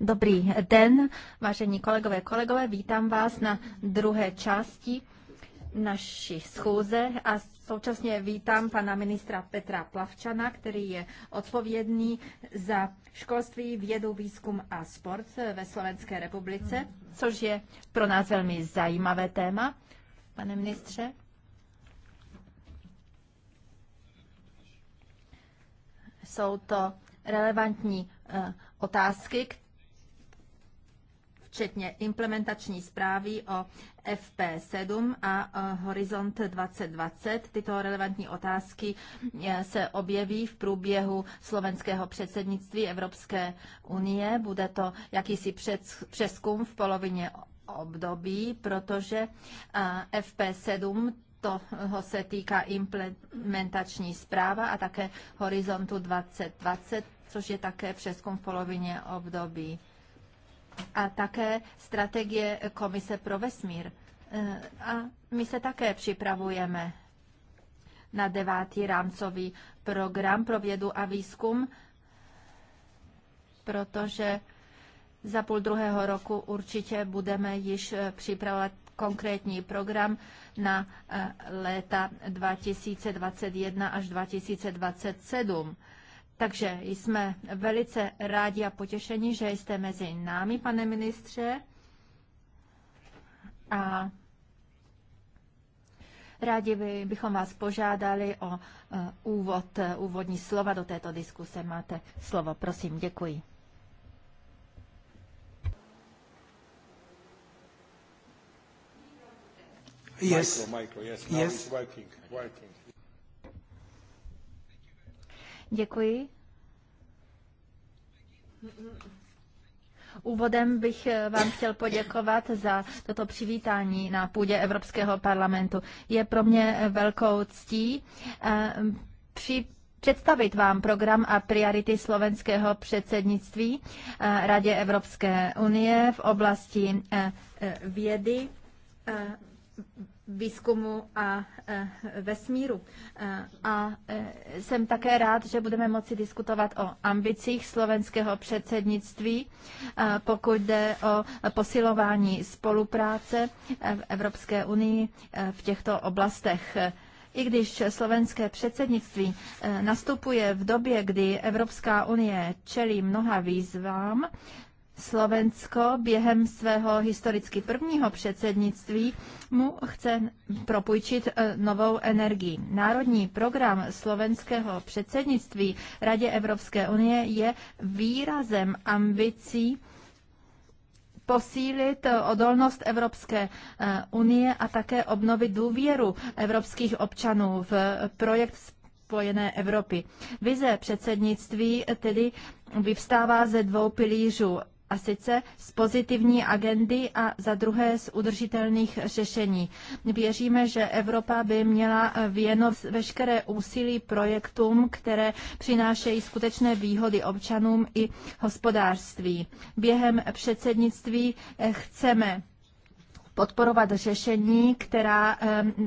Dobrý den, vážení kolegové, kolegové, vítám vás na druhé části naší schůze a současně vítám pana ministra Petra Plavčana, který je odpovědný za školství, vědu, výzkum a sport ve Slovenské republice, což je pro nás velmi zajímavé téma. Pane ministře. Jsou to relevantní Eh, otázky, včetně implementační zprávy o FP7 a eh, Horizont 2020. Tyto relevantní otázky eh, se objeví v průběhu slovenského předsednictví Evropské unie. Bude to jakýsi přeskum v polovině období, protože FP7 toho se týká implementační zpráva a také Horizontu 2020 což je také přeskum v polovině období. A také strategie Komise pro vesmír. E, a my se také připravujeme na devátý rámcový program pro vědu a výzkum, protože za půl druhého roku určitě budeme již e, připravovat konkrétní program na e, léta 2021 až 2027. Takže jsme velice rádi a potěšeni, že jste mezi námi, pane ministře. A rádi bychom vás požádali o eh, úvod, eh, úvodní slova do této diskuse. Máte slovo, prosím, děkuji. Yes. Michael, Michael, yes. Now yes. It's working, working. Děkuji. Úvodem bych eh, vám chtěl poděkovat za toto přivítání na půdě Evropského parlamentu. Je pro mě eh, velkou ctí eh, při představit vám program a priority slovenského předsednictví Radě Evropské unie v oblasti vědy, výzkumu a e, vesmíru. E, a e, jsem také rád, že budeme moci diskutovat o ambicích slovenského předsednictví, pokud jde o posilování spolupráce v Evropské unii v těchto oblastech. I když slovenské předsednictví nastupuje v době, kdy Evropská unie čelí mnoha výzvám, Slovensko během svého historicky prvního předsednictví mu chce propůjčit e, novou energii. Národní program slovenského předsednictví Radě Evropské unie je výrazem ambicí posílit e, odolnost Evropské e, unie a také obnovit důvěru evropských občanů v projekt spojené Evropy. Vize předsednictví tedy vyvstává ze dvou pilířů a sice z pozitivní agendy a za druhé z udržitelných řešení. Věříme, že Evropa by měla věnovat veškeré úsilí projektům, které přinášejí skutečné výhody občanům i hospodářství. Během předsednictví chceme podporovat řešení, která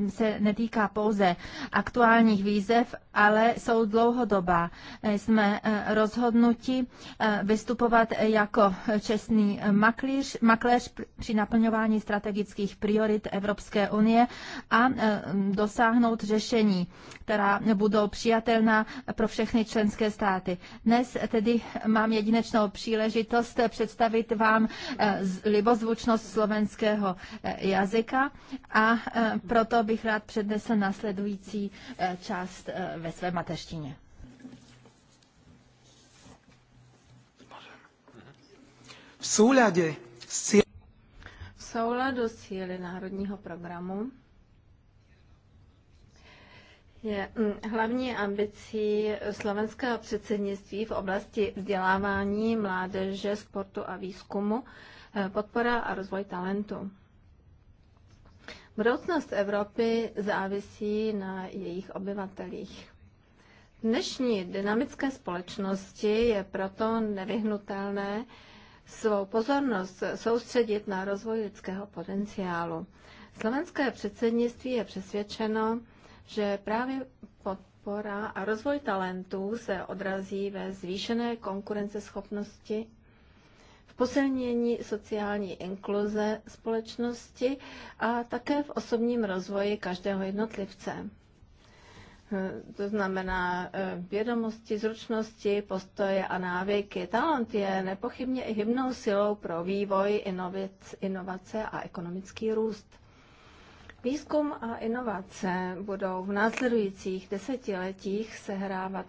se netýká pouze aktuálních výzev, ale jsou dlouhodobá. Jsme eh, rozhodnuti eh, vystupovat jako čestný makléř, makléř při naplňování strategických priorit Evropské unie a eh, dosáhnout řešení, která budou přijatelná pro všechny členské státy. Dnes tedy mám jedinečnou příležitost představit vám libozvučnost slovenského Eh, jazyka a eh, proto bych rád přednesl následující eh, část ve své mateřštině. V souladě s v souladu s cíly národního programu je mm, hlavní ambicí slovenského předsednictví v oblasti vzdělávání, mládeže, sportu a výzkumu podpora a rozvoj talentu. Budoucnost Evropy závisí na jejich obyvatelích. V dnešní dynamické společnosti je proto nevyhnutelné svou pozornost soustředit na rozvoj lidského potenciálu. Slovenské předsednictví je přesvědčeno, že právě podpora a rozvoj talentů se odrazí ve zvýšené konkurenceschopnosti posilnění sociální inkluze společnosti a také v osobním rozvoji každého jednotlivce. Eh, to znamená eh, vědomosti, zručnosti, postoje a návyky. Talent je nepochybně i hybnou silou pro vývoj, inovic, inovace a ekonomický růst. Výzkum a inovace budou v následujících desetiletích sehrávat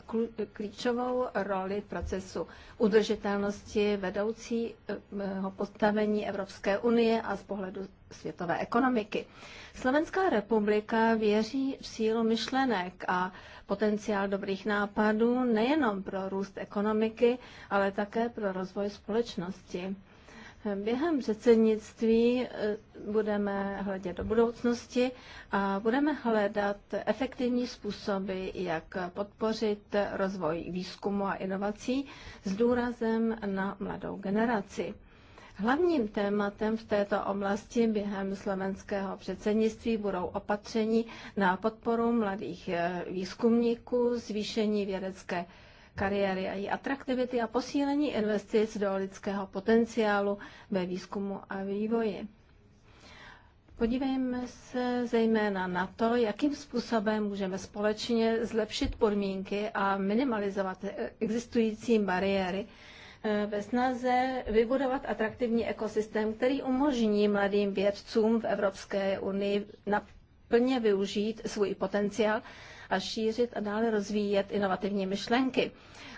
klíčovou roli procesu udržitelnosti vedoucího postavení Evropské unie a z pohledu světové ekonomiky. Slovenská republika věří v sílu myšlenek a potenciál dobrých nápadů nejenom pro růst ekonomiky, ale také pro rozvoj společnosti. Během předsednictví eh, budeme hledět do budoucnosti a budeme hledat efektivní způsoby, jak podpořit rozvoj výzkumu a inovací s důrazem na mladou generaci. Hlavním tématem v této oblasti během slovenského předsednictví budou opatření na podporu mladých eh, výzkumníků, zvýšení vědecké kariéry a její atraktivity a posílení investic do lidského potenciálu ve výzkumu a vývoji. Podívejme se zejména na to, jakým způsobem můžeme společně zlepšit podmínky a minimalizovat existující bariéry eh, ve snaze vybudovat atraktivní ekosystém, který umožní mladým vědcům v Evropské unii plně využít svůj potenciál a šířit a dále rozvíjet inovativní myšlenky.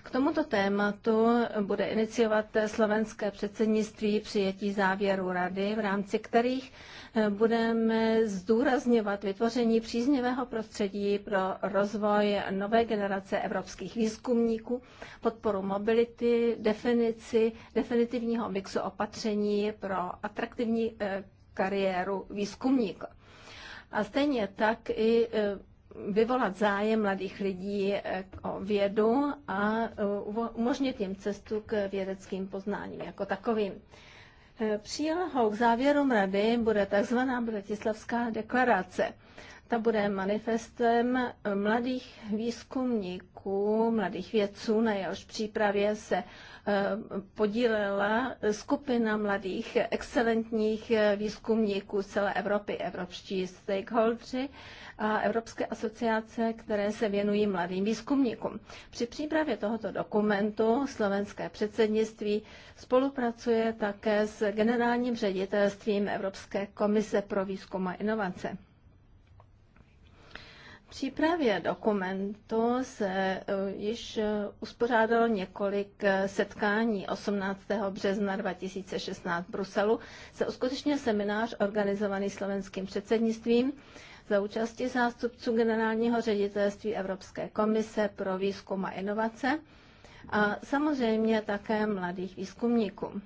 K tomuto tématu bude iniciovat slovenské předsednictví přijetí závěru rady, v rámci kterých eh, budeme zdůrazňovat vytvoření příznivého prostředí pro rozvoj nové generace evropských výzkumníků, podporu mobility, definici definitivního mixu opatření pro atraktivní eh, kariéru výzkumníka. A stejně tak i eh, vyvolat zájem mladých lidí eh, o vědu a eh, umožnit jim cestu k vědeckým poznáním jako takovým. Eh, přílohou k závěrům rady bude tzv. Bratislavská deklarace. Ta bude manifestem mladých výzkumníků, mladých vědců, na jehož přípravě se podílela skupina mladých excelentních výzkumníků z celé Evropy, evropští stakeholdři a Evropské asociace, které se věnují mladým výzkumníkům. Při přípravě tohoto dokumentu slovenské předsednictví spolupracuje také s generálním ředitelstvím Evropské komise pro výzkum a inovace přípravě dokumentu se eh, již eh, uspořádalo několik eh, setkání. 18. března 2016 v Bruselu se uskutečnil seminář organizovaný slovenským předsednictvím za účasti zástupců Generálního ředitelství Evropské komise pro výzkum a inovace a samozřejmě také mladých výzkumníků.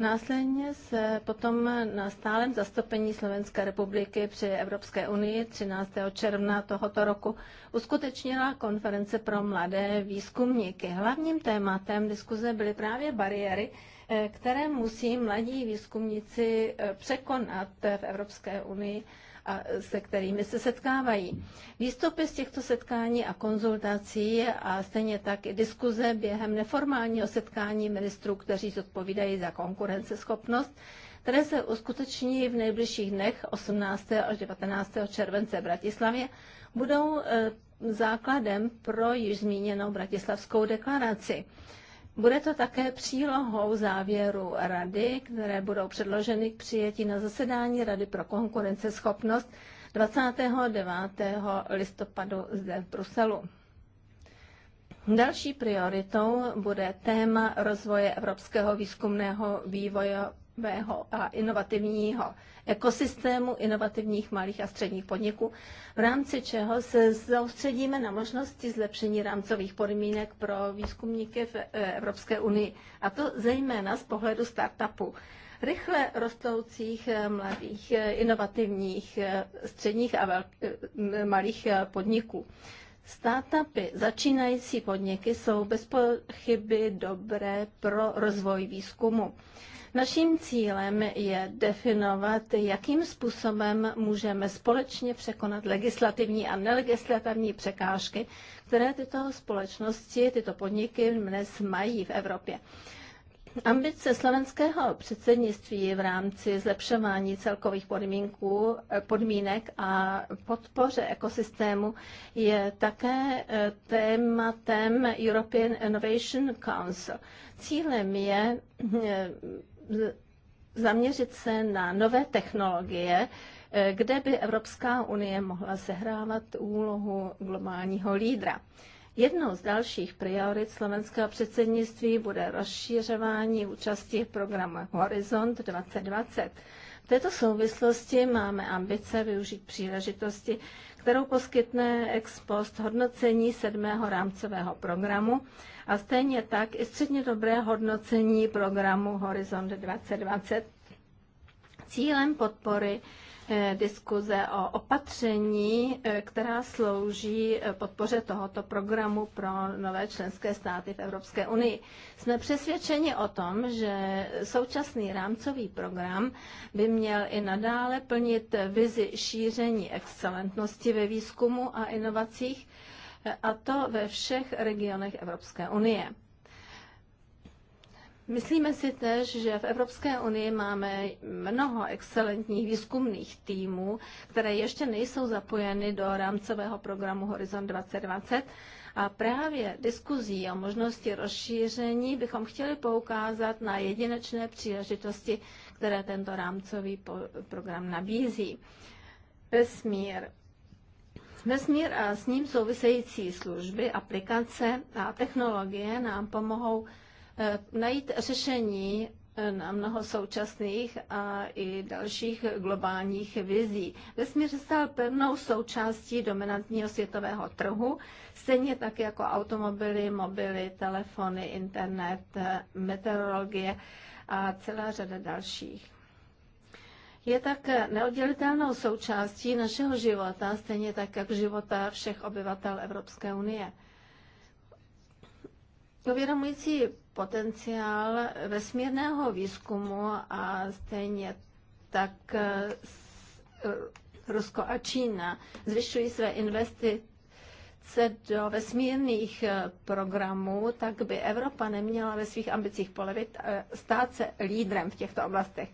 Následně se potom na stálem zastoupení Slovenské republiky při Evropské unii 13. června tohoto roku uskutečnila konference pro mladé výzkumníky. Hlavním tématem diskuze byly právě bariéry, eh, které musí mladí výzkumníci eh, překonat v Evropské unii a se kterými se setkávají. Výstupy z těchto setkání a konzultací a stejně tak i diskuze během neformálního setkání ministrů, kteří zodpovídají za konkurenceschopnost, které se uskuteční v nejbližších dnech 18. až 19. července v Bratislavě, budou eh, základem pro již zmíněnou bratislavskou deklaraci. Bude to také přílohou závěru Rady, které budou předloženy k přijetí na zasedání Rady pro konkurenceschopnost 29. listopadu zde v Bruselu. Další prioritou bude téma rozvoje evropského výzkumného vývoje mého a inovativního ekosystému inovativních malých a středních podniků, v rámci čeho se soustředíme na možnosti zlepšení rámcových podmínek pro výzkumníky v e, Evropské unii, a to zejména z pohledu startupů rychle rostoucích e, mladých e, inovativních středních a velk- malých podniků. Startupy, začínající podniky jsou bez pochyby dobré pro rozvoj výzkumu. Naším cílem je definovat, jakým způsobem můžeme společně překonat legislativní a nelegislativní překážky, které tyto společnosti, tyto podniky dnes mají v Evropě. Ambice slovenského předsednictví v rámci zlepšování celkových podmínků, podmínek a podpoře ekosystému je také eh, tématem European Innovation Council. Cílem je eh, zaměřit se na nové technologie, eh, kde by Evropská unie mohla sehrávat úlohu globálního lídra. Jednou z dalších priorit slovenského předsednictví bude rozšířování účasti v programu Horizont 2020. V této souvislosti máme ambice využít příležitosti, kterou poskytne ex post hodnocení sedmého rámcového programu a stejně tak i středně dobré hodnocení programu Horizont 2020 cílem podpory eh, diskuze o opatření, eh, která slouží eh, podpoře tohoto programu pro nové členské státy v Evropské unii. Jsme přesvědčeni o tom, že současný rámcový program by měl i nadále plnit vizi šíření excelentnosti ve výzkumu a inovacích a to ve všech regionech Evropské unie. Myslíme si tež, že v Evropské unii máme mnoho excelentních výzkumných týmů, které ještě nejsou zapojeny do rámcového programu Horizon 2020. A právě diskuzí o možnosti rozšíření bychom chtěli poukázat na jedinečné příležitosti, které tento rámcový program nabízí. Vesmír, Vesmír a s ním související služby, aplikace a technologie nám pomohou eh, najít řešení eh, na mnoho současných a i dalších globálních vizí. Vesmír se stal pevnou součástí dominantního světového trhu, stejně tak jako automobily, mobily, telefony, internet, eh, meteorologie a celá řada dalších je tak neoddělitelnou součástí našeho života, stejně tak, jak života všech obyvatel Evropské unie. Uvědomující potenciál vesmírného výzkumu a stejně tak eh, Rusko a Čína zvyšují své investice do vesmírných eh, programů, tak by Evropa neměla ve svých ambicích polevit eh, stát se lídrem v těchto oblastech.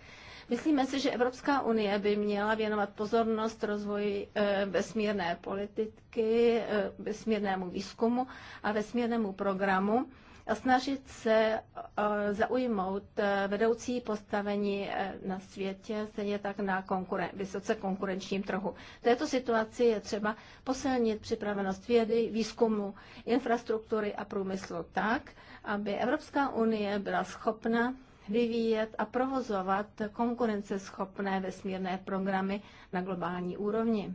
Myslíme si, že Evropská unie by měla věnovat pozornost rozvoji eh, vesmírné politiky, eh, vesmírnému výzkumu a vesmírnému programu a snažit se eh, zaujmout vedoucí postavení na světě, stejně tak na konkuren- vysoce konkurenčním trhu. V této situaci je třeba posilnit připravenost vědy, výzkumu, infrastruktury a průmyslu tak, aby Evropská unie byla schopna vyvíjet a provozovat konkurenceschopné vesmírné programy na globální úrovni.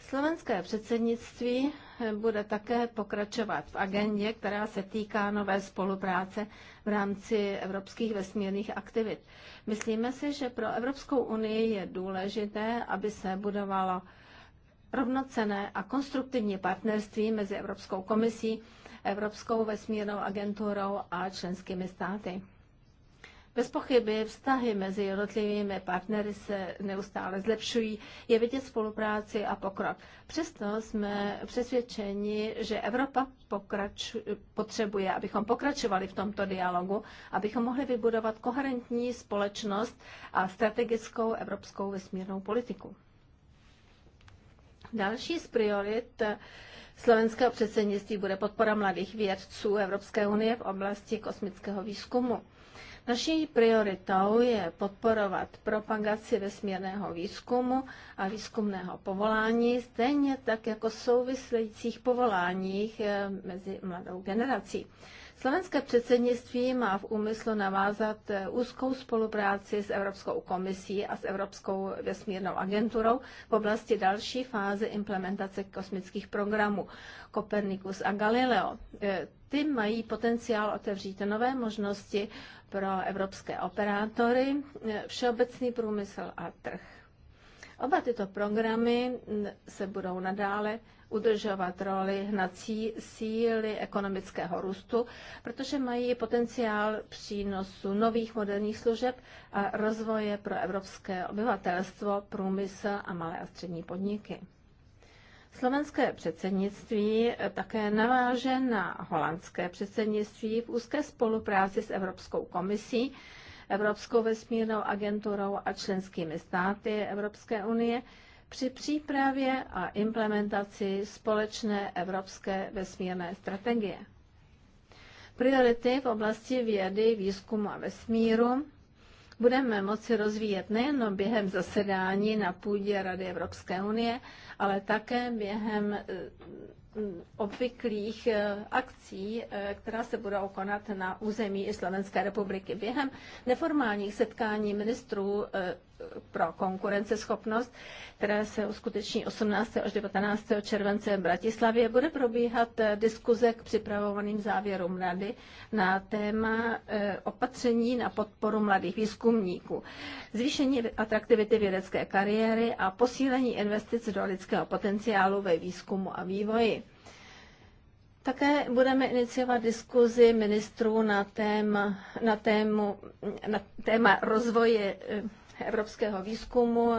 Slovenské předsednictví bude také pokračovat v agendě, která se týká nové spolupráce v rámci evropských vesmírných aktivit. Myslíme si, že pro Evropskou unii je důležité, aby se budovalo rovnocené a konstruktivní partnerství mezi Evropskou komisí, Evropskou vesmírnou agenturou a členskými státy. Bez pochyby vztahy mezi jednotlivými partnery se neustále zlepšují, je vidět spolupráci a pokrok. Přesto jsme přesvědčeni, že Evropa pokrač, potřebuje, abychom pokračovali v tomto dialogu, abychom mohli vybudovat koherentní společnost a strategickou evropskou vesmírnou politiku. Další z priorit slovenského předsednictví bude podpora mladých vědců Evropské unie v oblasti kosmického výzkumu. Naší prioritou je podporovat propagaci vesmírného výzkumu a výzkumného povolání, stejně tak jako souvisejících povoláních eh, mezi mladou generací. Slovenské předsednictví má v úmyslu navázat eh, úzkou spolupráci s Evropskou komisí a s Evropskou vesmírnou agenturou v oblasti další fáze implementace kosmických programů Copernicus a Galileo. Eh, ty mají potenciál otevřít nové možnosti pro evropské operátory, eh, všeobecný průmysl a trh. Oba tyto programy mm, se budou nadále udržovat roli hnací síly ekonomického růstu, protože mají potenciál přínosu nových moderních služeb a rozvoje pro evropské obyvatelstvo, průmysl a malé a střední podniky. Slovenské předsednictví také naváže na holandské předsednictví v úzké spolupráci s Evropskou komisí, Evropskou vesmírnou agenturou a členskými státy Evropské unie při přípravě a implementaci společné evropské vesmírné strategie. Priority v oblasti vědy, výzkumu a vesmíru budeme moci rozvíjet nejen během zasedání na půdě Rady Evropské unie, ale také během eh, obvyklých eh, akcí, eh, která se budou konat na území Slovenské republiky. Během neformálních setkání ministrů pro konkurenceschopnost, které se uskuteční 18. až 19. července v Bratislavě, bude probíhat eh, diskuze k připravovaným závěrům rady na téma eh, opatření na podporu mladých výzkumníků, zvýšení atraktivity vědecké kariéry a posílení investic do lidského potenciálu ve výzkumu a vývoji. Také budeme iniciovat diskuzi ministrů na téma, na tému, na téma rozvoje eh, evropského výzkumu,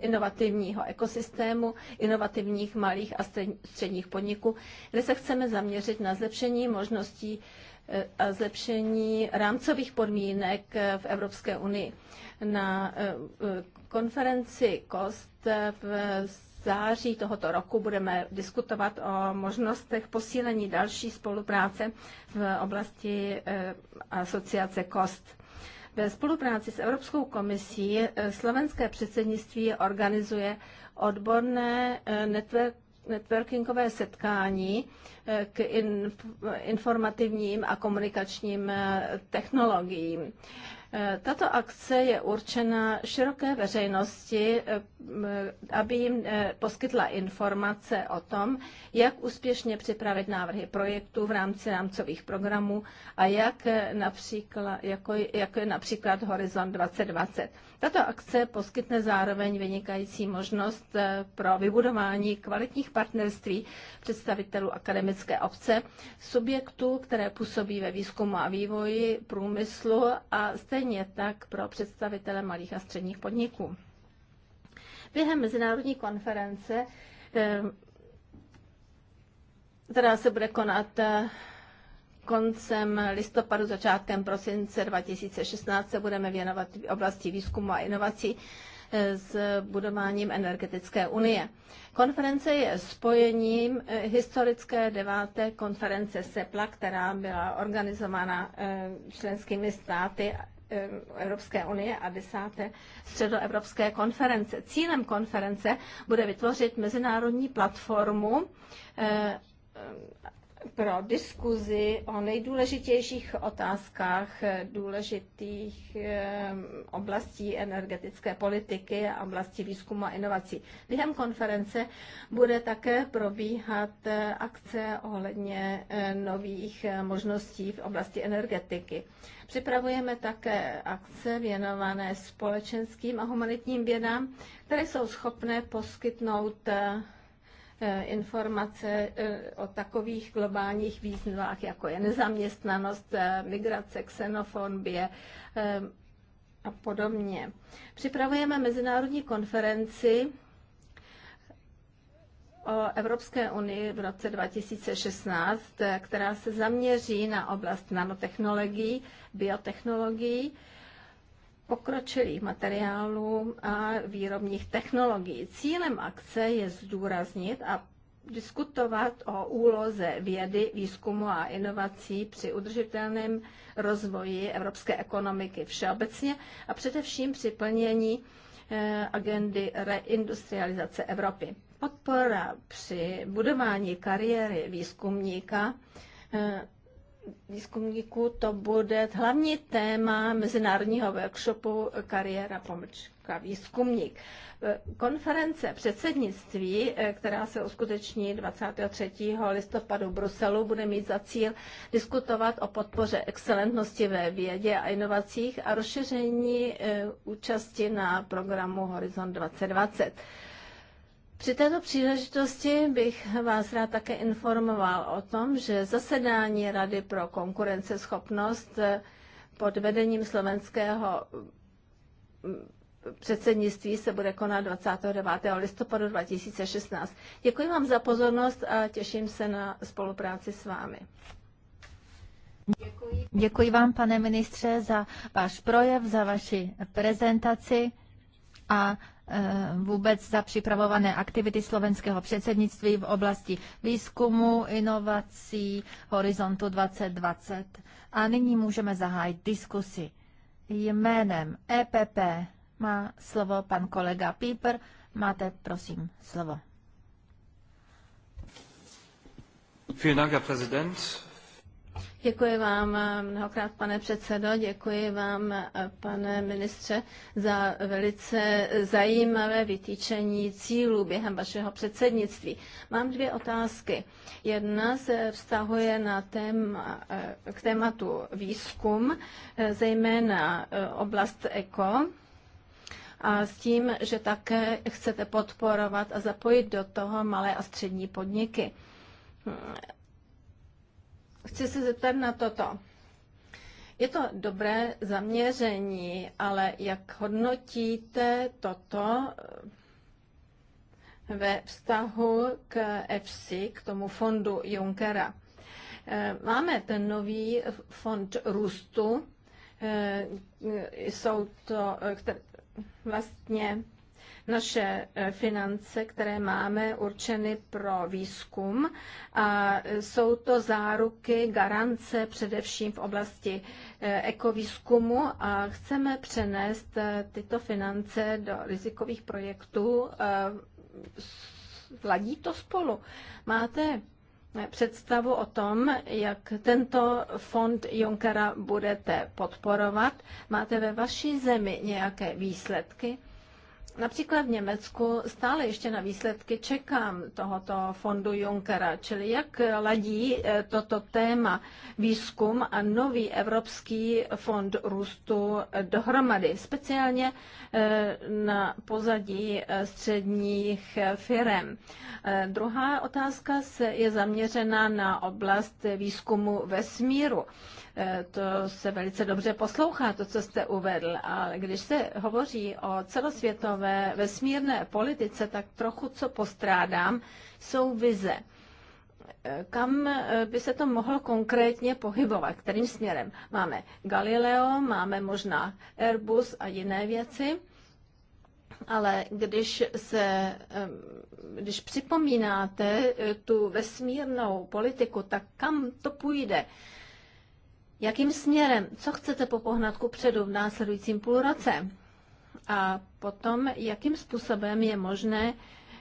inovativního ekosystému, inovativních malých a středních podniků, kde se chceme zaměřit na zlepšení možností eh, a zlepšení rámcových podmínek eh, v Evropské unii. Na eh, konferenci COST v září tohoto roku budeme diskutovat o možnostech posílení další spolupráce v oblasti asociace COST. Ve spolupráci s Evropskou komisí eh, slovenské předsednictví organizuje odborné eh, network networkingové setkání eh, k informativním a komunikačním technologiím. Tato akce je určena široké veřejnosti, eh, aby jim eh, poskytla informace o tom, jak úspěšně připravit návrhy projektů v rámci rámcových programů a jak eh, například, jako, jako je například Horizon 2020. Tato akce poskytne zároveň vynikající možnost eh, pro vybudování kvalitních partnerství představitelů akademické obce, subjektů, které působí ve výzkumu a vývoji, průmyslu a stejně tak pro představitele malých a středních podniků. Během mezinárodní konference eh, která se bude konat eh, koncem listopadu, začátkem prosince 2016 se budeme věnovat oblasti výzkumu a inovací eh, s budováním energetické unie. Konference je spojením eh, historické deváté konference SEPLA, která byla organizována eh, členskými státy Evropské unie a desáté středoevropské konference. Cílem konference bude vytvořit mezinárodní platformu pro diskuzi o nejdůležitějších otázkách eh, důležitých eh, oblastí energetické politiky a oblasti výzkumu a inovací. Během konference bude také probíhat eh, akce ohledně nových možností v oblasti energetiky. Připravujeme také akce věnované společenským a humanitním vědám, které jsou schopné poskytnout Eh, informace eh, o takových globálních výzvách, jako je nezaměstnanost, eh, migrace, xenofobie a podobně. Připravujeme mezinárodní konferenci o Evropské unii v roce 2016, která se zaměří na oblast nanotechnologií, biotechnologií pokročilých materiálů a výrobních technologií. Cílem akce je zdůraznit a diskutovat o úloze vědy, výzkumu a inovací při udržitelném rozvoji evropské ekonomiky všeobecně a především při plnění eh, agendy reindustrializace Evropy. Podpora při budování kariéry výzkumníka eh, výzkumníků to bude hlavní téma mezinárodního workshopu Kariéra pomlčka výzkumník. Konference předsednictví, eh, která se uskuteční 23. listopadu v Bruselu, bude mít za cíl diskutovat o podpoře excelentnosti ve vědě a inovacích a rozšíření eh, účasti na programu Horizon 2020. Při této příležitosti bych vás rád také informoval o tom, že zasedání Rady pro konkurenceschopnost pod vedením slovenského mm, předsednictví se bude konat 29. listopadu 2016. Děkuji vám za pozornost a těším se na spolupráci s vámi. Děkuji. Děkuji vám, pane ministře, za váš projev, za vaši prezentaci a Eh, vůbec za připravované aktivity slovenského předsednictví v oblasti výzkumu, inovací, horizontu 2020. A nyní můžeme zahájit diskusi. Jménem EPP má slovo pan kolega Píper. Máte, prosím, slovo. Vielen Dank, Herr Präsident. Děkuji vám eh, mnohokrát, pane předsedo, děkuji vám, eh, pane ministře, za velice zajímavé vytýčení cílů během vašeho předsednictví. Mám dvě otázky. Jedna se vztahuje na téma, eh, k tématu výzkum, zejména oblast eko a s tím, že také chcete podporovat a zapojit do toho malé a střední podniky chci se zeptat na toto. Je to dobré zaměření, ale jak hodnotíte toto eh, ve vztahu k EFSI, k tomu fondu Junckera? Eh, máme ten nový fond růstu, eh, jsou to vlastně naše eh, finance, které máme určeny pro výzkum a jsou to záruky, garance především v oblasti eh, ekovýzkumu a chceme přenést eh, tyto finance do rizikových projektů. Ladí to spolu. Máte představu o tom, jak tento fond Junkera budete podporovat. Máte ve vaší zemi nějaké výsledky? Například v Německu stále ještě na výsledky čekám tohoto fondu Junckera, čili jak ladí eh, toto téma výzkum a nový Evropský fond růstu dohromady, speciálně eh, na pozadí eh, středních firm. Druhá otázka je zaměřena na oblast výzkumu vesmíru. Eh, to se velice dobře poslouchá, to, co jste uvedl, ale když se hovoří o celosvětové vesmírné politice, tak trochu, co postrádám, jsou vize. Eh, kam eh, by se to mohlo konkrétně pohybovat? Kterým směrem? Máme Galileo, máme možná Airbus a jiné věci. Ale když, se, když připomínáte tu vesmírnou politiku, tak kam to půjde? Jakým směrem? Co chcete po pohnatku předu v následujícím půlroce? A potom, jakým způsobem je možné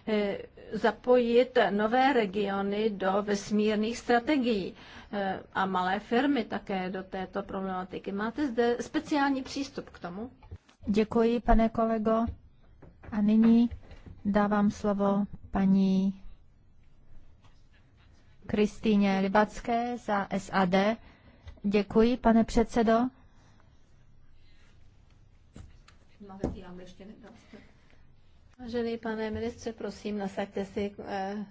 e, zapojit nové regiony do vesmírných strategií e, a malé firmy také do této problematiky. Máte zde speciální přístup k tomu? Děkuji, pane kolego. A nyní dávám slovo paní Kristýně Libacké za SAD. Děkuji, pane předsedo. Vážený pane ministře, prosím, nasaďte si eh,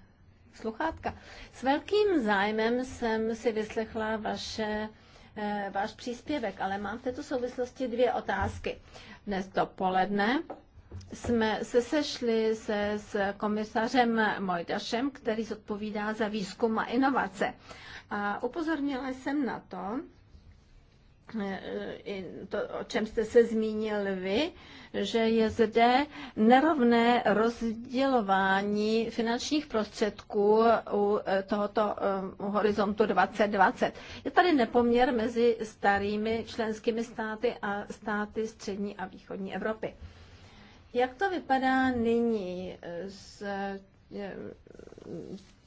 sluchátka. S velkým zájmem jsem si vyslechla vaše, eh, váš příspěvek, ale mám v této souvislosti dvě otázky. Dnes dopoledne jsme se sešli se s komisařem Mojdašem, který zodpovídá za výzkum a inovace. A upozornila jsem na to, e, to, o čem jste se zmínil vy, že je zde nerovné rozdělování finančních prostředků u e, tohoto e, u horizontu 2020. Je tady nepoměr mezi starými členskými státy a státy střední a východní Evropy. Jak to vypadá nyní s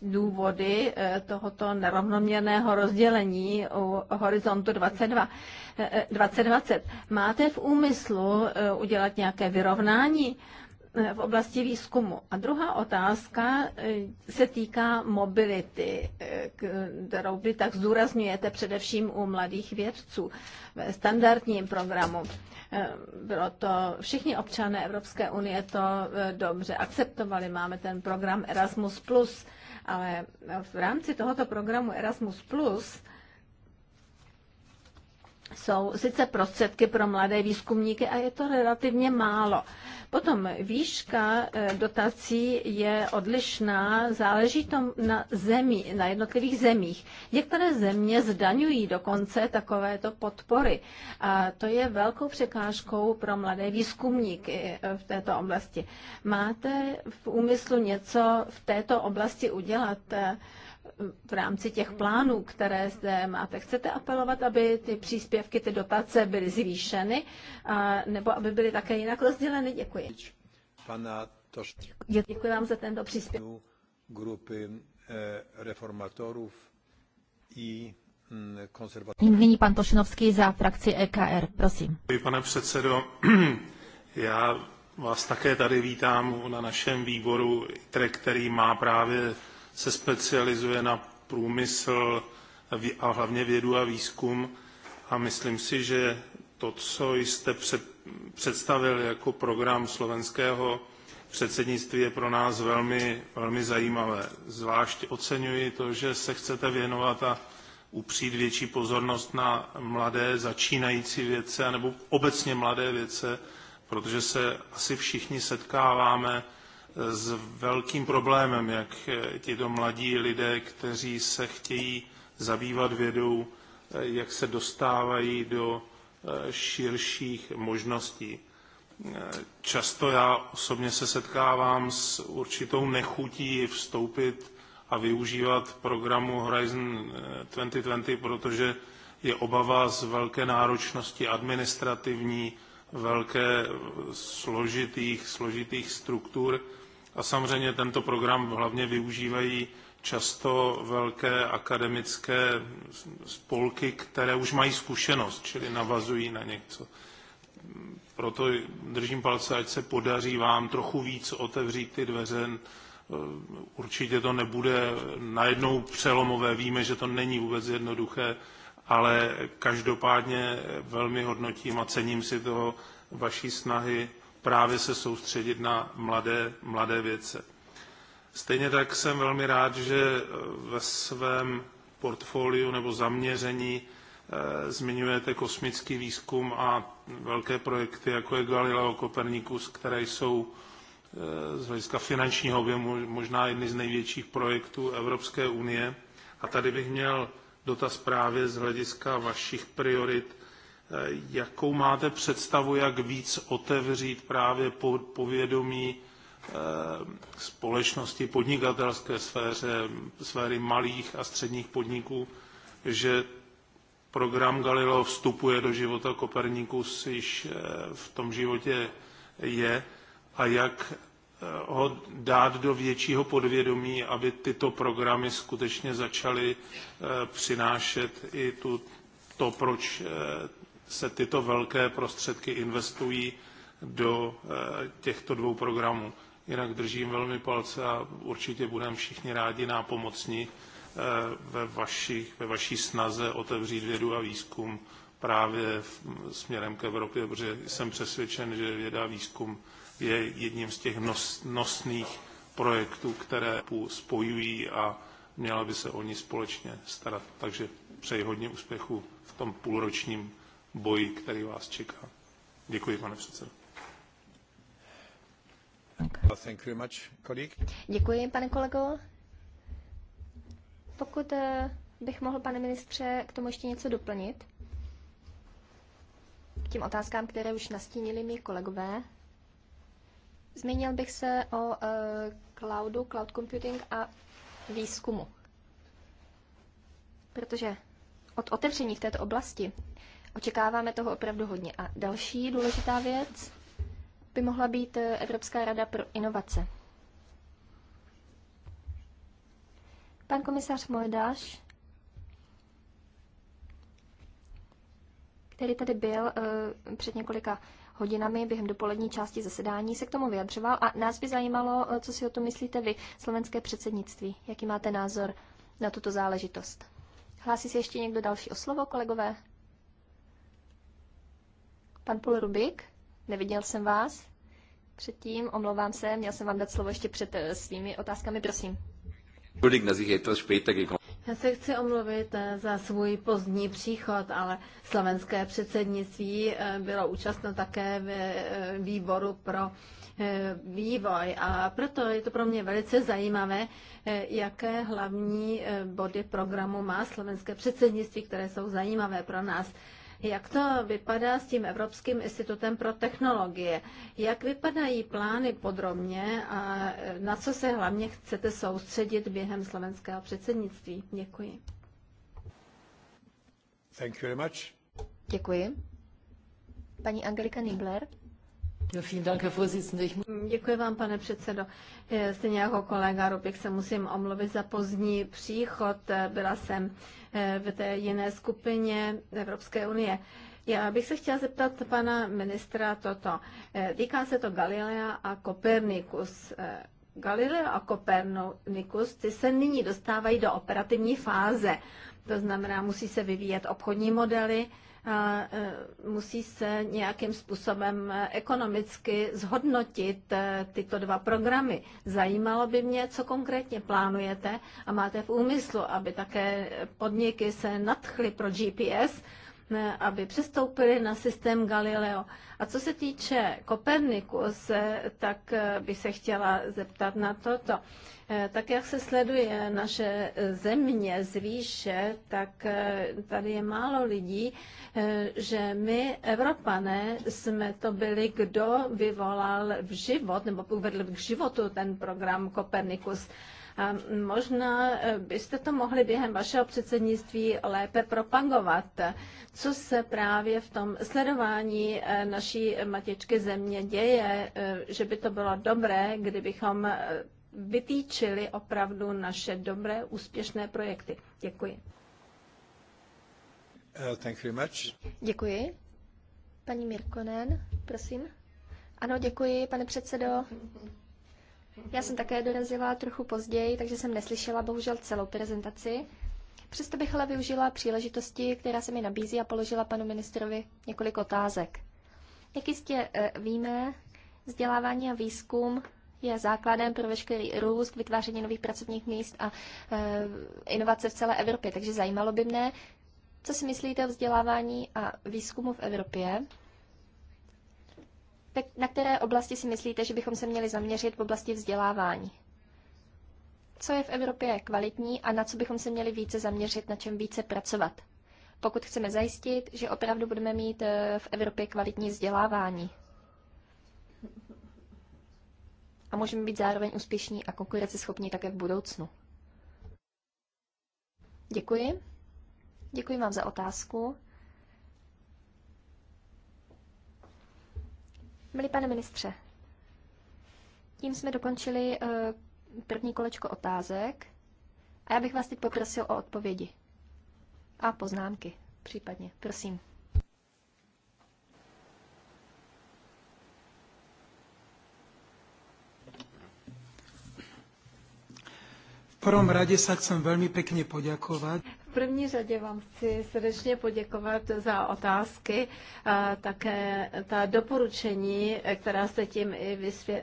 důvody eh, tohoto nerovnoměrného rozdělení u horizontu 22, 2020. Eh, Máte v úmyslu eh, udělat nějaké vyrovnání v oblasti výzkumu? A druhá otázka se týká mobility, kterou vy tak zdůrazňujete především u mladých vědců ve standardním programu. Bylo to, všichni občané Evropské unie to dobře akceptovali. Máme ten program Erasmus+, ale v rámci tohoto programu Erasmus+, jsou sice prostředky pro mladé výzkumníky a je to relativně málo. Potom výška e, dotací je odlišná, záleží to na zemi, na jednotlivých zemích. Některé země zdaňují dokonce takovéto podpory a to je velkou překážkou pro mladé výzkumníky e, v této oblasti. Máte v úmyslu něco v této oblasti udělat? E, v rámci těch plánů, které zde máte. Chcete apelovat, aby ty příspěvky, ty dotace byly zvýšeny, a, nebo aby byly také jinak rozděleny? Děkuji. Pana Toš... Děkuji, vám za tento příspěvek. Grupy eh, reformatorů i mm, konzervativů. Nyní pan Tošinovský za frakci EKR, prosím. Děkuji, pane předsedo. Já vás také tady vítám na našem výboru, který má právě se specializuje na průmysl a hlavně vědu a výzkum. A myslím si, že to, co jste představil jako program slovenského předsednictví, je pro nás velmi, velmi zajímavé. Zvlášť oceňuji to, že se chcete věnovat a upřít větší pozornost na mladé začínající vědce nebo obecně mladé vědce, protože se asi všichni setkáváme s velkým problémem, jak tito mladí lidé, kteří se chtějí zabývat vědou, jak se dostávají do eh, širších možností. Eh, často já osobně se setkávám s určitou nechutí vstoupit a využívat programu Horizon 2020, eh, protože je obava z velké náročnosti administrativní, velké složitých, složitých struktur a samozřejmě tento program hlavně využívají často velké akademické spolky, které už mají zkušenost, čili navazují na něco. Proto držím palce, ať se podaří vám trochu víc otevřít ty dveře. Určitě to nebude najednou přelomové, víme, že to není vůbec jednoduché, ale každopádně velmi hodnotím a cením si toho vaší snahy právě se soustředit na mladé, mladé věce. Stejně tak jsem velmi rád, že ve svém portfoliu nebo zaměření eh, zmiňujete kosmický výzkum a velké projekty, jako je Galileo Copernicus, které jsou eh, z hlediska finančního objemu možná jedny z největších projektů Evropské unie. A tady bych měl dotaz právě z hlediska vašich priorit Jakou máte představu, jak víc otevřít právě povědomí eh, společnosti podnikatelské sféře, sféry malých a středních podniků, že program Galileo vstupuje do života Kopernikus již eh, v tom životě je a jak eh, ho dát do většího podvědomí, aby tyto programy skutečně začaly přinášet i tu, to, proč se tyto velké prostředky investují do eh, těchto dvou programů. Jinak držím velmi palce a určitě budeme všichni rádi nápomocni eh, ve vašich ve vaší snaze otevřít vědu a výzkum právě směrem k Evropě, protože jsem přesvědčen, že věda a výzkum je jedním z těch nos, nosných projektů, které spojují a měla by se o ní společně starat. Takže přeji hodně úspěchu v tom půlročním boji, který vás čeká. Děkuji, pane předsedo. Děkuji, pane kolego. Pokud eh, bych mohl, pane ministře, k tomu ještě něco doplnit, k těm otázkám, které už nastínili mý kolegové, zmínil bych se o eh, cloudu, cloud computing a výzkumu. Protože od otevření v této oblasti Očekáváme toho opravdu hodně. A další důležitá věc by mohla být eh, Evropská rada pro inovace. Pan komisař Mojdáš, který tady byl eh, před několika hodinami během dopolední části zasedání, se k tomu vyjadřoval a nás by zajímalo, eh, co si o tom myslíte vy, slovenské předsednictví. Jaký máte názor na tuto záležitost? Hlásí se ještě někdo další o slovo, kolegové? Pan Pol Rubik, neviděl jsem vás. Předtím, omlouvám se, měl jsem vám dát slovo ještě před eh, svými otázkami, prosím. Já se chci omluvit eh, za svůj pozdní příchod, ale slovenské předsednictví eh, bylo účastno také ve výboru pro vývoj a proto je to pro mě velice zajímavé, jaké hlavní body programu má slovenské předsednictví, které jsou zajímavé pro nás. Jak to vypadá s tím Evropským institutem pro technologie? Jak vypadají plány podrobně a na co se hlavně chcete soustředit během slovenského předsednictví? Děkuji. Thank you very much. Děkuji. Paní Angelika Nibler. Děkuji vám, pane předsedo. Stejně jako kolega Rubik se musím omluvit za pozdní příchod. Byla jsem eh, v té jiné skupině Evropské unie. Já bych se chtěla zeptat pana ministra toto. Eh, týká se to Galilea a Kopernikus. Eh, Galileo a Kopernikus, ty se nyní dostávají do operativní fáze. To znamená, musí se vyvíjet obchodní modely, E, musí se nějakým způsobem e, ekonomicky zhodnotit e, tyto dva programy. Zajímalo by mě, co konkrétně plánujete a máte v úmyslu, aby také podniky se nadchly pro GPS aby přestoupili na systém Galileo. A co se týče Kopernikus, tak eh, by se chtěla zeptat na toto. Eh, tak jak se sleduje naše země z výše, tak eh, tady je málo lidí, že my, Evropané, jsme to byli, kdo vyvolal v život nebo uvedl k životu ten program Kopernikus. Možná eh, byste to mohli během vašeho předsednictví lépe propagovat. Co se právě v tom sledování eh, naší matěčky země děje, eh, že by to bylo dobré, kdybychom vytýčili opravdu naše dobré, úspěšné projekty. Děkuji. Uh, thank you very much. Děkuji. Paní Mirkonen, prosím. Ano, děkuji, pane předsedo. Já jsem také dorazila trochu později, takže jsem neslyšela bohužel celou prezentaci. Přesto bych ale využila příležitosti, která se mi nabízí a položila panu ministrovi několik otázek. Jak jistě eh, víme, vzdělávání a výzkum je základem pro veškerý růst, vytváření nových pracovních míst a eh, inovace v celé Evropě. Takže zajímalo by mne, co si myslíte o vzdělávání a výzkumu v Evropě na které oblasti si myslíte, že bychom se měli zaměřit v oblasti vzdělávání? Co je v Evropě kvalitní a na co bychom se měli více zaměřit, na čem více pracovat? Pokud chceme zajistit, že opravdu budeme mít eh, v Evropě kvalitní vzdělávání. A můžeme být zároveň úspěšní a konkurenceschopní také v budoucnu. Děkuji. Děkuji vám za otázku. Milý pane ministře, tím jsme dokončili eh, první kolečko otázek a já bych vás teď poprosil o odpovědi a poznámky případně. Prosím. prvom rade sa chcem veľmi pekne poďakovať. V první řadě vám chci srdečně poděkovat za otázky a také ta doporučení, která jste tím i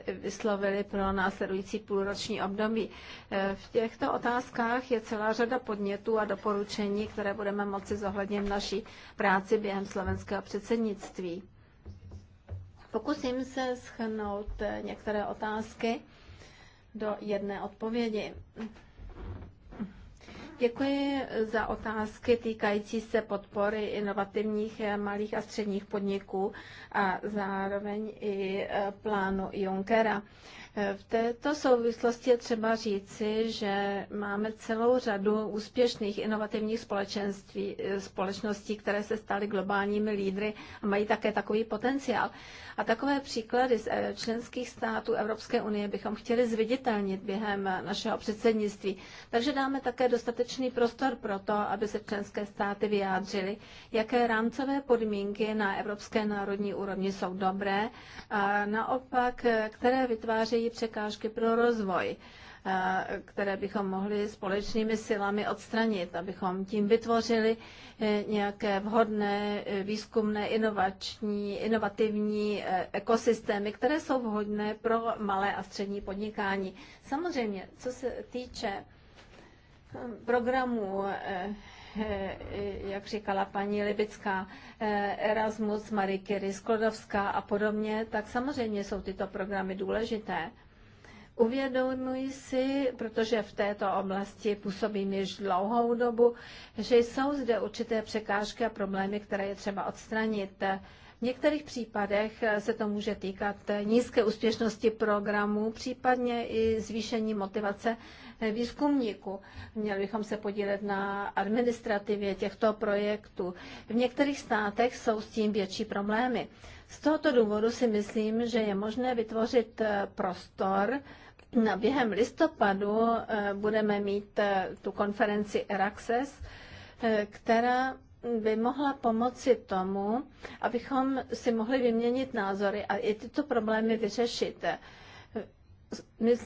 vyslovili pro následující půlroční období. E, v těchto otázkách je celá řada podnětů a doporučení, které budeme moci zohlednit v naší práci během slovenského předsednictví. Pokusím se schrnout e, některé otázky do jedné odpovědi. Děkuji za otázky týkající se podpory inovativních eh, malých a středních podniků a zároveň i eh, plánu Junckera. V této souvislosti je třeba říci, že máme celou řadu úspěšných inovativních společenství, eh, společností, které se staly globálními lídry a mají také takový potenciál. A takové příklady z eh, členských států Evropské unie bychom chtěli zviditelnit během eh, našeho předsednictví. Takže dáme také dostatečný prostor pro to, aby se členské státy vyjádřily, jaké rámcové podmínky na evropské národní úrovni jsou dobré a naopak, které vytvářejí vytvářejí překážky pro rozvoj, eh, které bychom mohli společnými silami odstranit, abychom tím vytvořili eh, nějaké vhodné eh, výzkumné, inovační, inovativní ekosystémy, které jsou vhodné pro malé a střední podnikání. Samozřejmě, co se týče programu. Eh, jak říkala paní Libická, eh, Erasmus, Marie Curie, Sklodovská a podobně, tak samozřejmě jsou tyto programy důležité. Uvědomuji si, protože v této oblasti působím již dlouhou dobu, že jsou zde určité překážky a problémy, které je třeba odstranit. V některých případech se to může týkat nízké úspěšnosti programů, případně i zvýšení motivace výzkumníků. Měli bychom se podílet na administrativě těchto projektů. V některých státech jsou s tím větší problémy. Z tohoto důvodu si myslím, že je možné vytvořit eh, prostor, na během listopadu eh, budeme mít eh, tu konferenci Eraxes, která by mohla pomoci tomu, abychom si mohli vyměnit názory a i tyto problémy vyřešit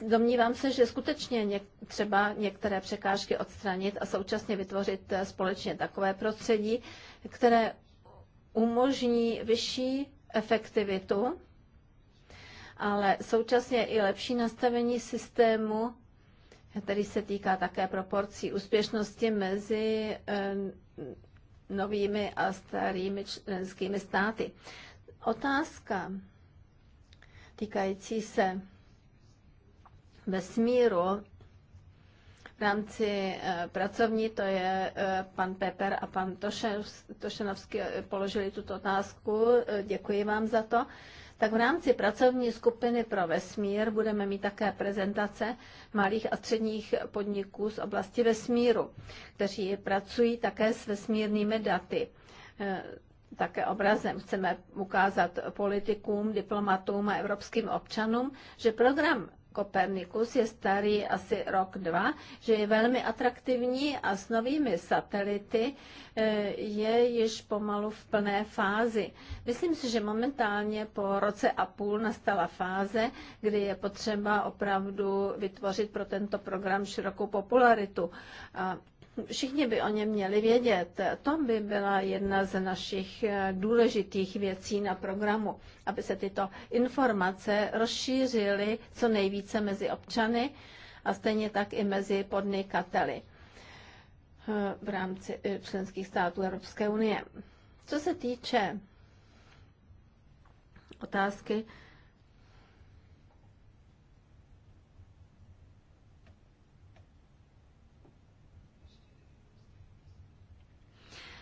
domnívám se, že skutečně něk, třeba některé překážky odstranit a současně vytvořit eh, společně takové prostředí, které umožní vyšší efektivitu, ale současně i lepší nastavení systému, který se týká také proporcí úspěšnosti mezi novými a starými členskými státy. Otázka týkající se vesmíru v rámci eh, pracovní, to je eh, pan Peper a pan Tošenovský eh, položili tuto otázku, děkuji vám za to. Tak v rámci pracovní skupiny pro vesmír budeme mít také prezentace malých a středních podniků z oblasti vesmíru, kteří pracují také s vesmírnými daty. Také obrazem chceme ukázat politikům, diplomatům a evropským občanům, že program Kopernikus je starý asi rok, dva, že je velmi atraktivní a s novými satelity eh, je již pomalu v plné fázi. Myslím si, že momentálně po roce a půl nastala fáze, kdy je potřeba opravdu vytvořit pro tento program širokou popularitu. A Všichni by o něm měli vědět. To by byla jedna z našich eh, důležitých věcí na programu, aby se tyto informace rozšířily co nejvíce mezi občany a stejně tak i mezi podnikateli eh, v rámci eh, členských států Evropské unie. Co se týče otázky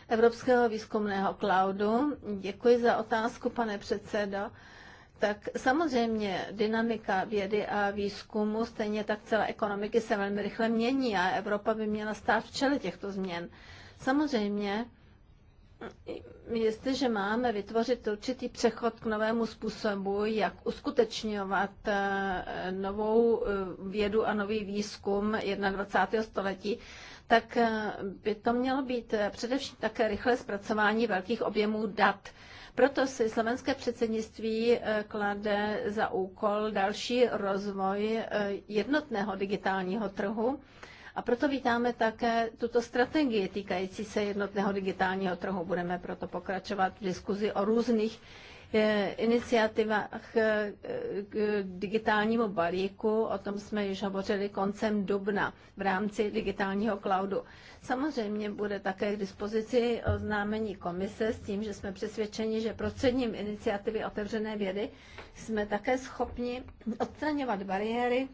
Evropského výzkumného cloudu. Děkuji za otázku, pane předsedo. Tak samozřejmě dynamika vědy a výzkumu, stejně tak celé ekonomiky se velmi rychle mění a Evropa by měla stát v čele těchto změn. Samozřejmě, jestliže máme vytvořit určitý přechod k novému způsobu, jak uskutečňovat eh, novou eh, vědu a nový výzkum 21. století, tak eh, by to mělo být eh, především také rychlé zpracování velkých objemů dat. Proto si slovenské předsednictví eh, klade za úkol další rozvoj jednotného digitálního trhu. A proto vítáme také tuto strategii týkající se jednotného digitálního trhu. Budeme proto pokračovat v diskuzi o různých iniciativách k digitálnímu balíku, o tom jsme již hovořili koncem dubna v rámci digitálního cloudu. Samozřejmě bude také k dispozici oznámení komise s tím, že jsme přesvědčeni, že prostředním iniciativy otevřené vědy jsme také schopni odstraňovat bariéry,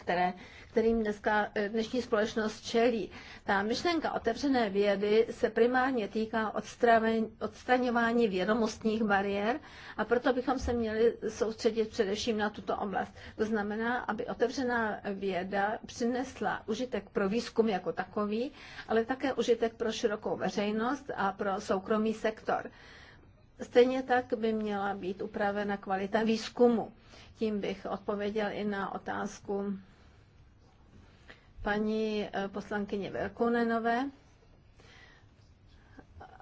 které kterým dneska, eh, dnešní společnost čelí. Ta myšlenka otevřené vědy se primárně týká odstraňování vědomostních bariér a proto bychom se měli soustředit především na tuto oblast. To znamená, aby otevřená věda přinesla užitek pro výzkum jako takový, ale také užitek pro širokou veřejnost a pro soukromý sektor. Stejně tak by měla být upravena kvalita výzkumu. Tím bych odpověděl i na otázku paní eh, poslankyně Velkonenové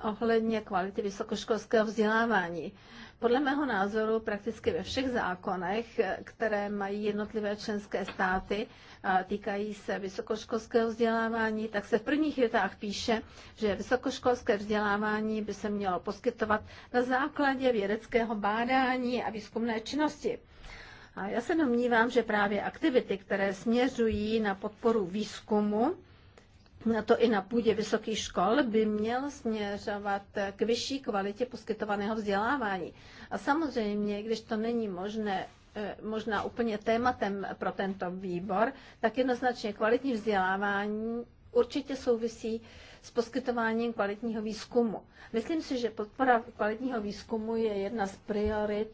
ohledně kvality vysokoškolského vzdělávání. Podle mého názoru prakticky ve všech zákonech, eh, které mají jednotlivé členské státy, týkají se vysokoškolského vzdělávání, tak se v prvních větách píše, že vysokoškolské vzdělávání by se mělo poskytovat na základě vědeckého bádání a výzkumné činnosti. A já se domnívám, že právě aktivity, které směřují na podporu výzkumu, na to i na půdě vysokých škol, by měl směřovat k vyšší kvalitě poskytovaného vzdělávání. A samozřejmě, když to není možné eh, možná úplně tématem pro tento výbor, tak jednoznačně kvalitní vzdělávání určitě souvisí s poskytováním kvalitního výzkumu. Myslím si, že podpora kvalitního výzkumu je jedna z priorit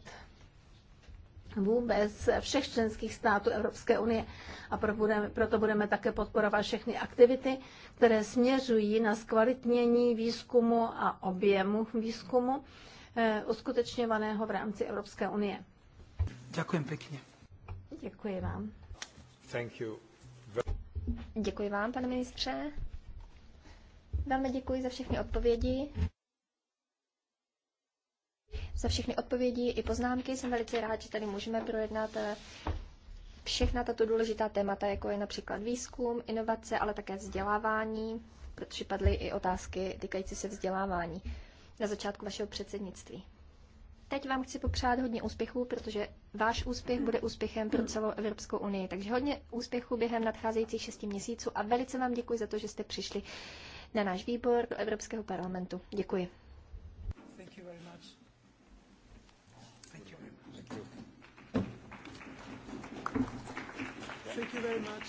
vůbec všech členských států Evropské unie. A pro budeme, proto budeme také podporovat všechny aktivity, které směřují na zkvalitnění výzkumu a objemu výzkumu eh, uskutečňovaného v rámci Evropské unie. Děkuji pěkně. Děkuji vám. Thank you. Děkuji vám, pane ministře. Velmi děkuji za všechny odpovědi za všechny odpovědi i poznámky. Jsem velice rád, že tady můžeme projednat eh, všechna tato důležitá témata, jako je například výzkum, inovace, ale také vzdělávání, protože padly i otázky týkající se vzdělávání na začátku vašeho předsednictví. Teď vám chci popřát hodně úspěchů, protože váš úspěch bude úspěchem pro celou Evropskou unii. Takže hodně úspěchů během nadcházejících šesti měsíců a velice vám děkuji za to, že jste přišli na náš výbor do Evropského parlamentu. Děkuji. Thank you very much.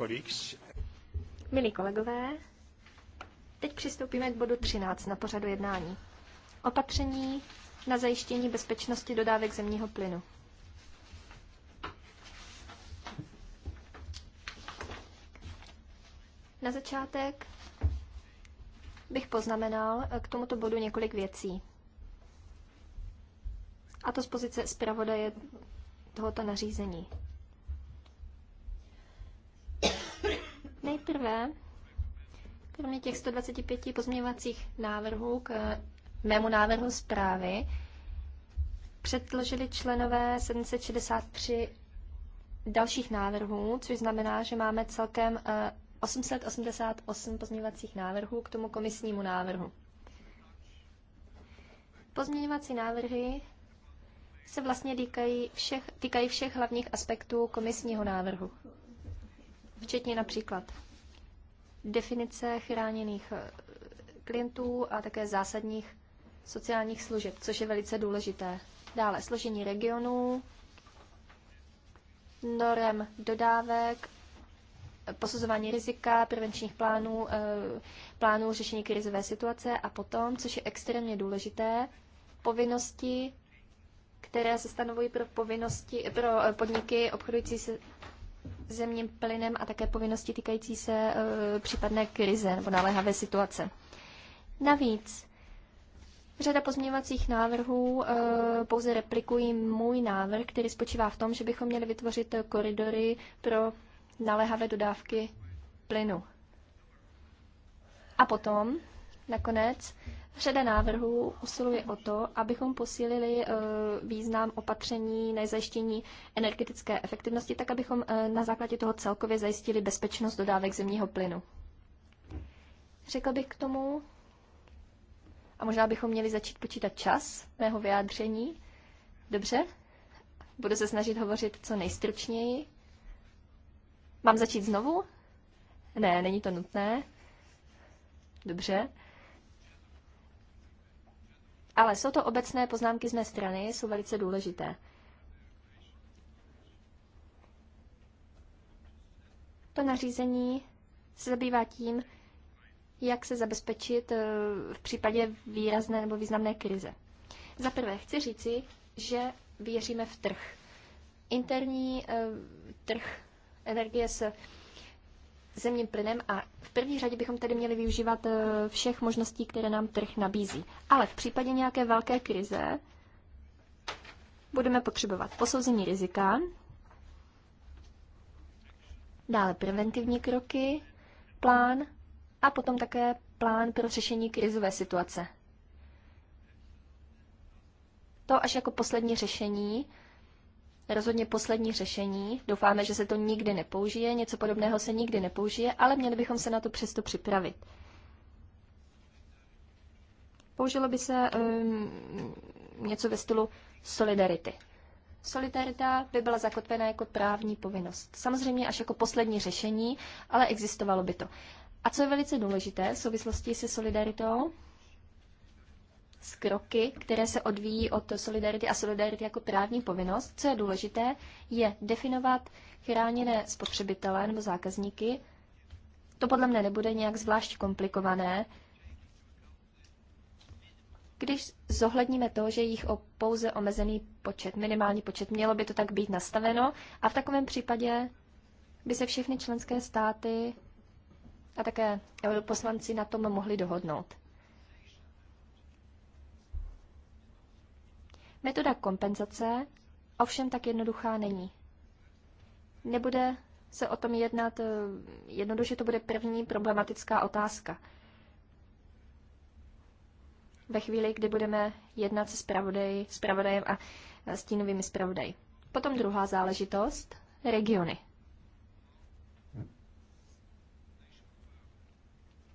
Uh, Milí kolegové, teď přistoupíme k bodu 13 na pořadu jednání. Opatření na zajištění bezpečnosti dodávek zemního plynu. Na začátek bych poznamenal eh, k tomuto bodu několik věcí. A to z pozice zpravodaje tohoto nařízení. Nejprve, kromě těch 125 pozměňovacích návrhů k mému návrhu zprávy, předložili členové 763 dalších návrhů, což znamená, že máme celkem eh, 888 pozměňovacích návrhů k tomu komisnímu návrhu. Pozměňovací návrhy se vlastně týkají všech, týkají všech hlavních aspektů komisního návrhu, včetně například definice chráněných eh, klientů a také zásadních sociálních služeb, což je velice důležité. Dále složení regionů, norem dodávek posuzování rizika, prevenčních plánů, eh, plánů řešení krizové situace a potom, což je extrémně důležité, povinnosti, které se stanovují pro povinnosti pro eh, podniky obchodující se zemním plynem a také povinnosti týkající se eh, případné krize nebo naléhavé situace. Navíc Řada pozměňovacích návrhů e, pouze replikují můj návrh, který spočívá v tom, že bychom měli vytvořit koridory pro naléhavé dodávky plynu. A potom, nakonec, řada návrhů usiluje o to, abychom posílili eh, význam opatření na zajištění energetické efektivnosti, tak abychom eh, na základě toho celkově zajistili bezpečnost dodávek zemního plynu. Řekl bych k tomu, a možná bychom měli začít počítat čas mého vyjádření. Dobře, budu se snažit hovořit co nejstručněji. Mám začít znovu? Ne, není to nutné. Dobře. Ale jsou to obecné poznámky z mé strany, jsou velice důležité. To nařízení se zabývá tím, jak se zabezpečit eh, v případě výrazné nebo významné krize. Za prvé chci říci, že věříme v trh. Interní eh, trh energie s zemním plynem a v první řadě bychom tedy měli využívat eh, všech možností, které nám trh nabízí. Ale v případě nějaké velké krize budeme potřebovat posouzení rizika, dále preventivní kroky, plán a potom také plán pro řešení krizové situace. To až jako poslední řešení rozhodně poslední řešení. Doufáme, že se to nikdy nepoužije, něco podobného se nikdy nepoužije, ale měli bychom se na to přesto připravit. Použilo by se um, něco ve stylu solidarity. Solidarita by byla zakotvena jako právní povinnost. Samozřejmě až jako poslední řešení, ale existovalo by to. A co je velice důležité v souvislosti se solidaritou, s kroky, které se odvíjí od solidarity a solidarity jako právní povinnost. Co je důležité, je definovat chráněné spotřebitele nebo zákazníky. To podle mne nebude nějak zvlášť komplikované, když zohledníme to, že jich o pouze omezený počet, minimální počet, mělo by to tak být nastaveno a v takovém případě by se všechny členské státy a také poslanci na tom mohli dohodnout. Metoda kompenzace ovšem tak jednoduchá není. Nebude se o tom jednat, eh, jednoduše to bude první problematická otázka. Ve chvíli, kdy budeme jednat se spravodaj, spravodajem a stínovými spravodaji. Potom druhá záležitost, regiony.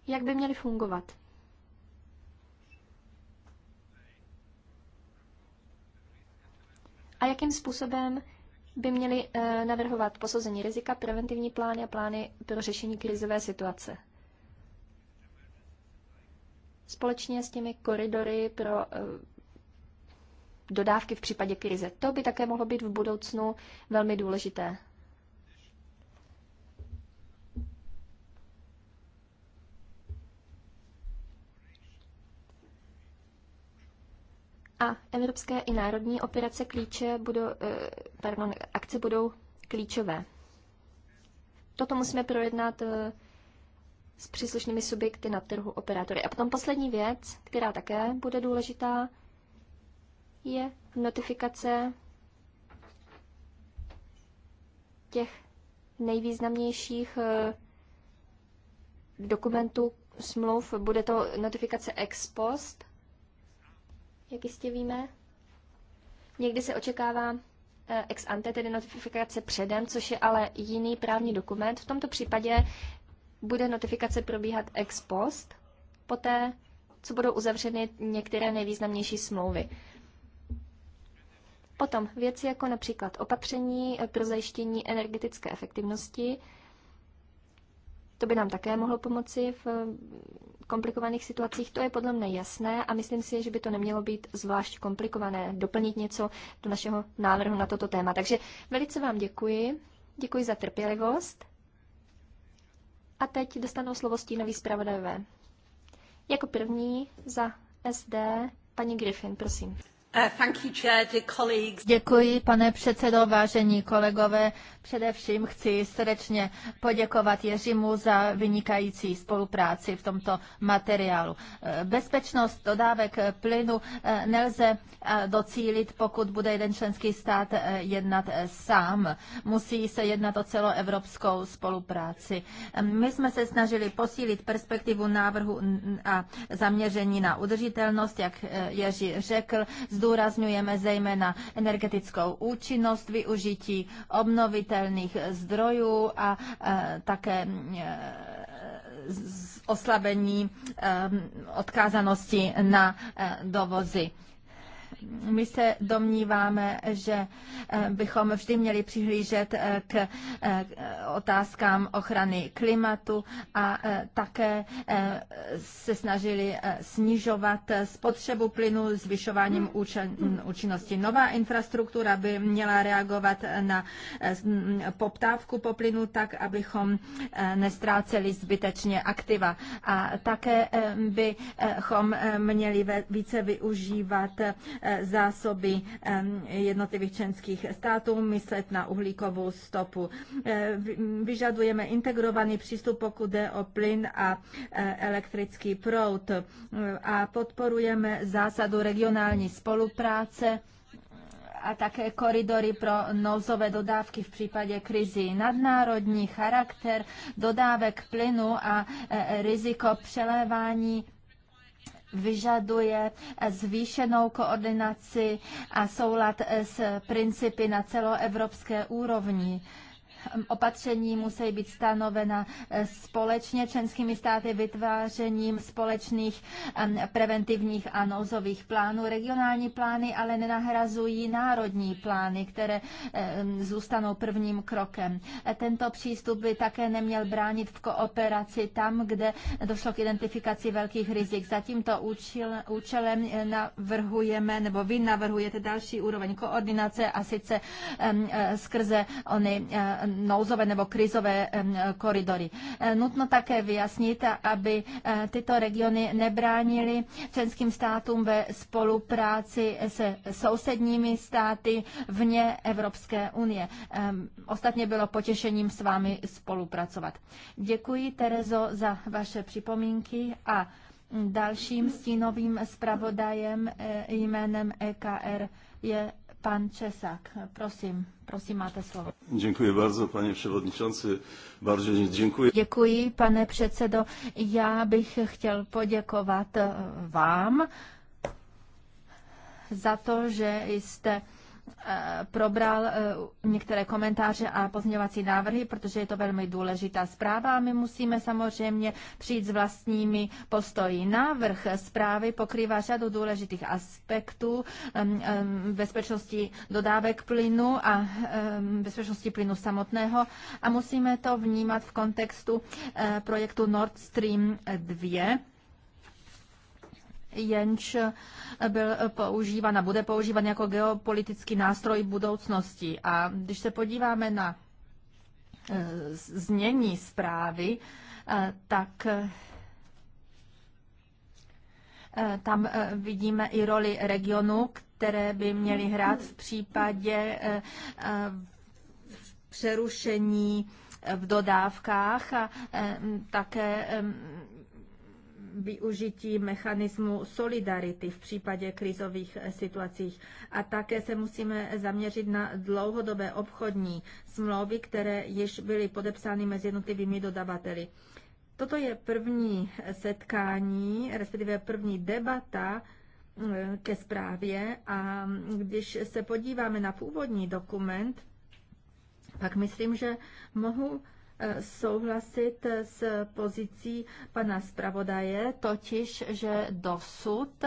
Jak by měly fungovat? a jakým způsobem by měli eh, navrhovat posouzení rizika, preventivní plány a plány pro řešení krizové situace. Společně s těmi koridory pro eh, dodávky v případě krize. To by také mohlo být v budoucnu velmi důležité. A evropské i národní operace klíče budou, eh, pardon, akce budou klíčové. Toto musíme projednat eh, s příslušnými subjekty na trhu operátory. A potom poslední věc, která také bude důležitá, je notifikace těch nejvýznamnějších eh, dokumentů smluv. Bude to notifikace ex post jak jistě víme. Někdy se očekává eh, ex ante, tedy notifikace předem, což je ale jiný právní dokument. V tomto případě bude notifikace probíhat ex post, poté, co budou uzavřeny některé nejvýznamnější smlouvy. Potom věci jako například opatření pro zajištění energetické efektivnosti, to by nám také mohlo pomoci v eh, komplikovaných situacích. To je podle mne jasné a myslím si, že by to nemělo být zvlášť komplikované doplnit něco do našeho návrhu na toto téma. Takže velice vám děkuji. Děkuji za trpělivost. A teď dostanou slovo stínový zpravodajové. Jako první za SD paní Griffin, prosím. Uh, Děkuji, pane předsedo, vážení kolegové. Především chci srdečně poděkovat Ježimu za vynikající spolupráci v tomto materiálu. Eh, bezpečnost dodávek plynu eh, nelze eh, docílit, pokud bude jeden členský stát jednat sám. Musí se jednat o celoevropskou spolupráci. My jsme se snažili posílit perspektivu návrhu a zaměření na udržitelnost, jak Ježí řekl, z Zdůrazňujeme zejména energetickou účinnost, využití obnovitelných zdrojů a e, také e, oslabení e, odkázanosti na dovozy. My se domníváme, že eh, bychom vždy měli přihlížet eh, eh, k otázkám ochrany klimatu a také se snažili snižovat spotřebu plynu zvyšováním mm, účinnosti. Nová infrastruktura by měla reagovat na mm, poptávku po plynu tak, abychom nestráceli zbytečně aktiva. A také bychom měli více využívat Eh, zásoby jednotlivých členských států, myslet na uhlíkovou stopu. Eh, vyžadujeme integrovaný přístup, pokud jde o plyn a eh, elektrický proud a podporujeme zásadu regionální spolupráce a také koridory pro nouzové dodávky v případě krizi. Nadnárodní charakter dodávek plynu a riziko přelévání vyžaduje zvýšenou koordinaci a soulad s principy na celoevropské úrovni opatření musí být stanovena eh, společně členskými státy vytvářením společných preventivních a nouzových plánů. Regionální plány ale nenahrazují národní plány, které zůstanou prvním krokem. Eh, tento přístup by také neměl bránit v kooperaci tam, kde došlo k identifikaci velkých rizik. Za tímto účelem eh, navrhujeme, nebo vy navrhujete další úroveň koordinace a sice skrze ony nouzové nebo krizové koridory. E, nutno také vyjasnit, aby e, tyto regiony nebránily členským státům ve spolupráci se sousedními státy vně Evropské unie. Ostatně bylo potěšením s vámi spolupracovat. Děkuji, Terezo, za vaše připomínky a dalším stínovým zpravodajem e, jménem EKR je Pan Česak, prosím, prosím, máte slovo. Děkuji bardzo, pane předsedající. Bardzo děkuji. Děkuji, pane předsedo. Já bych chtěl poděkovat eh, vám za to, že jste Eh, probral eh, některé komentáře a pozměňovací návrhy, protože je to velmi důležitá zpráva a my musíme samozřejmě přijít s vlastními postoji. Návrh zprávy pokrývá řadu důležitých aspektů bezpečnosti dodávek plynu a bezpečnosti plynu samotného a musíme to vnímat v kontextu eh, projektu Nord Stream 2 jenž byl používan a bude používan jako geopolitický nástroj budoucnosti. A když se podíváme na eh, znění zprávy, eh, tak eh, tam vidíme i roli regionu, které by měly hrát v případě přerušení v dodávkách a také využití mechanismu solidarity v případě krizových situacích. A také se musíme zaměřit na dlouhodobé obchodní smlouvy, které již byly podepsány mezi jednotlivými dodavateli. Toto je první setkání, respektive první debata eh, ke zprávě a když se podíváme na původní dokument, pak myslím, že mohu souhlasit s pozicí pana zpravodaje, totiž, že dosud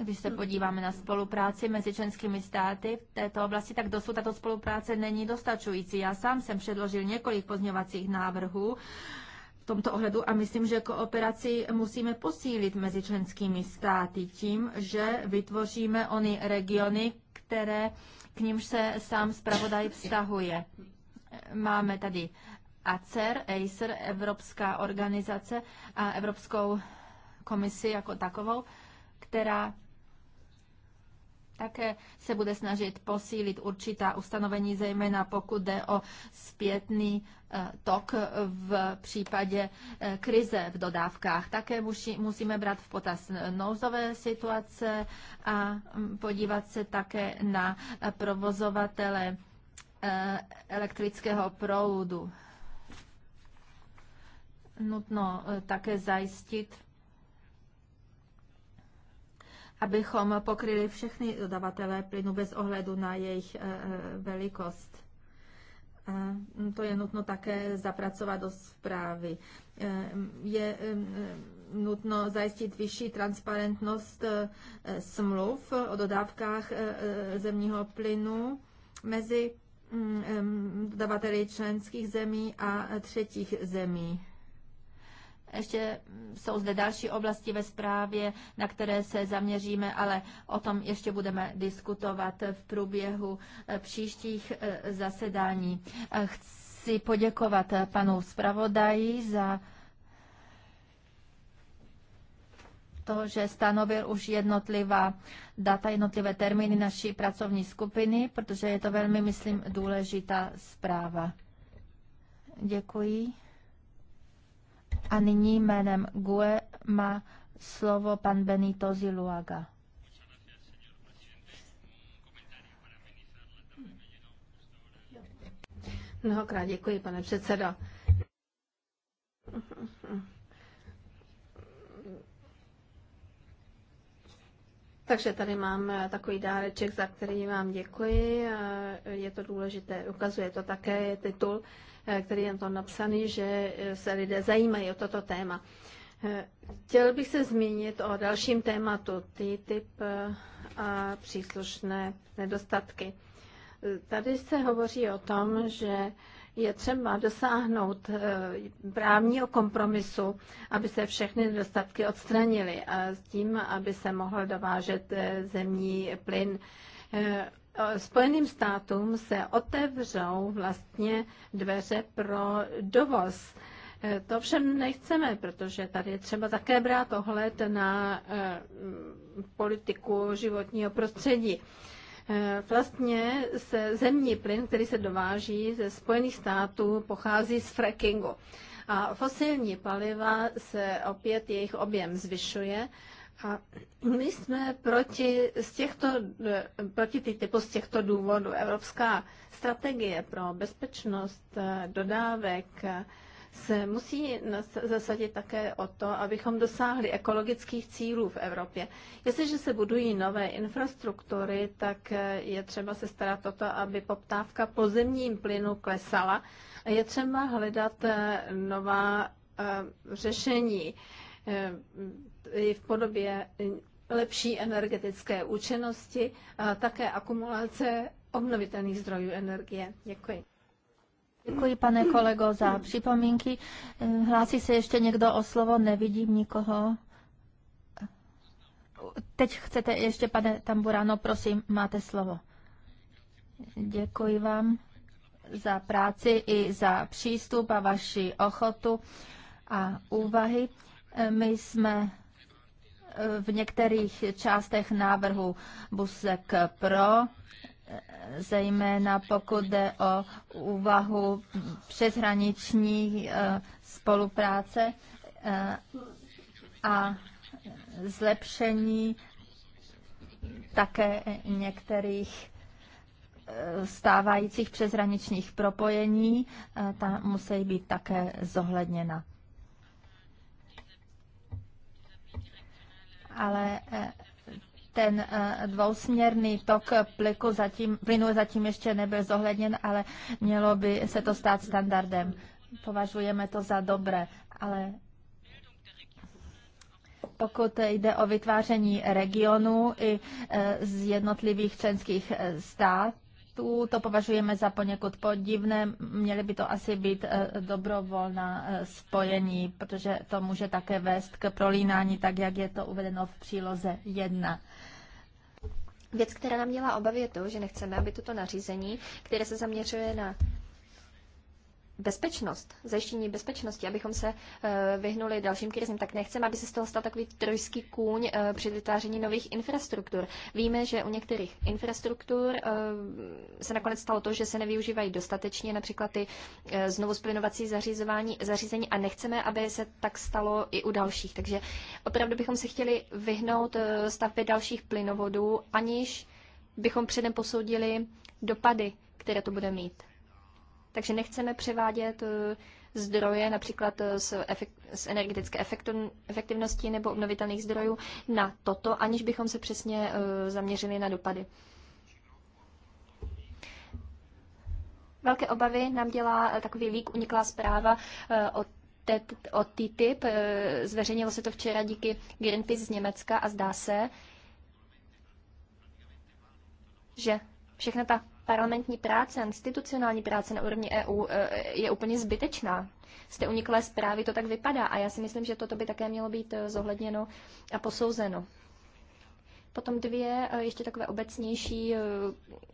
když se podíváme na spolupráci mezi členskými státy v této oblasti, tak dosud tato spolupráce není dostačující. Já sám jsem předložil několik pozměňovacích návrhů v tomto ohledu a myslím, že kooperaci musíme posílit mezi členskými státy tím, že vytvoříme ony regiony, které k nímž se sám zpravodaj vztahuje. Máme tady ACER, ACER, Evropská organizace a Evropskou komisi jako takovou, která také se bude snažit posílit určitá ustanovení, zejména pokud jde o zpětný eh, tok v případě eh, krize v dodávkách. Také musí, musíme brát v potaz nouzové situace a mm, podívat se také na eh, provozovatele Eh, elektrického proudu. Nutno eh, také zajistit, abychom pokryli všechny dodavatele plynu bez ohledu na jejich eh, velikost. Mm, to je nutno také zapracovat do zprávy. Je mm, nutno zajistit vyšší transparentnost smluv o dodávkách zemního plynu mezi Mm, dodavateli členských zemí a třetích zemí. Ještě jsou zde další oblasti ve zprávě, na které se zaměříme, ale o tom ještě budeme diskutovat v průběhu eh, příštích eh, zasedání. Eh, chci poděkovat panu zpravodaji za to, že stanovil už jednotlivá data, jednotlivé termíny naší pracovní skupiny, protože je to velmi, myslím, důležitá zpráva. Děkuji. A nyní jménem GUE má slovo pan Benito Ziluaga. Mnohokrát děkuji, pane předsedo. Takže tady mám eh, takový dáreček, za který vám děkuji. Eh, je to důležité, ukazuje to také titul, eh, který je to napsaný, že se lidé zajímají o toto téma. Chtěl bych se zmínit o dalším tématu, TTIP a příslušné nedostatky. Tady se hovoří o tom, že je třeba dosáhnout eh, právního kompromisu, aby se všechny nedostatky odstranily a s tím, aby se mohl dovážet eh, zemní plyn. Eh, Spojeným státům se otevřou vlastně dveře pro dovoz. To všem nechceme, protože tady je třeba také brát ohled na politiku životního prostředí. Eh, vlastně se zemní plyn, který se dováží ze Spojených států, pochází z frackingu. A fosilní paliva se opět jejich objem zvyšuje. A my jsme proti, z těchto, eh, proti ty typu z těchto důvodů. Evropská strategie pro bezpečnost eh, dodávek se musí zasadit také o to, abychom dosáhli ekologických cílů v Evropě. Jestliže se budují nové infrastruktury, tak eh, je třeba se starat o to, aby poptávka po zemním plynu klesala a je třeba hledat eh, nová eh, řešení v podobě lepší energetické účinnosti a také akumulace obnovitelných zdrojů energie. Děkuji. Děkuji, pane kolego, za připomínky. Hlásí se ještě někdo o slovo? Nevidím nikoho. Teď chcete ještě, pane Tamburano, prosím, máte slovo. Děkuji vám za práci i za přístup a vaši ochotu a úvahy. My jsme v některých částech návrhu Busek pro, zejména pokud jde o úvahu přeshraniční eh, spolupráce eh, a zlepšení také některých eh, stávajících přeshraničních propojení, ta musí být také zohledněna. Ale ten eh, dvousměrný tok plyku zatím, plynu zatím ještě nebyl zohledněn, ale mělo by se to stát standardem. Považujeme to za dobré, ale pokud jde o vytváření regionu i eh, z jednotlivých členských eh, států, států. To považujeme za poněkud podivné. Měly by to asi být eh, dobrovolná eh, spojení, protože to může také vést k prolínání, tak jak je to uvedeno v příloze 1. Věc, která nám dělá obavy, je to, že nechceme, aby toto nařízení, které se zaměřuje na bezpečnost, zajištění bezpečnosti, abychom se eh, vyhnuli dalším krizím, tak nechceme, aby se z toho stal takový trojský kůň eh, při vytváření nových infrastruktur. Víme, že u některých infrastruktur eh, se nakonec stalo to, že se nevyužívají dostatečně, například ty znovu splinovací zařizování, zařízení a nechceme, aby se tak stalo i u dalších. Takže opravdu bychom se chtěli vyhnout stavbě dalších plynovodů, aniž bychom předem posoudili dopady, které to bude mít. Takže nechceme převádět eh, zdroje, například eh, z, z energetické efektivnosti nebo obnovitelných zdrojů, na toto, aniž bychom se přesně eh, zaměřili na dopady. Velké obavy nám dělá takový lík, uniklá zpráva o o TTIP. Zveřejnilo se to včera díky Greenpeace z Německa a zdá se, že všechna ta parlamentní práce, institucionální práce na úrovni EU eh, je úplně zbytečná. Z té uniklé zprávy to tak vypadá a já si myslím, že toto by také mělo být eh, zohledněno a posouzeno. Potom dvě eh, ještě takové obecnější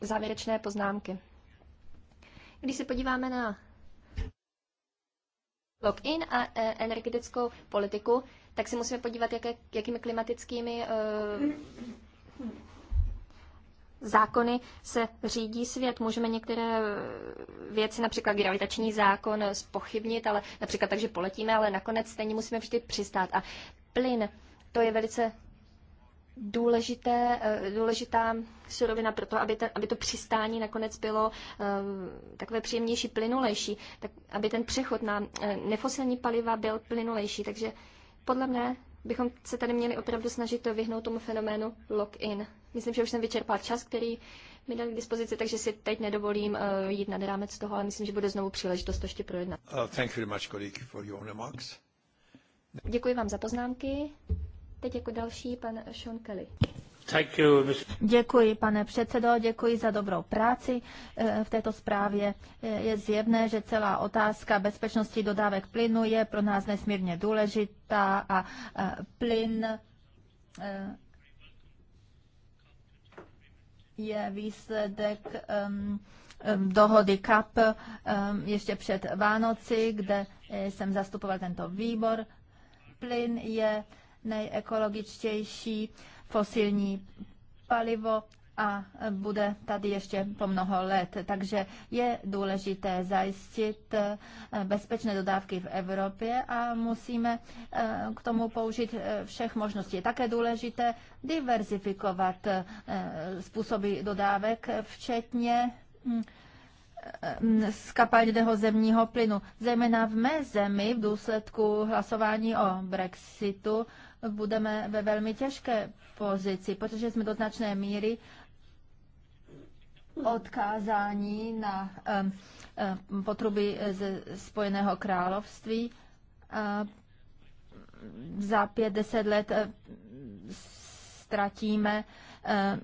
závěrečné poznámky. Když se podíváme na login a energetickou politiku, tak si musíme podívat, jaké, jakými klimatickými zákony se řídí svět. Můžeme některé věci, například gravitační zákon, spochybnit, ale například tak, že poletíme, ale nakonec stejně musíme vždy přistát. A plyn, to je velice důležité, eh, důležitá surovina pro to, aby, ten, aby to přistání nakonec bylo eh, takové příjemnější, plynulejší, tak aby ten přechod na eh, nefosilní paliva byl plynulejší. Takže podle mě bychom se tady měli opravdu snažit to vyhnout tomu fenoménu lock-in. Myslím, že už jsem vyčerpal čas, který mi dali k dispozici, takže si teď nedovolím uh, jít nad rámec toho, ale myslím, že bude znovu příležitost to ještě projednat. Uh, thank you very much, colleague, for your remarks. Děkuji vám za poznámky. Teď jako další pan Sean Kelly. Děkuji, pane předsedo, děkuji za dobrou práci eh, v této zprávě. Eh, je zjevné, že celá otázka bezpečnosti dodávek plynu je pro nás nesmírně důležitá a eh, plyn je výsledek ehm, ehm, dohody CAP ehm, ještě před Vánoci, kde jsem zastupoval tento výbor. Plyn je nejekologičtější fosilní palivo a bude tady ještě po mnoho let. Takže je důležité zajistit eh, bezpečné dodávky v Evropě a musíme eh, k tomu použít eh, všech možností. Je také důležité diverzifikovat způsoby dodávek, včetně z hm, hm, zemního plynu. Zejména v mé zemi v důsledku hlasování o Brexitu budeme ve velmi těžké pozici, protože jsme do značné míry odkázání na potruby ze Spojeného království. Za pět, deset let e, ztratíme e,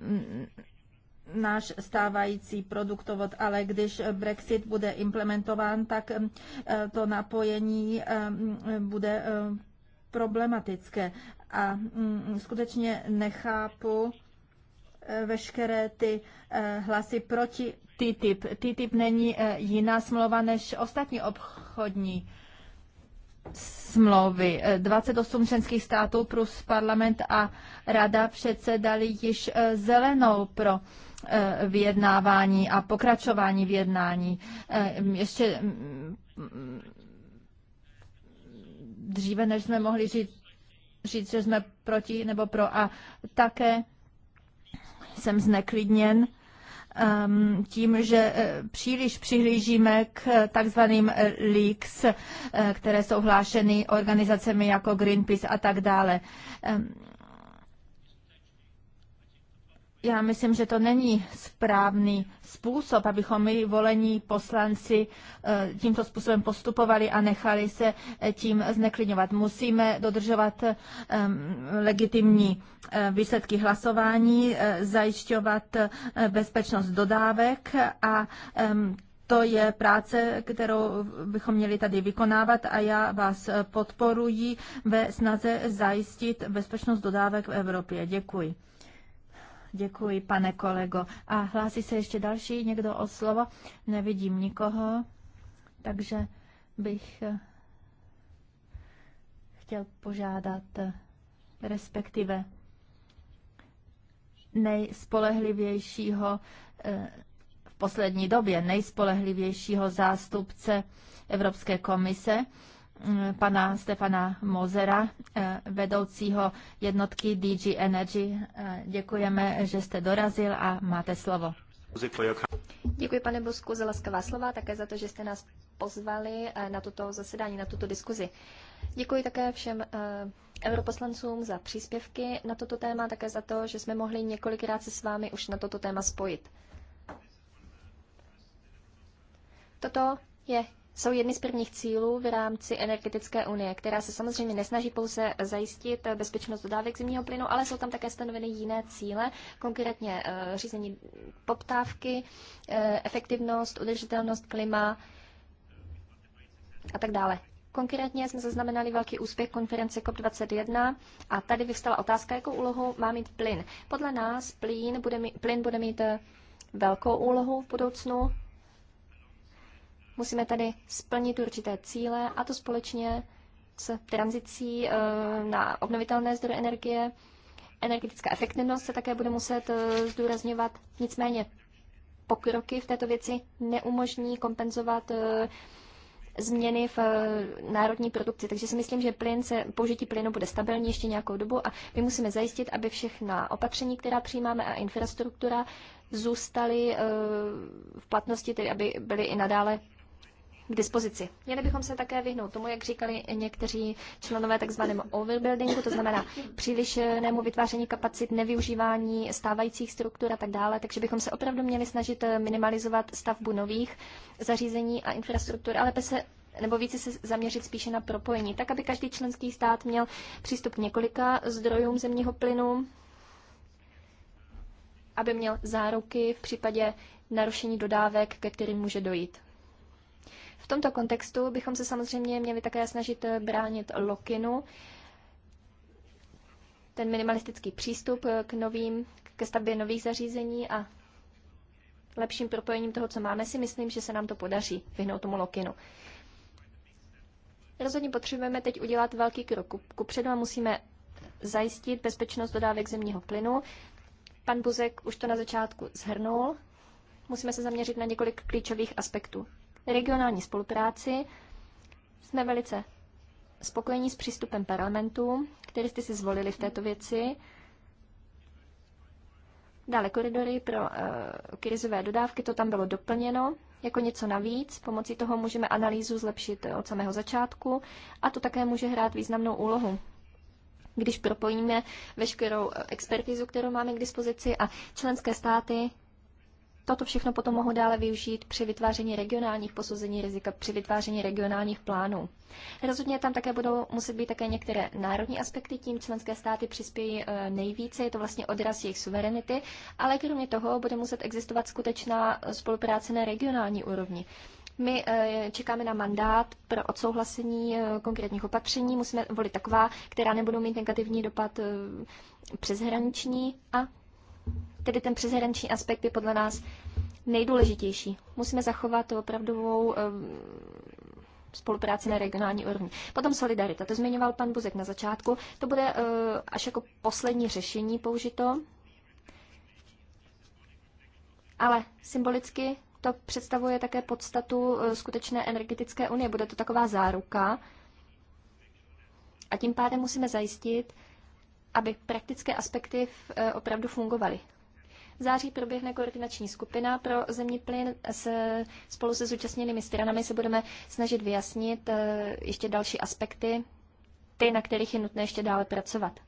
náš stávající produktovod, ale když Brexit bude implementován, tak e, to napojení bude problematické a mm, skutečně nechápu eh, veškeré ty eh, hlasy proti TTIP. TTIP není eh, jiná smlouva než ostatní obchodní smlouvy. 28 členských států plus parlament a rada dali již zelenou pro vyjednávání a pokračování vyjednání. Ještě mm, dříve, než jsme mohli říct, říct, že jsme proti nebo pro. A také jsem zneklidněn um, tím, že eh, příliš přihlížíme k takzvaným eh, leaks, eh, které jsou hlášeny organizacemi jako Greenpeace a tak dále. Um, já myslím, že to není správný způsob, abychom my volení poslanci eh, tímto způsobem postupovali a nechali se eh, tím zneklidňovat. Musíme dodržovat eh, legitimní výsledky hlasování, zajišťovat bezpečnost dodávek a to je práce, kterou bychom měli tady vykonávat a já vás podporuji ve snaze zajistit bezpečnost dodávek v Evropě. Děkuji. Děkuji, pane kolego. A hlásí se ještě další někdo o slovo? Nevidím nikoho, takže bych eh, chtěl požádat, eh, respektive nejspolehlivějšího eh, v poslední době nejspolehlivějšího zástupce Evropské komise, pana Stefana Mozera, eh, vedoucího jednotky DG Energy. Eh, děkujeme, že jste dorazil a máte slovo. Děkuji, pane Bosku, za laskavá slova, také za to, že jste nás pozvali eh, na toto zasedání, na tuto diskuzi. Děkuji také všem europoslancům za příspěvky na toto téma, také za to, že jsme mohli několikrát se s vámi už na toto téma spojit. Toto je jsou jedny z prvních cílů v rámci energetické unie, která se samozřejmě nesnaží pouze zajistit bezpečnost dodávek zemního plynu, ale jsou tam také stanoveny jiné cíle, konkrétně eh, řízení poptávky, eh, efektivnost, udržitelnost klima a tak dále. Konkrétně jsme zaznamenali velký úspěch konference COP21 a tady vyvstala otázka, jakou úlohu má mít plyn. Podle nás plyn bude mít, plyn bude mít eh, velkou úlohu v budoucnu, Musíme tady splnit určité cíle a to společně s tranzicí eh, na obnovitelné zdroje energie. Energetická efektivnost se také bude muset eh, zdůrazňovat. Nicméně pokroky v této věci neumožní kompenzovat eh, změny v národní produkci. Takže si myslím, že plyn se, použití plynu bude stabilní ještě nějakou dobu a my musíme zajistit, aby všechna opatření, která přijímáme a infrastruktura zůstaly v platnosti, tedy aby byly i nadále k dispozici. Měli bychom se také vyhnout tomu, jak říkali někteří členové tzv. overbuildingu, to znamená přílišnému vytváření kapacit, nevyužívání stávajících struktur a tak dále, takže bychom se opravdu měli snažit eh, minimalizovat stavbu nových zařízení a infrastruktur, ale se nebo více se zaměřit spíše na propojení, tak aby každý členský stát měl přístup k několika zdrojům zemního plynu, aby měl záruky v případě narušení dodávek, ke kterým může dojít. V tomto kontextu bychom se samozřejmě měli také snažit bránit Lokinu, ten minimalistický přístup k novým, ke stavbě nových zařízení a lepším propojením toho, co máme, si myslím, že se nám to podaří vyhnout tomu Lokinu. Rozhodně potřebujeme teď udělat velký krok kupředu a musíme zajistit bezpečnost dodávek zemního plynu. Pan Buzek už to na začátku zhrnul. Musíme se zaměřit na několik klíčových aspektů regionální spolupráci. Jsme velice spokojení s přístupem parlamentu, který jste si zvolili v této věci. Dále koridory pro uh, krizové dodávky, to tam bylo doplněno jako něco navíc. Pomocí toho můžeme analýzu zlepšit od samého začátku a to také může hrát významnou úlohu. Když propojíme veškerou eh, expertizu, kterou máme k dispozici a členské státy toto všechno potom mohou dále využít při vytváření regionálních posouzení rizika, při vytváření regionálních plánů. Rozhodně tam také budou muset být také některé národní aspekty, tím členské státy přispějí eh, nejvíce, je to vlastně odraz jejich suverenity, ale kromě toho bude muset existovat skutečná spolupráce na regionální úrovni. My eh, čekáme na mandát pro odsouhlasení eh, konkrétních opatření. Musíme volit taková, která nebudou mít negativní dopad přeshraniční a Tedy ten přeshraniční aspekt je podle nás nejdůležitější. Musíme zachovat opravdovou eh, spolupráci na regionální úrovni. Potom solidarita, to zmiňoval pan Buzek na začátku, to bude eh, až jako poslední řešení použito, ale symbolicky to představuje také podstatu eh, skutečné energetické unie. Bude to taková záruka a tím pádem musíme zajistit, aby praktické aspekty opravdu fungovaly. V září proběhne koordinační skupina pro zemní plyn. Se, spolu se zúčastněnými stranami se budeme snažit vyjasnit eh, ještě další aspekty, ty, na kterých je nutné ještě dále pracovat.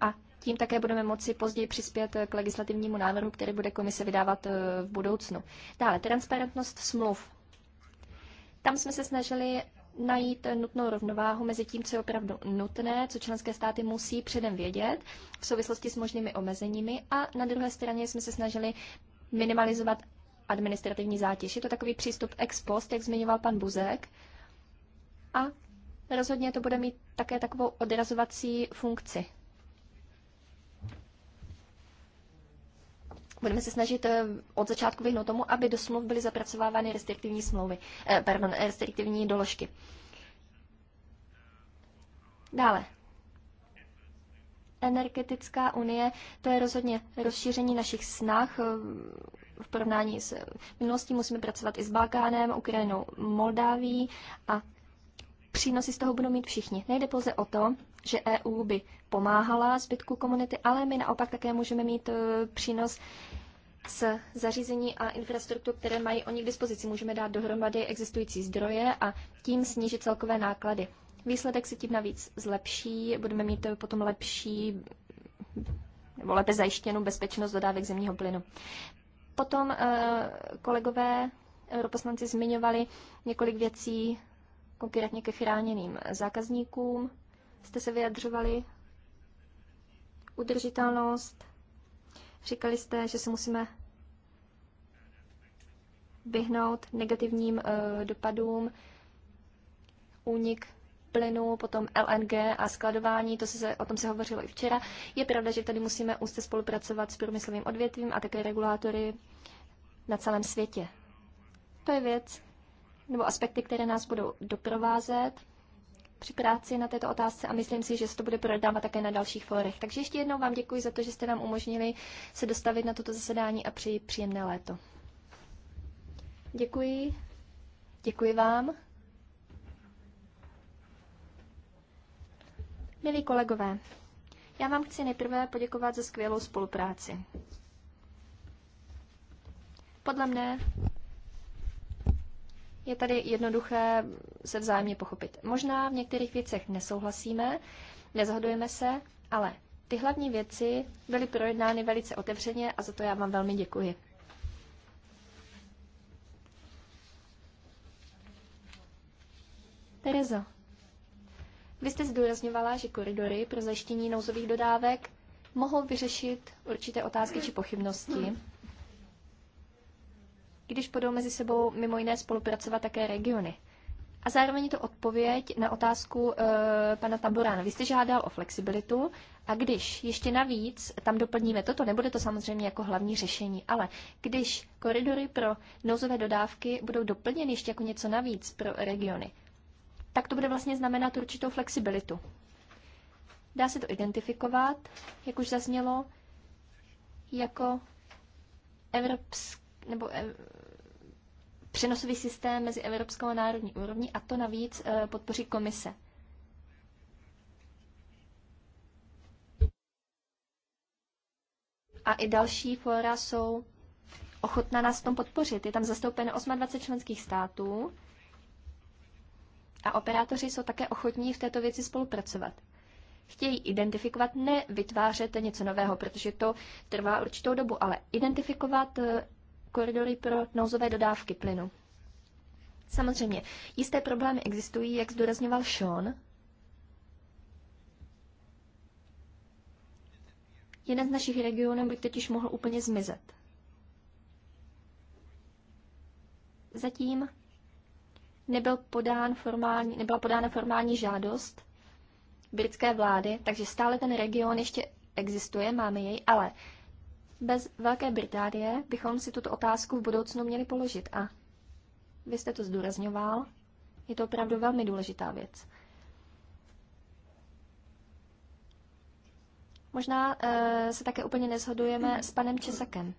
A tím také budeme moci později přispět k legislativnímu návrhu, který bude komise vydávat eh, v budoucnu. Dále transparentnost smluv. Tam jsme se snažili najít nutnou rovnováhu mezi tím, co je opravdu nutné, co členské státy musí předem vědět v souvislosti s možnými omezeními a na druhé straně jsme se snažili minimalizovat administrativní zátěž. Je to takový přístup ex post, jak zmiňoval pan Buzek. A rozhodně to bude mít také takovou odrazovací funkci. Budeme se snažit eh, od začátku vyhnout tomu, aby do smluv byly zapracovávány restriktivní smlouvy, eh, pardon, restriktivní doložky. Dále. Energetická unie, to je rozhodně rozšíření našich snah eh, v porovnání s minulostí. Musíme pracovat i s Balkánem, Ukrajinou, Moldáví a přínosy z toho budou mít všichni. Nejde pouze o to, že EU by pomáhala zbytku komunity, ale my naopak také můžeme mít e, přínos s zařízení a infrastruktur, které mají oni k dispozici. Můžeme dát dohromady existující zdroje a tím snížit celkové náklady. Výsledek se tím navíc zlepší, budeme mít e, potom lepší nebo lépe zajištěnou bezpečnost dodávek zemního plynu. Potom e, kolegové europoslanci zmiňovali několik věcí konkrétně ke chráněným zákazníkům jste se vyjadřovali udržitelnost. Říkali jste, že se musíme vyhnout negativním uh, dopadům, únik plynu, potom LNG a skladování, to se, o tom se hovořilo i včera. Je pravda, že tady musíme úzce spolupracovat s průmyslovým odvětvím a také regulátory na celém světě. To je věc, nebo aspekty, které nás budou doprovázet při práci na této otázce a myslím si, že se to bude prodávat také na dalších fórech. Takže ještě jednou vám děkuji za to, že jste nám umožnili se dostavit na toto zasedání a přeji příjemné léto. Děkuji. Děkuji vám. Milí kolegové, já vám chci nejprve poděkovat za skvělou spolupráci. Podle mne je tady jednoduché se vzájemně pochopit. Možná v některých věcech nesouhlasíme, nezhodujeme se, ale ty hlavní věci byly projednány velice otevřeně a za to já vám velmi děkuji. Terezo, vy jste zdůrazňovala, že koridory pro zajištění nouzových dodávek mohou vyřešit určité otázky či pochybnosti, když budou mezi sebou mimo jiné spolupracovat také regiony. A zároveň je to odpověď na otázku e, pana Tamburána. Vy jste žádal o flexibilitu a když ještě navíc tam doplníme toto, nebude to samozřejmě jako hlavní řešení, ale když koridory pro nouzové dodávky budou doplněny ještě jako něco navíc pro regiony, tak to bude vlastně znamenat určitou flexibilitu. Dá se to identifikovat, jak už zaznělo, jako evropské nebo e, přenosový systém mezi evropskou a národní úrovní a to navíc e, podpoří komise. A i další fora jsou ochotná nás v tom podpořit. Je tam zastoupeno 28 členských států a operátoři jsou také ochotní v této věci spolupracovat chtějí identifikovat, ne vytvářet něco nového, protože to trvá určitou dobu, ale identifikovat eh, koridory pro nouzové dodávky plynu. Samozřejmě, jisté problémy existují, jak zdůrazňoval Sean. Jeden z našich regionů by totiž mohl úplně zmizet. Zatím nebyl podán formální, nebyla podána formální žádost britské vlády, takže stále ten region ještě existuje, máme jej, ale bez Velké Británie bychom si tuto otázku v budoucnu měli položit a vy jste to zdůrazňoval, je to opravdu velmi důležitá věc. Možná e, se také úplně nezhodujeme s panem Česakem.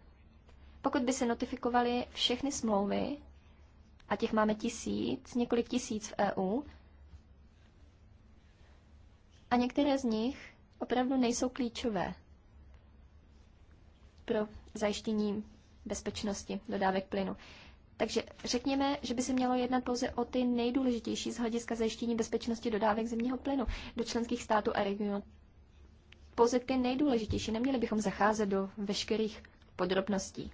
Pokud by se notifikovaly všechny smlouvy, a těch máme tisíc, několik tisíc v EU, a některé z nich opravdu nejsou klíčové pro zajištění bezpečnosti dodávek plynu. Takže řekněme, že by se mělo jednat pouze o ty nejdůležitější z hlediska zajištění bezpečnosti dodávek zemního plynu do členských států a regionů. Pouze ty nejdůležitější, neměli bychom zacházet do veškerých podrobností.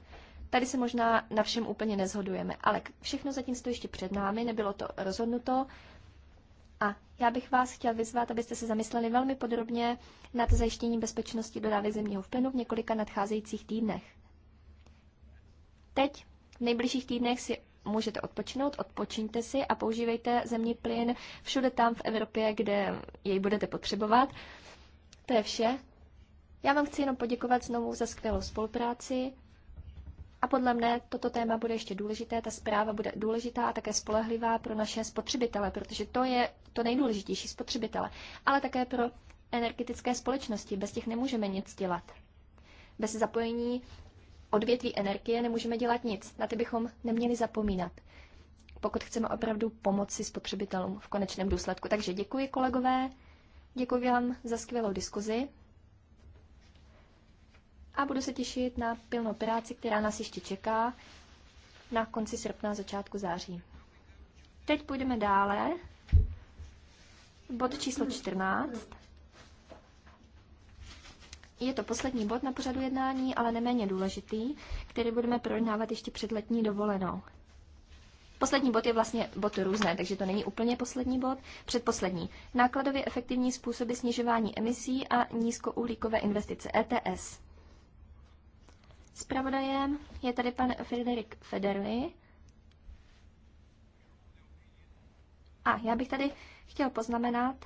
Tady se možná na všem úplně nezhodujeme, ale všechno zatím stojí ještě před námi, nebylo to rozhodnuto, a já bych vás chtěl vyzvat, abyste se zamysleli velmi podrobně nad zajištění bezpečnosti dodávek zemního plynu v několika nadcházejících týdnech. Teď, v nejbližších týdnech, si můžete odpočinout, odpočíňte si a používejte zemní plyn všude tam v Evropě, kde jej budete potřebovat. To je vše. Já vám chci jenom poděkovat znovu za skvělou spolupráci. A podle mne toto téma bude ještě důležité, ta zpráva bude důležitá a také spolehlivá pro naše spotřebitele, protože to je to nejdůležitější spotřebitele, ale také pro energetické společnosti. Bez těch nemůžeme nic dělat. Bez zapojení odvětví energie nemůžeme dělat nic. Na ty bychom neměli zapomínat, pokud chceme opravdu pomoci spotřebitelům v konečném důsledku. Takže děkuji kolegové, děkuji vám za skvělou diskuzi a budu se těšit na pilnou práci, která nás ještě čeká na konci srpna, začátku září. Teď půjdeme dále. Bod číslo 14. Je to poslední bod na pořadu jednání, ale neméně důležitý, který budeme projednávat ještě před letní dovolenou. Poslední bod je vlastně bod různé, takže to není úplně poslední bod. Předposlední. Nákladově efektivní způsoby snižování emisí a nízkouhlíkové investice ETS. Spravodajem je tady pan Frederik Federli. A já bych tady chtěl poznamenat,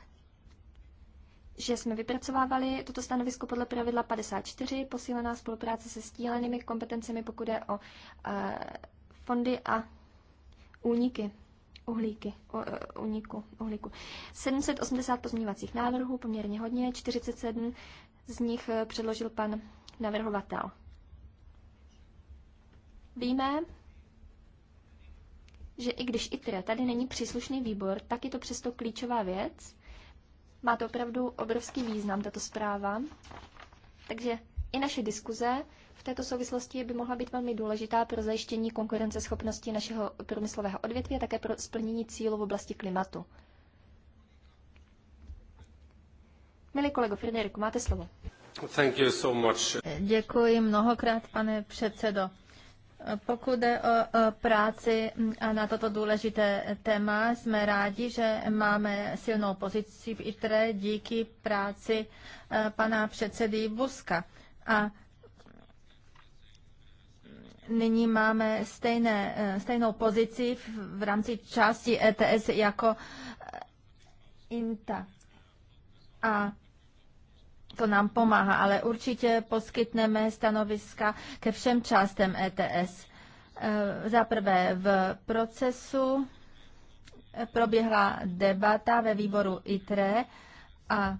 že jsme vypracovávali toto stanovisko podle pravidla 54, posílená spolupráce se stílenými kompetencemi, pokud je o e, fondy a úniky, uhlíky, u, uniku, eh, uhlíku. 780 pozměňovacích návrhů, poměrně hodně, 47 z nich eh, předložil pan navrhovatel. Víme, že i když ITRE tady není příslušný výbor, tak je to přesto klíčová věc. Má to opravdu obrovský význam, tato zpráva. Takže i naše diskuze v této souvislosti by mohla být velmi důležitá pro zajištění konkurenceschopnosti našeho průmyslového odvětví a také pro splnění cílů v oblasti klimatu. Milý kolego Frederiku, máte slovo. Děkuji mnohokrát, pane předsedo. Pokud jde o práci na toto důležité téma, jsme rádi, že máme silnou pozici v ITRE díky práci e, pana předsedy Buska. A nyní máme stejné, e, stejnou pozici v, v rámci části ETS jako e, INTA. A to nám pomáhá, ale určitě poskytneme stanoviska ke všem částem ETS. Eh, za prvé v procesu proběhla debata ve výboru ITRE a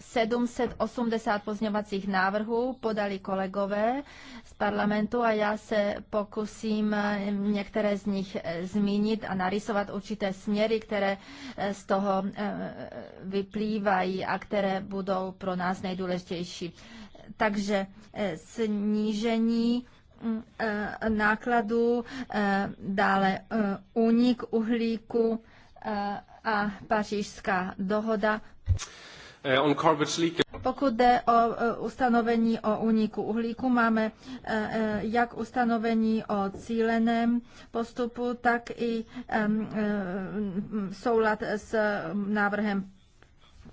780 pozňovacích návrhů podali kolegové z parlamentu a já se pokusím eh, některé z nich eh, zmínit a narysovat určité směry, které eh, z toho vyplývají a které budou pro nás nejdůležitější. Takže snížení mm, nákladů, dále únik uhlíku a pařížská dohoda. Eh, Pokud jde o eh, ustanovení o úniku uhlíku, máme eh, jak ustanovení o cíleném postupu, tak i soulad s mm, návrhem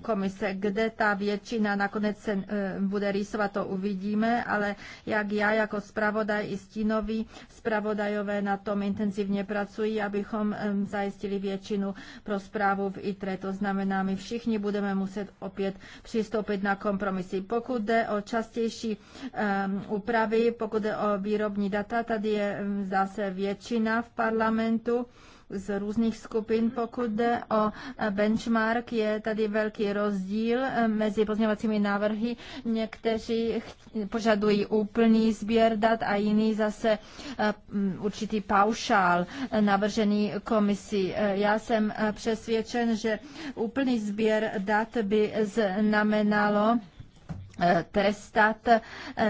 komise. Kde ta většina nakonec se eh, bude rýsovat, to uvidíme, ale jak já jako zpravodaj i stínoví zpravodajové na tom intenzivně pracují, abychom eh, zajistili většinu pro zprávu v ITRE. To znamená, my všichni budeme muset opět přistoupit na kompromisy. Pokud jde o častější um, úpravy, pokud jde o výrobní data, tady je, zase většina v parlamentu z různých skupin. Pokud jde o benchmark, je tady velký rozdíl eh, mezi pozměňovacími návrhy. Někteří požadují úplný sběr dat a jiný zase eh, mm, určitý paušál eh, navržený komisí. Já jsem přesvědčen, že úplný sběr dat by znamenalo, trestat eh,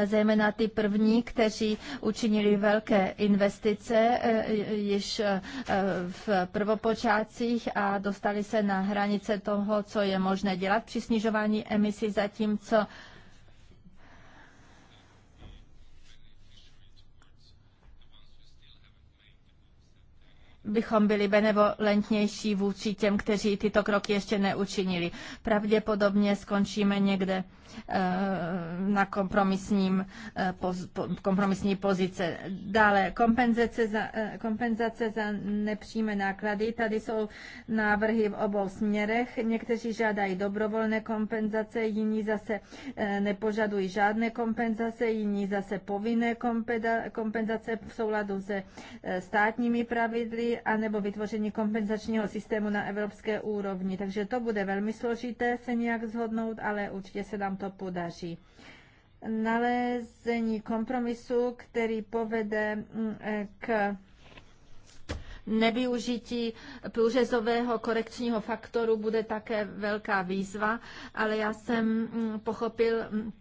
zejména ty první, kteří učinili velké investice eh, již eh, v prvopočátcích a dostali se na hranice toho, co je možné dělat při snižování emisí, zatímco bychom byli benevolentnější vůči těm, kteří tyto kroky ještě neučinili. Pravděpodobně skončíme někde eh, na kompromisním, eh, kompromisní pozice. Dále kompenzace za, eh, kompenzace za nepřímé náklady. Tady jsou návrhy v obou směrech. Někteří žádají dobrovolné kompenzace, jiní zase nepožadují žádné kompenzace, jiní zase povinné kompenzace v souladu se státními pravidly anebo vytvoření kompenzačního systému na evropské úrovni. Takže to bude velmi složité se nějak zhodnout, ale určitě se nám to podaří. Nalezení kompromisu, který povede mm, e, k nevyužití průřezového korekčního faktoru bude také velká výzva, ale já jsem mm, pochopil mm,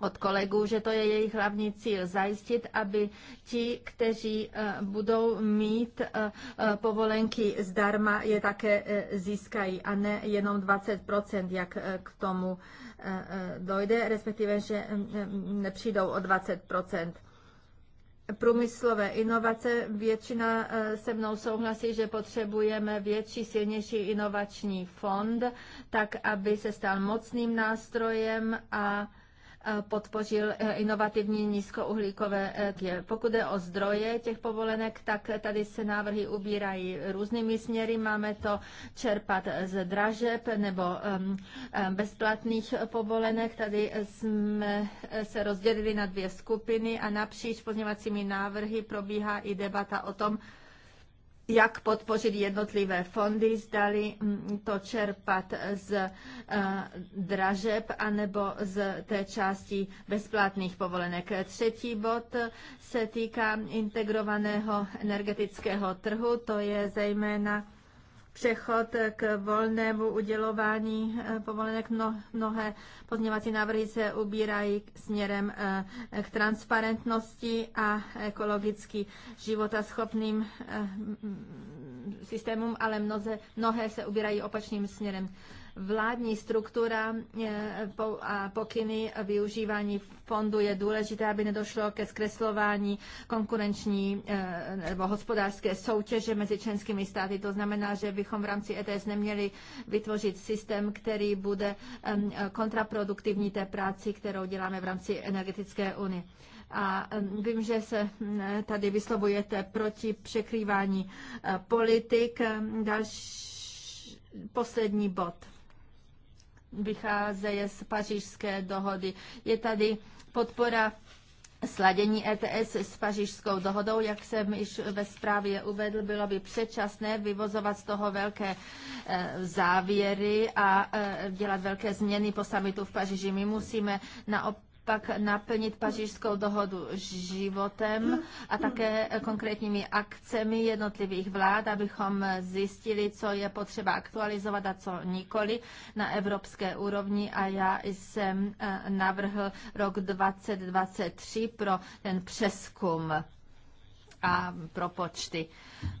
od kolegů, že to je jejich hlavní cíl zajistit, aby ti, kteří eh, budou mít eh, eh, povolenky zdarma, je také získají a ne jenom 20%, jak k tomu dojde, respektive, že mm, nepřijdou o 20% průmyslové inovace. Většina se mnou souhlasí, že potřebujeme větší, silnější inovační fond, tak aby se stal mocným nástrojem a Eh, podpořil eh, inovativní nízkouhlíkové energie. Eh, Pokud je o zdroje těch povolenek, tak tady se návrhy ubírají různými směry. Máme to čerpat z dražeb nebo bezplatných povolenek. Tady jsme se rozdělili na dvě skupiny a napříč pozněvacími návrhy probíhá i debata o tom, jak podpořit jednotlivé fondy, zdali mm, to čerpat z eh, dražeb anebo z té části bezplatných povolenek. Třetí bod se týká integrovaného energetického trhu, to je zejména přechod k volnému udělování eh, povolenek. Mnohé pozměňovací návrhy se ubírají směrem eh, k transparentnosti a ekologicky životaschopným eh, systémům, ale mnoze, mnohé se ubírají opačným směrem vládní struktura eh, a pokyny využívání fondu je důležité, aby nedošlo ke zkreslování konkurenční eh, nebo hospodářské soutěže mezi členskými státy. To znamená, že bychom v rámci ETS neměli vytvořit systém, který bude kontraproduktivní té práci, kterou děláme v rámci energetické unie. A vím, že se mm, tady vyslovujete proti překrývání eh, politik. Další poslední bod vycházeje z pařížské dohody. Je tady podpora Sladění ETS s pařížskou dohodou, jak jsem již ve zprávě uvedl, bylo by předčasné vyvozovat z toho velké eh, závěry a eh, dělat velké změny po samitu v Paříži. My musíme naopak pak naplnit pařížskou dohodu životem a také konkrétními akcemi jednotlivých vlád, abychom zjistili, co je potřeba aktualizovat a co nikoli na evropské úrovni. A já jsem eh, navrhl rok 2023 pro ten přeskum a propočty.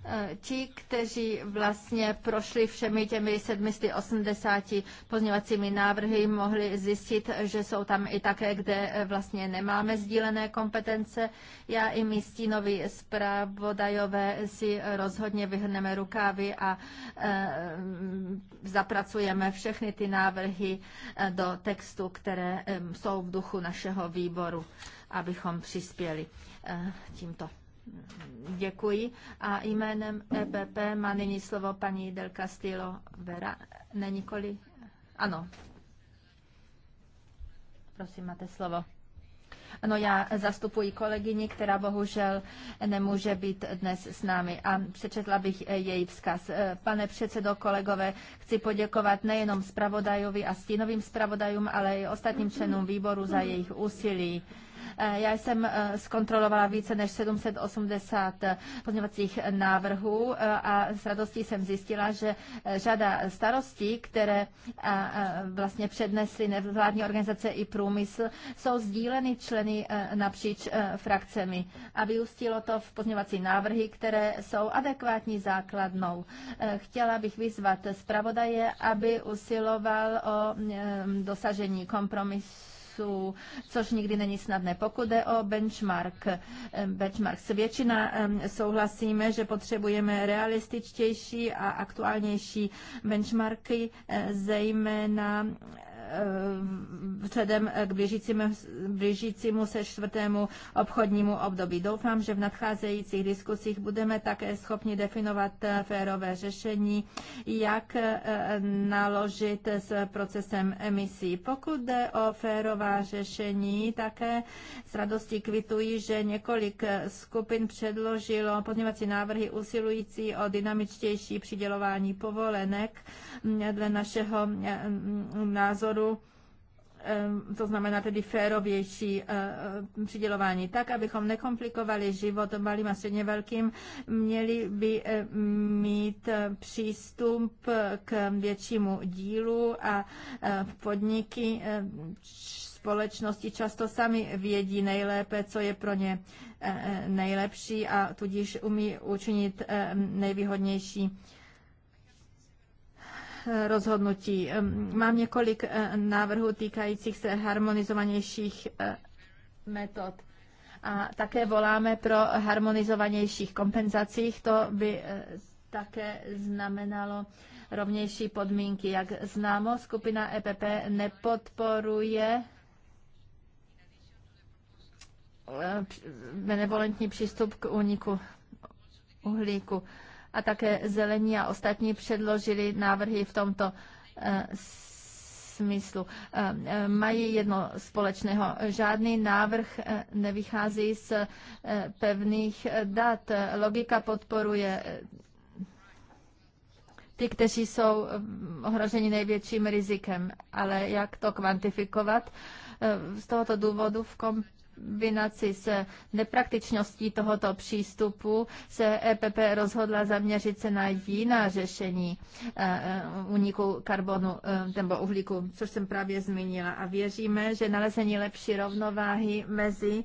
E, ti, kteří vlastně prošli všemi těmi 780 pozněvacími návrhy, mohli zjistit, že jsou tam i také, kde e, vlastně nemáme sdílené kompetence. Já i my stínoví zpravodajové si rozhodně vyhrneme rukávy a e, zapracujeme všechny ty návrhy do textu, které jsou v duchu našeho výboru, abychom přispěli tímto Děkuji. A jménem EPP má nyní slovo paní Del Castillo Vera. Ne Ano. Prosím, máte slovo. Ano, já zastupuji kolegyni, která bohužel nemůže být dnes s námi a přečetla bych její vzkaz. Pane předsedo, kolegové, chci poděkovat nejenom zpravodajovi a stínovým zpravodajům, ale i ostatním členům výboru za jejich úsilí. Eh, já jsem eh, zkontrolovala více než 780 eh, pozměňovacích návrhů a s radostí jsem zjistila, že řada starostí, které vlastně přednesly nevládní organizace i průmysl, jsou sdíleny členy napříč frakcemi a vyústilo to v pozměňovací návrhy, které jsou adekvátní základnou. Chtěla bych vyzvat zpravodaje, aby usiloval o dosažení kompromisu poslanců, což nikdy není snadné. Pokud jde o benchmark, eh, benchmark s většina eh, souhlasíme, že potřebujeme realističtější a aktuálnější benchmarky, eh, zejména Eh, vzhledem k blížícímu, blížícímu se čtvrtému obchodnímu období. Doufám, že v nadcházejících diskusích budeme také schopni definovat eh, férové řešení, jak eh, naložit s procesem emisí. Pokud jde o férová řešení, také s radostí kvituji, že několik skupin předložilo podněvací návrhy usilující o dynamičtější přidělování povolenek. Dle našeho názoru názoru, to znamená tedy férovější eh, eh, přidělování. Tak, abychom nekomplikovali život malým a středně velkým, měli by eh, mít přístup k většímu dílu a podniky společnosti často sami vědí nejlépe, co je pro ně nejlepší a tudíž umí učinit nejvýhodnější rozhodnutí. Mám několik eh, návrhů týkajících se harmonizovanějších eh, metod. A také voláme pro harmonizovanějších kompenzacích. To by eh, také znamenalo rovnější podmínky. Jak známo, skupina EPP nepodporuje benevolentní přístup k úniku uhlíku a také zelení a ostatní předložili návrhy v tomto eh, smyslu. Eh, eh, mají jedno společného. Žádný návrh nevychází z pevných dat. Logika podporuje ty, kteří jsou ohroženi největším rizikem. Ale jak to kvantifikovat? Z tohoto důvodu v kom- kombinaci s nepraktičností tohoto přístupu se EPP rozhodla zaměřit se na jiná řešení uniku eh, eh, karbonu eh, nebo uhlíku, což jsem právě zmínila. A věříme, že nalezení lepší rovnováhy mezi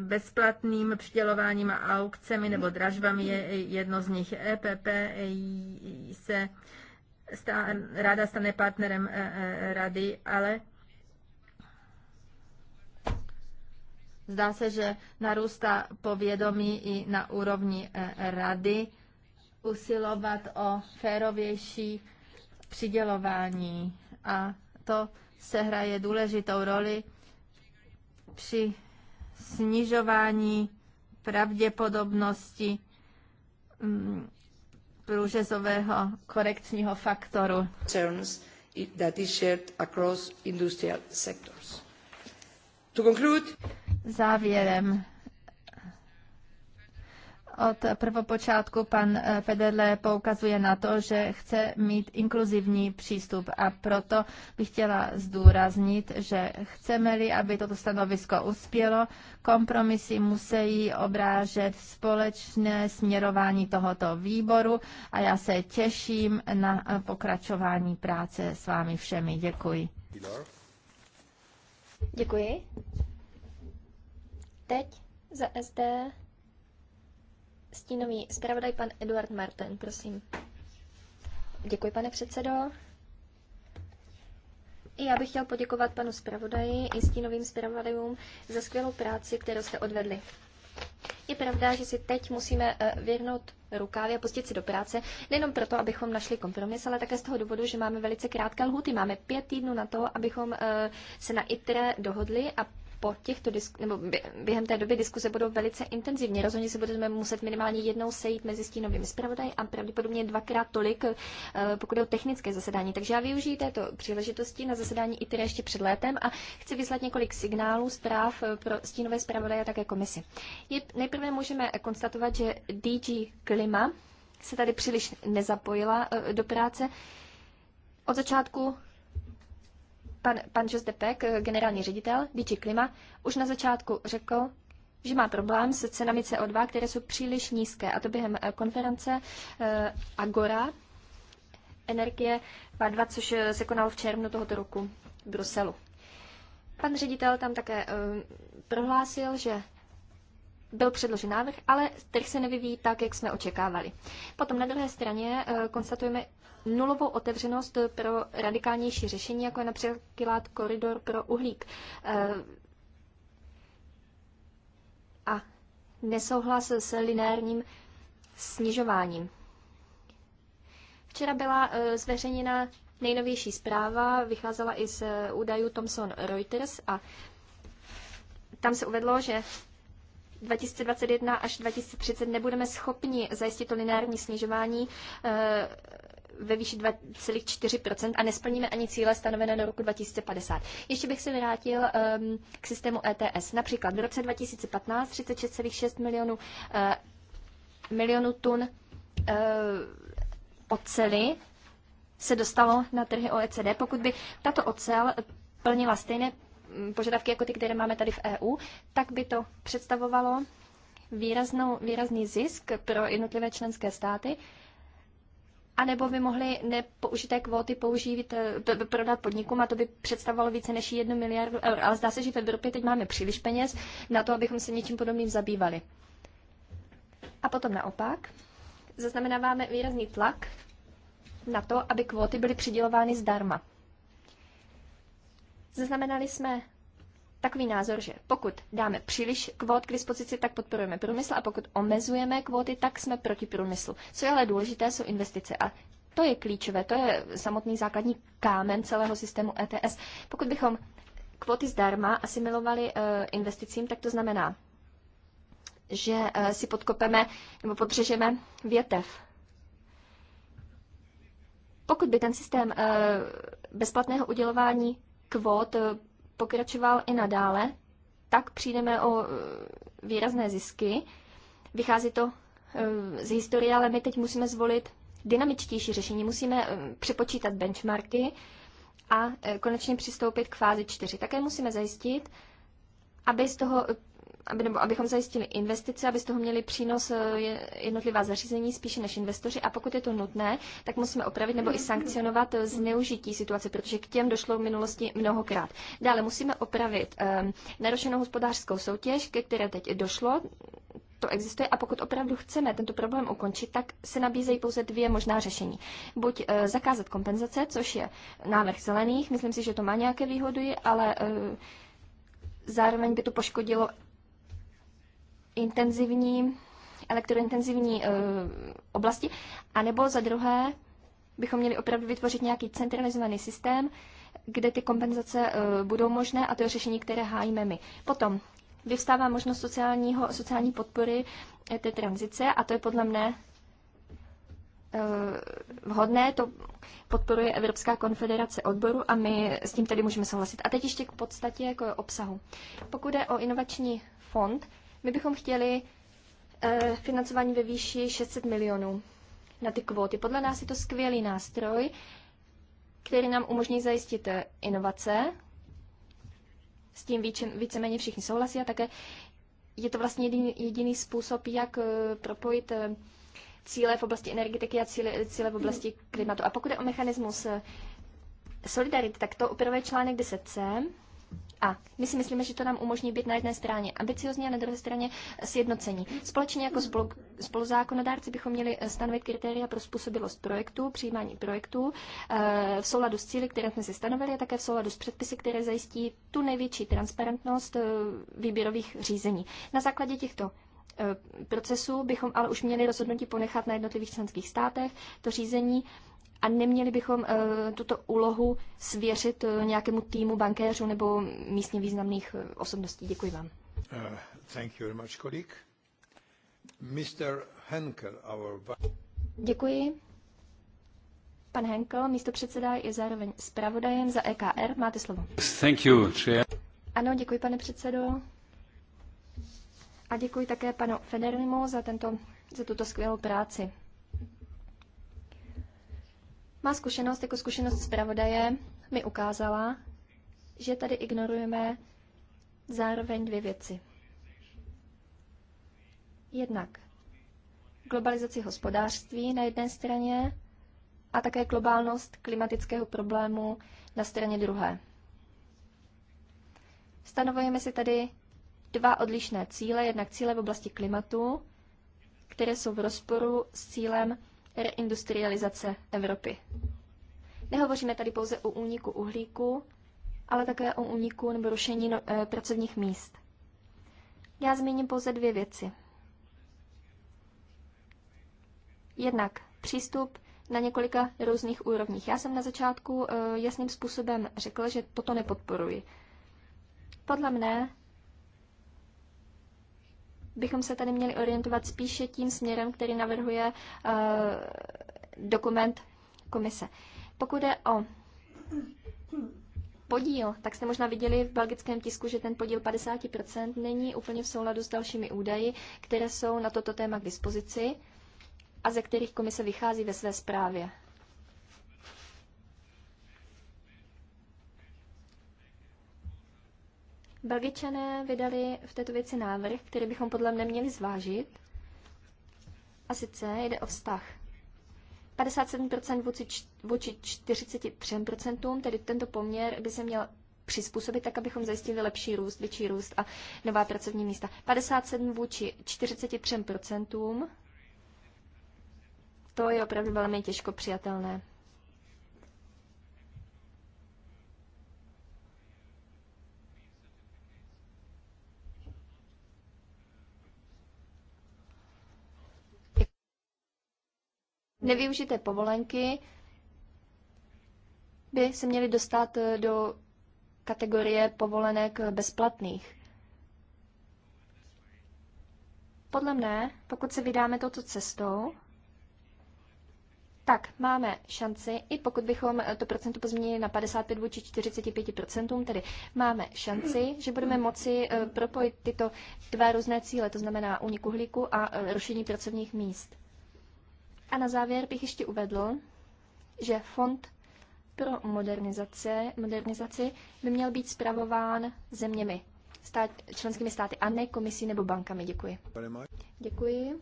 bezplatným přidělováním a aukcemi nebo dražbami je jedno z nich. EPP se ráda stane partnerem rady, ale Zdá se, že narůstá povědomí i na úrovni e, rady usilovat o férovější přidělování a to se hraje důležitou roli při snižování pravděpodobnosti mm, průřezového korekčního faktoru. That is shared across industrial sectors. Závěrem. Od prvopočátku pan eh, Federle poukazuje na to, že chce mít inkluzivní přístup a proto bych chtěla zdůraznit, že chceme-li, aby toto stanovisko uspělo, kompromisy musí obrážet společné směrování tohoto výboru a já se těším na eh, pokračování práce s vámi všemi. Děkuji. Děkuji. Teď za SD stínový zpravodaj pan Eduard Martin, prosím. Děkuji, pane předsedo. I já bych chtěl poděkovat panu zpravodaji i stínovým zpravodajům za skvělou práci, kterou jste odvedli. Je pravda, že si teď musíme eh, vyhnout rukávy a pustit si do práce, nejenom proto, abychom našli kompromis, ale také z toho důvodu, že máme velice krátké lhuty. Máme pět týdnů na to, abychom eh, se na ITRE dohodli a po těchto disk- nebo během té doby diskuze budou velice intenzivní. Rozhodně se budeme muset minimálně jednou sejít mezi stínovými zpravodaji a pravděpodobně dvakrát tolik, eh, pokud je o technické zasedání. Takže já využiji této příležitosti na zasedání i ještě před létem a chci vyslat několik signálů, zpráv eh, pro stínové zpravodaje a také komisi. Je, nejprve můžeme konstatovat, že DG Klima se tady příliš nezapojila eh, do práce. Od začátku pan, pan Jose Depek, generální ředitel DG Klima, už na začátku řekl, že má problém se cenami CO2, které jsou příliš nízké. A to během eh, konference eh, Agora Energie 2, což eh, se konalo v červnu tohoto roku v Bruselu. Pan ředitel tam také prohlásil, že byl předložen návrh, ale trh se nevyvíjí tak, jak jsme očekávali. Potom na druhé straně konstatujeme, nulovou otevřenost pro radikálnější řešení, jako je například koridor pro uhlík. Eh, a nesouhlas s lineárním snižováním. Včera byla eh, zveřejněna nejnovější zpráva, vycházela i z údajů Thomson Reuters a tam se uvedlo, že 2021 až 2030 nebudeme schopni zajistit to lineární snižování eh, ve výši 2,4% a nesplníme ani cíle stanovené do roku 2050. Ještě bych se vrátil um, k systému ETS. Například v roce 2015 36,6 milionů, uh, milionů tun uh, oceli se dostalo na trhy OECD. Pokud by tato ocel plnila stejné hm, požadavky jako ty, které máme tady v EU, tak by to představovalo výraznou, výrazný zisk pro jednotlivé členské státy. Uh, a nebo by mohli nepoužité kvóty použít, eh, prodat podnikům a to by představovalo více než jednu miliardu eur. Ale zdá se, že v Evropě teď máme příliš peněz na to, abychom se něčím podobným zabývali. A potom naopak, zaznamenáváme výrazný tlak na to, aby kvóty byly přidělovány zdarma. Zaznamenali jsme takový názor, že pokud dáme příliš kvót k dispozici, tak podporujeme průmysl a pokud omezujeme kvóty, tak jsme proti průmyslu. Co je ale důležité, jsou investice a to je klíčové, to je samotný základní kámen celého systému ETS. Pokud bychom kvóty zdarma asimilovali eh, investicím, tak to znamená, že eh, si podkopeme nebo podřežeme větev. Pokud by ten systém eh, bezplatného udělování kvót pokračoval i nadále, tak přijdeme o e, výrazné zisky. Vychází to e, z historie, ale my teď musíme zvolit dynamičtější řešení. Musíme e, přepočítat benchmarky a konečně přistoupit k fázi 4. Také musíme zajistit, aby z toho aby, nebo abychom zajistili investice, aby z toho měli přínos eh, jednotlivá zařízení spíše než investoři a pokud je to nutné, tak musíme opravit nebo i sankcionovat eh, zneužití situace, protože k těm došlo v minulosti mnohokrát. Dále musíme opravit um, narušenou hospodářskou soutěž, ke které teď došlo, to existuje a pokud opravdu chceme tento problém ukončit, tak se nabízejí pouze dvě možná řešení. Buď e, zakázat kompenzace, což je návrh zelených, myslím si, že to má nějaké výhody, ale e, zároveň by to poškodilo intenzivní, elektrointenzivní eh, oblasti, anebo za druhé bychom měli opravdu vytvořit nějaký centralizovaný systém, kde ty kompenzace eh, budou možné a to je řešení, které hájíme my. Potom vyvstává možnost sociálního, sociální podpory eh, té tranzice a to je podle mne vhodné, to podporuje Evropská konfederace odboru a my s tím tedy můžeme souhlasit. A teď ještě k podstatě jako obsahu. Pokud je o inovační fond, my bychom chtěli eh, financování ve výši 600 milionů na ty kvóty. Podle nás je to skvělý nástroj, který nám umožní zajistit eh, inovace. S tím více, víceméně všichni souhlasí a také je to vlastně jediný, jediný způsob, jak eh, propojit cíle v oblasti energetiky a cíle, cíle v oblasti klimatu. A pokud je o mechanismus solidarity, tak to upravuje článek 10c a my si myslíme, že to nám umožní být na jedné straně ambiciozní a na druhé straně sjednocení. Společně jako spolu, spoluzákonodárci bychom měli eh, stanovit kritéria pro způsobilost projektů, přijímání projektů eh, v souladu s cíly, které jsme si stanovili, a také v souladu s předpisy, které zajistí tu největší transparentnost eh, výběrových řízení. Na základě těchto procesů bychom ale už měli rozhodnutí ponechat na jednotlivých členských státech. To řízení a neměli bychom eh, tuto úlohu svěřit eh, nějakému týmu bankéřů nebo místně významných eh, osobností. Děkuji vám. Uh, thank you very much, colleague. Mr. Henkel, our... Děkuji. Pan Henkel, místo předseda, je zároveň zpravodajem za EKR. Máte slovo. Thank you, chair. Ano, děkuji, pane předsedo. A děkuji také panu Federnimu za, tento, za tuto skvělou práci. Má zkušenost jako zkušenost zpravodaje mi ukázala, že tady ignorujeme zároveň dvě věci. Jednak globalizaci hospodářství na jedné straně a také globálnost klimatického problému na straně druhé. Stanovujeme si tady dva odlišné cíle, jednak cíle v oblasti klimatu, které jsou v rozporu s cílem reindustrializace Evropy. Nehovoříme tady pouze o úniku uhlíku, ale také o úniku nebo rušení no, e, pracovních míst. Já zmíním pouze dvě věci. Jednak přístup na několika různých úrovních. Já jsem na začátku e, jasným způsobem řekla, že toto nepodporuji. Podle mne bychom se tady měli orientovat spíše tím směrem, který navrhuje eh, dokument komise. Pokud je o podíl, tak jste možná viděli v belgickém tisku, že ten podíl 50% není úplně v souladu s dalšími údaji, které jsou na toto téma k dispozici a ze kterých komise vychází ve své zprávě. Belgičané vydali v této věci návrh, který bychom podle mě měli zvážit. A sice jde o vztah 57% vůči, vůči 43%, tedy tento poměr by se měl přizpůsobit tak, abychom zajistili lepší růst, větší růst a nová pracovní místa. 57 vůči 43%, to je opravdu velmi těžko přijatelné. nevyužité povolenky by se měly dostat eh, do kategorie povolenek bezplatných. Podle mne, pokud se vydáme touto cestou, tak máme šanci, i pokud bychom eh, to procento pozměnili na 55 vůči 45 tedy máme šanci, že budeme moci eh, propojit tyto dva různé cíle, to znamená únik uhlíku a rušení pracovních míst. A na závěr bych ještě uvedl, že fond pro modernizaci, modernizaci by měl být zpravován zeměmi, stát, členskými státy a ne komisí nebo bankami. Děkuji. Děkuji.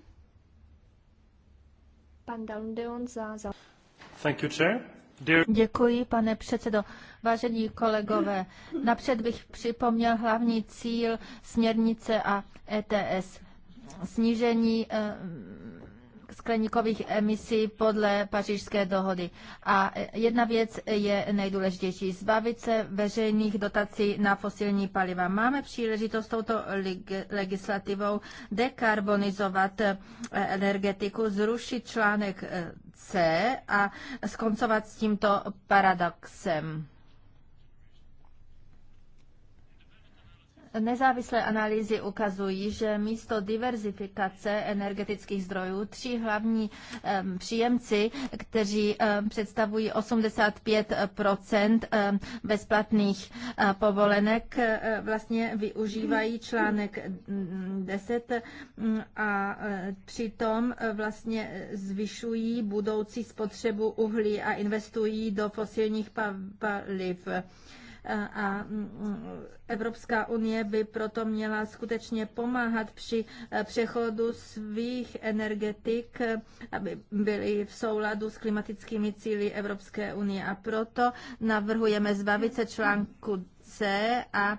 Pan Dalundeon za... za... Thank you, chair. Děkuji, pane předsedo. Vážení kolegové, napřed bych připomněl hlavní cíl směrnice a ETS. Snížení eh, skleníkových emisí podle pařížské dohody. A jedna věc je nejdůležitější. Zbavit se veřejných dotací na fosilní paliva. Máme příležitost touto legislativou dekarbonizovat eh, energetiku, zrušit článek eh, C a skoncovat s tímto paradoxem. Nezávislé analýzy ukazují, že místo diverzifikace energetických zdrojů tři hlavní um, příjemci, kteří um, představují 85 um, bezplatných uh, povolenek, uh, vlastně využívají článek 10 mm, mm, a uh, přitom uh, vlastně zvyšují budoucí spotřebu uhlí a investují do fosilních paliv. Pa- a mm, mm, Evropská unie by proto měla skutečně pomáhat při eh, přechodu svých energetik, eh, aby byly v souladu s klimatickými cíly Evropské unie. A proto navrhujeme zbavit se článku C a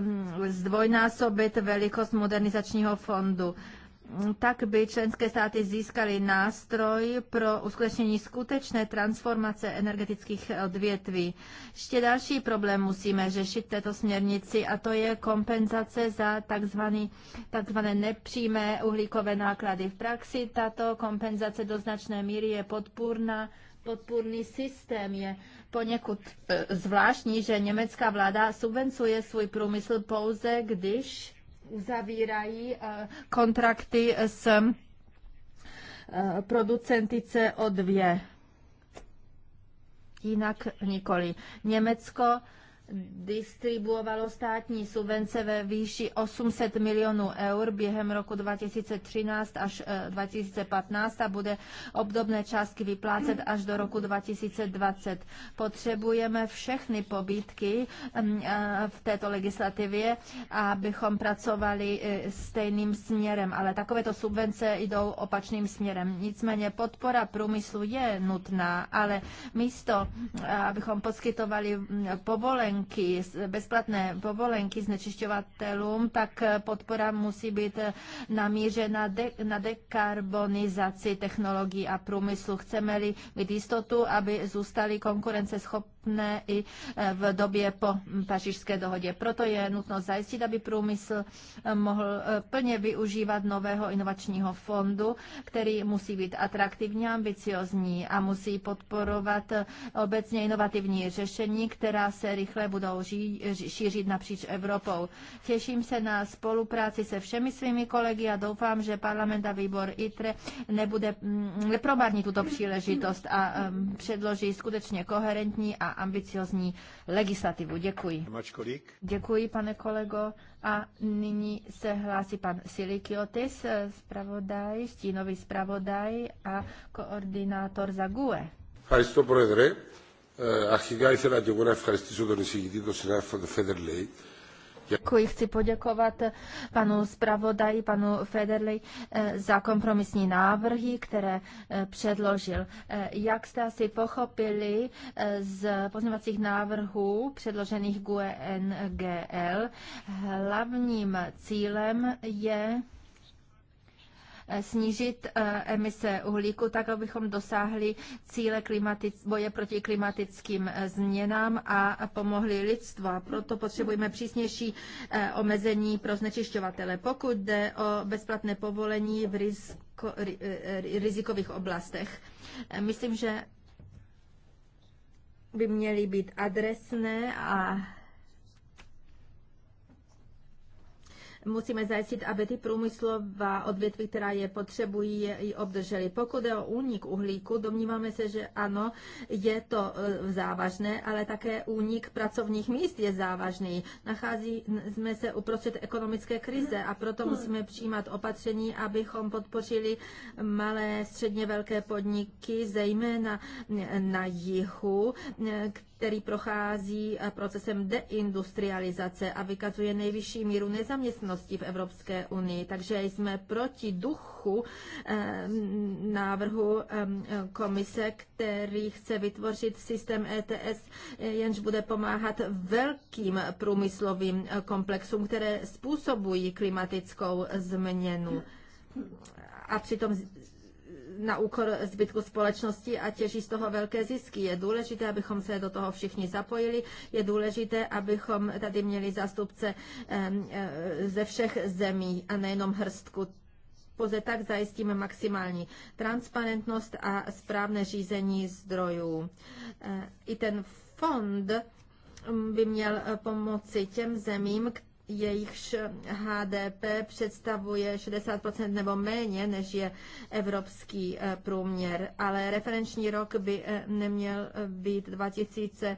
um, zdvojnásobit velikost modernizačního fondu. Mm, tak by členské státy získaly nástroj pro uskutečnění skutečné transformace energetických odvětví. Ještě další problém musíme řešit této směrnici a to je kompenzace za takzvaný, takzvané nepřímé uhlíkové náklady. V praxi tato kompenzace do značné míry je podpůrná podpůrný systém je poněkud e, zvláštní, že německá vláda subvencuje svůj průmysl pouze, když uzavírají eh, kontrakty s eh, producenty CO2. Jinak nikoli. Německo distribuovalo státní subvence ve výši 800 milionů eur během roku 2013 až 2015 eh, a bude obdobné částky vyplácet až do roku 2020. Potřebujeme všechny pobítky mm, eh, v této legislativě, abychom pracovali eh, stejným směrem, ale takovéto subvence jdou opačným směrem. Nicméně podpora průmyslu je nutná, ale místo, abychom poskytovali mm, povolení, povolenky, bezplatné povolenky znečišťovatelům, tak podpora musí být namířena de, na dekarbonizaci technologií a průmyslu. Chceme-li mít jistotu, aby zůstaly konkurenceschopné i e, v době po pařížské dohodě. Proto je nutno zajistit, aby průmysl mohl e, plně využívat nového inovačního fondu, který musí být atraktivní a ambiciozní a musí podporovat e, obecně inovativní řešení, která se rychle budou ří, šířit napříč Evropou. Těším se na spolupráci se všemi svými kolegy a doufám, že parlament a výbor ITRE nebude, mm, nepromarnit tuto příležitost a mm, předloží skutečně koherentní a ambiciozní legislativu. Děkuji. Děkuji, pane kolego. A nyní se hlásí pan Silikiotis, zpravodaj, stínový zpravodaj a koordinátor za GUE. Ευχαριστώ, Αρχικά ήθελα και εγώ να ευχαριστήσω τον εισηγητή, τον συνάδελφο τον Φέντερλεϊ. Děkuji, chci poděkovat panu zpravodaji, panu Federley eh, za kompromisní návrhy, které eh, předložil. Eh, jak jste asi pochopili z pozměňovacích návrhů předložených GUE NGL, hlavním cílem je Eh, snížit eh, emise uhlíku tak, abychom dosáhli cíle klimatic, boje proti klimatickým eh, změnám a pomohli lidstvu. A proto potřebujeme přísnější omezení pro znečišťovatele. Pokud jde o bezplatné povolení v riziko, rizikových oblastech, myslím, že by měly být adresné a Musíme zajistit, aby ty průmyslová odvětví, která je potřebují, i obdrželi. Pokud je o únik uhlíku, domníváme se, že ano, je to e, závažné, ale také únik pracovních míst je závažný. Nacházíme se uprostřed ekonomické krize a proto hmm. musíme přijímat opatření, abychom podpořili malé, středně velké podniky, zejména e, na jihu, e, které který prochází eh, procesem deindustrializace a vykazuje nejvyšší míru nezaměstnosti v Evropské unii. Takže jsme proti duchu eh, návrhu komise, který chce vytvořit systém ETS, eh, jenž bude pomáhat velkým průmyslovým komplexům, které způsobují klimatickou změnu a přitom na úkor zbytku společnosti a těží z toho velké zisky. Je důležité, abychom se do toho všichni zapojili, je důležité, abychom tady měli zástupce e, ze všech zemí a nejenom hrstku pouze tak zajistíme maximální transparentnost a správné řízení zdrojů. E, I ten fond mm, by měl e, pomoci těm zemím, jejichž HDP představuje 60% nebo méně, než je evropský eh, průměr. Ale referenční rok by eh, neměl být 2000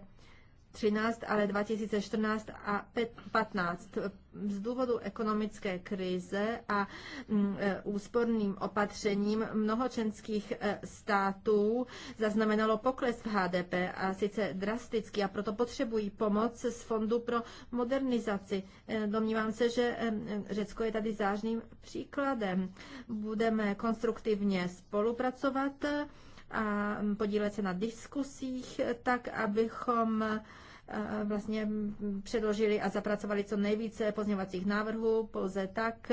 2013, ale 2014 a 2015. Z důvodu ekonomické krize a mm, e, úsporným opatřením mnoho členských e, států zaznamenalo pokles v HDP a sice drasticky a proto potřebují pomoc z Fondu pro modernizaci. E, domnívám se, že Řecko je tady zářným příkladem. Budeme konstruktivně spolupracovat a podílet se na diskusích, tak abychom vlastně předložili a zapracovali co nejvíce pozměňovacích návrhů. Pouze tak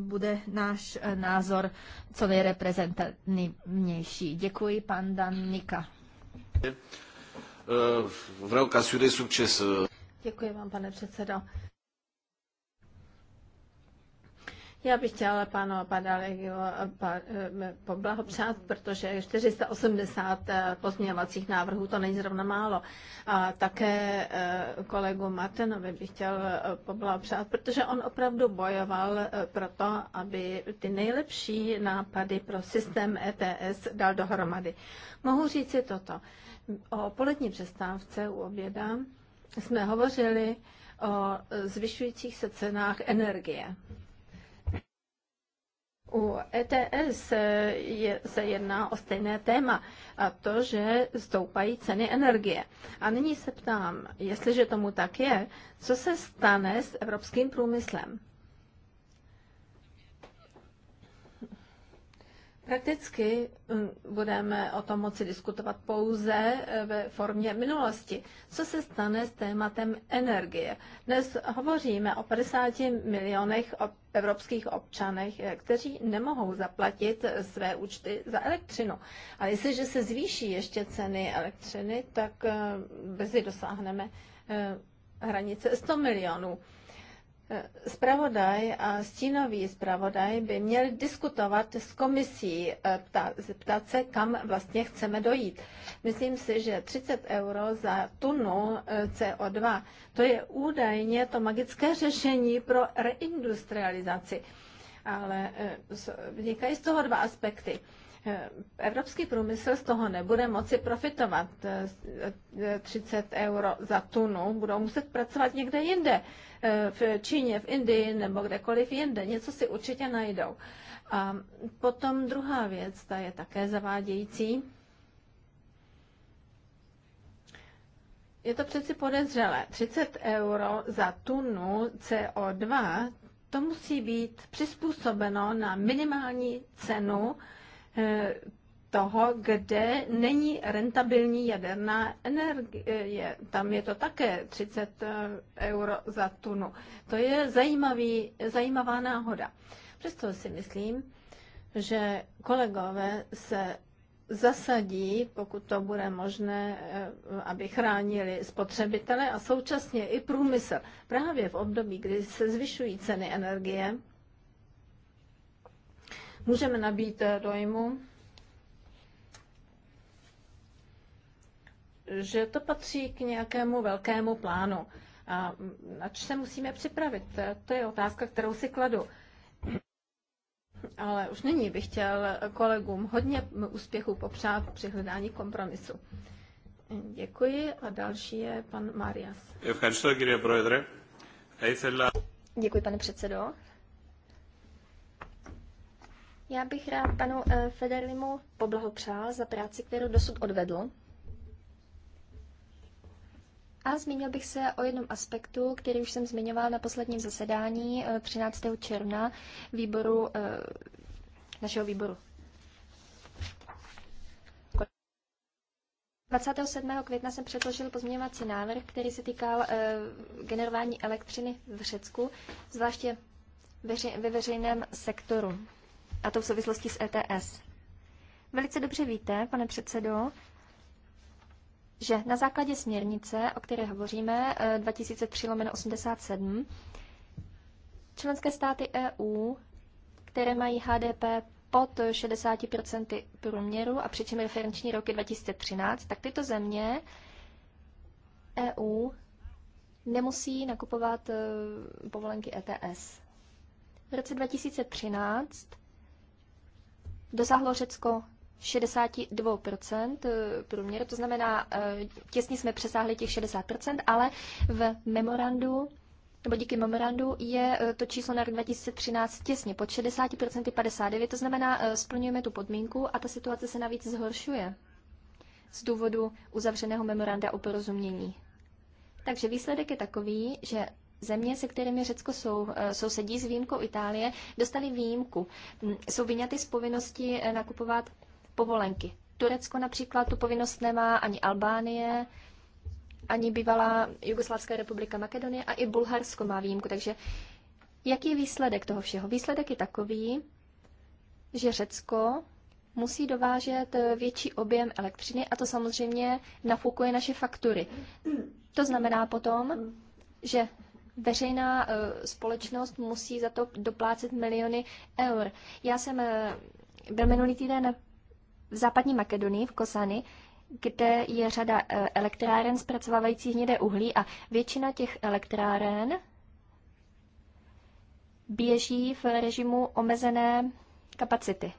bude náš názor co nejreprezentativnější. Děkuji, pan Dan Nika. Děkuji vám, pane předsedo. Já bych chtěla pánu Padalegio eh, eh, poblahopřát, protože 480 eh, pozměňovacích návrhů to není zrovna málo. A také kolegu Martinovi bych chtěl poblahopřát, protože on opravdu bojoval pro to, aby ty nejlepší nápady pro systém ETS dal dohromady. Mohu říct si toto. O polední přestávce u oběda jsme hovořili o zvyšujících se cenách energie. U ETS eh, je, se jedná o stejné téma, a to, že stoupají ceny energie. A nyní se ptám, jestliže tomu tak je, co se stane s evropským průmyslem? Prakticky hm, budeme o tom moci diskutovat pouze eh, ve formě minulosti. Co se stane s tématem energie? Dnes hovoříme o 50 milionech evropských občanech, eh, kteří nemohou zaplatit eh, své účty za elektřinu. Ale jestliže se zvýší ještě ceny elektřiny, tak brzy dosáhneme hranice 100 milionů. Spravodaj a stínový spravodaj by měli diskutovat s komisí, e, ptát, se, kam vlastně chceme dojít. Myslím si, že 30 euro za tunu e, CO2, to je údajně to magické řešení pro reindustrializaci. Ale e, vznikají z toho dva aspekty. Eh, evropský průmysl z toho nebude moci profitovat. 30 eh, euro za tunu budou muset pracovat někde jinde, eh, v Číně, v Indii nebo kdekoliv jinde. Něco si určitě najdou. A potom druhá věc, ta je také zavádějící. Je to přeci podezřelé. 30 euro za tunu CO2, to musí být přizpůsobeno na minimální cenu Eh, toho, kde není rentabilní jaderná energie. Tam je to také 30 eh, euro za tunu. To je zajímavý, zajímavá náhoda. Přesto si myslím, že kolegové se zasadí, pokud to bude možné, eh, aby chránili spotřebitele a současně i průmysl. Právě v období, kdy se zvyšují ceny energie, můžeme nabít eh, dojmu, že to patří k nějakému velkému plánu. A co se musíme připravit? Eh, to je otázka, kterou si kladu. Ale už nyní bych chtěl eh, kolegům hodně úspěchu popřát při hledání kompromisu. Děkuji a další je pan Marias. Děkuji, pane předsedo. Já bych rád panu eh, Federlimu poblahopřál za práci, kterou dosud odvedl. A zmínil bych se o jednom aspektu, který už jsem zmiňoval na posledním zasedání eh, 13. června výboru, eh, našeho výboru. 27. května jsem předložil pozměňovací návrh, který se týkal generování elektřiny v Řecku, zvláště ve veřejném sektoru a to v souvislosti s ETS. Velice dobře víte, pane předsedo, že na základě směrnice, o které hovoříme, 2003-87, eh, členské státy EU, které mají HDP pod 60% průměru a přičem referenční roky 2013, tak tyto země EU nemusí nakupovat eh, povolenky ETS. V roce 2013 dosáhlo Řecko 62% eh, průměr, to znamená, eh, těsně jsme přesáhli těch 60%, ale v memorandu nebo díky memorandu je eh, to číslo na rok 2013 těsně pod 60% 59, to znamená, splňujeme tu podmínku a ta situace se navíc zhoršuje z důvodu uzavřeného memoranda o porozumění. Takže výsledek je takový, že Země, se kterými Řecko sou, eh, sousedí s výjimkou Itálie, dostali výjimku. Mm, jsou vyňaty z povinnosti eh, nakupovat povolenky. Turecko například tu povinnost nemá, ani Albánie, ani bývalá Jugoslávská republika Makedonie a i Bulharsko má výjimku. Takže jaký je výsledek toho všeho? Výsledek je takový, že Řecko musí dovážet eh, větší objem elektřiny a to samozřejmě nafukuje naše faktury. To znamená potom, že veřejná eh, společnost musí za to doplácet miliony eur. Já jsem eh, byl minulý týden v západní Makedonii, v Kosany, kde je řada eh, elektráren zpracovávající hnědé uhlí a většina těch elektráren běží v režimu omezené kapacity.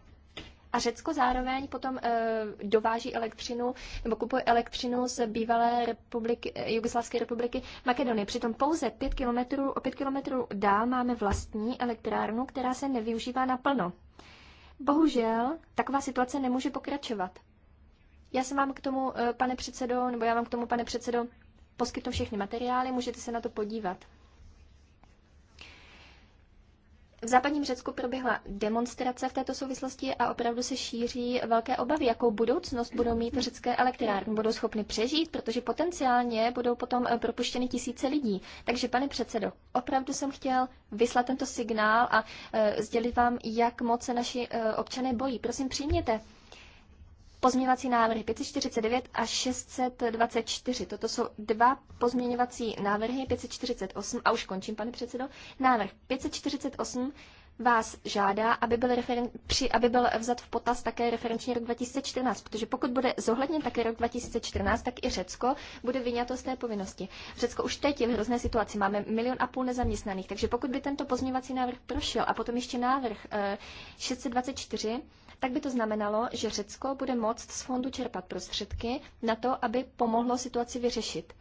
A Řecko zároveň potom eh, dováží elektřinu nebo kupuje elektřinu z bývalé republiky, eh, Jugoslavské republiky Makedonie. Přitom pouze 5 kilometrů, o 5 kilometrů dál máme vlastní elektrárnu, která se nevyužívá naplno. Bohužel taková situace nemůže pokračovat. Já se vám k tomu, eh, pane předsedo, nebo já vám k tomu, pane předsedo, poskytnu všechny materiály, můžete se na to podívat. V západním Řecku proběhla demonstrace v této souvislosti a opravdu se šíří velké obavy, jakou budoucnost budou mít řecké elektrárny. Budou schopny přežít, protože potenciálně budou potom propuštěny tisíce lidí. Takže, pane předsedo, opravdu jsem chtěl vyslat tento signál a e, sdělit vám, jak moc se naši e, občané bojí. Prosím, přijměte pozměňovací návrhy 549 a 624. Toto jsou dva pozměňovací návrhy 548 a už končím, pane předsedo. Návrh 548 vás žádá, aby byl, referen- při, aby byl vzat v potaz také referenční rok 2014, protože pokud bude zohledněn také rok 2014, tak i Řecko bude vyňato z té povinnosti. Řecko už teď je v hrozné situaci, máme milion a půl nezaměstnaných, takže pokud by tento pozměňovací návrh prošel a potom ještě návrh 624, eh, tak by to znamenalo, že Řecko bude moct z fondu čerpat prostředky na to, aby pomohlo situaci vyřešit.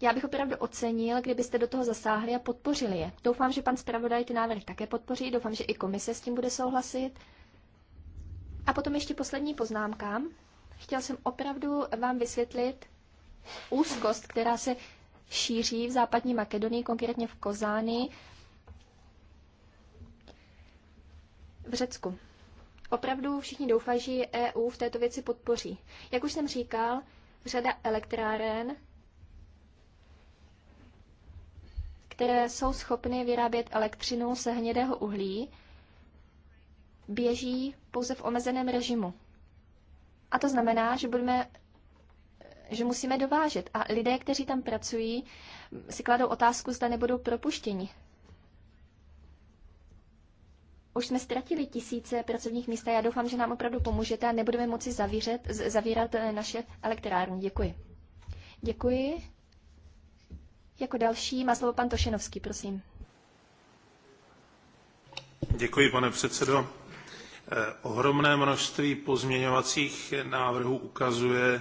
Já bych opravdu ocenil, kdybyste do toho zasáhli a podpořili je. Doufám, že pan zpravodaj ty návrhy také podpoří, doufám, že i komise s tím bude souhlasit. A potom ještě poslední poznámka. Chtěl jsem opravdu vám vysvětlit úzkost, která se šíří v západní Makedonii, konkrétně v Kozáni, v Řecku opravdu všichni doufají, že EU v této věci podpoří. Jak už jsem říkal, řada elektráren, které jsou schopny vyrábět elektřinu se hnědého uhlí, běží pouze v omezeném režimu. A to znamená, že budeme že musíme dovážet. A lidé, kteří tam pracují, si kladou otázku, zda nebudou propuštěni. Už jsme ztratili tisíce pracovních míst a já doufám, že nám opravdu pomůžete a nebudeme moci zavířet, zavírat eh, naše elektrárny. Děkuji. Děkuji. Jako další má slovo pan Tošenovský, prosím. Děkuji, pane předsedo. Eh, ohromné množství pozměňovacích návrhů ukazuje,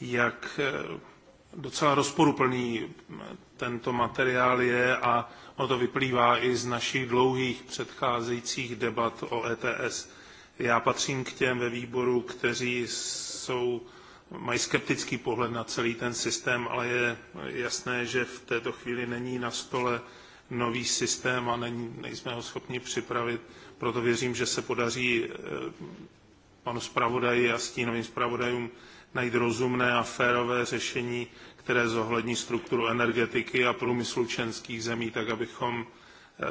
jak eh, docela rozporuplný tento materiál je a ono to vyplývá i z našich dlouhých předcházejících debat o ETS. Já patřím k těm ve výboru, kteří jsou, mají skeptický pohled na celý ten systém, ale je jasné, že v této chvíli není na stole nový systém a není, nejsme ho schopni připravit. Proto věřím, že se podaří eh, panu zpravodaji a stínovým zpravodajům najít rozumné a férové řešení které zohlední strukturu energetiky a průmyslu členských zemí, tak abychom eh,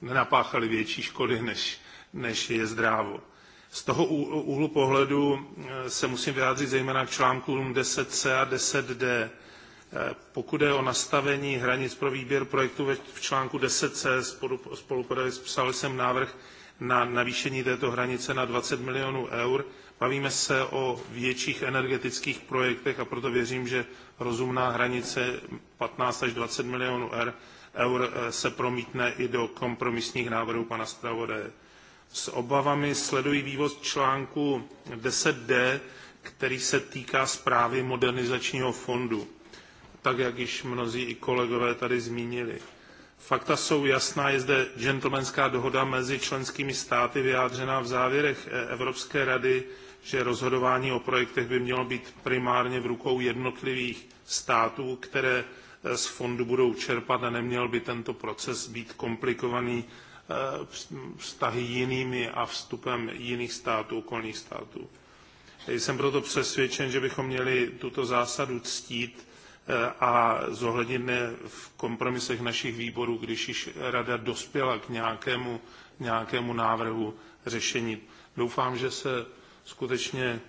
nenapáchali větší škody, než, než je zdrávo. Z toho úhlu pohledu eh, se musím vyjádřit zejména k článkům 10c a 10d. Eh, pokud je o nastavení hranic pro výběr projektu v článku 10c, spolupodepsal jsem návrh na navýšení této hranice na 20 milionů eur. Bavíme se o větších energetických projektech a proto věřím, že rozumná hranice 15 až 20 milionů er, eur eh, se promítne i do kompromisních návrhů pana zpravodaje. S obavami sledují vývoz článku 10d, který se týká zprávy modernizačního fondu, tak jak již mnozí i kolegové tady zmínili. Fakta jsou jasná, je zde gentlemanská dohoda mezi členskými státy vyjádřená v závěrech e- Evropské rady, že rozhodování o projektech by mělo být primárně v rukou jednotlivých států, které e, z fondu budou čerpat a neměl by tento proces být komplikovaný e, vztahy jinými a vstupem jiných států, okolních států. Jsem proto přesvědčen, že bychom měli tuto zásadu ctít Eh, a zohledněné v kompromisech našich výborů, když již rada dospěla k nějakému, nějakému návrhu řešení. Doufám, že se skutečně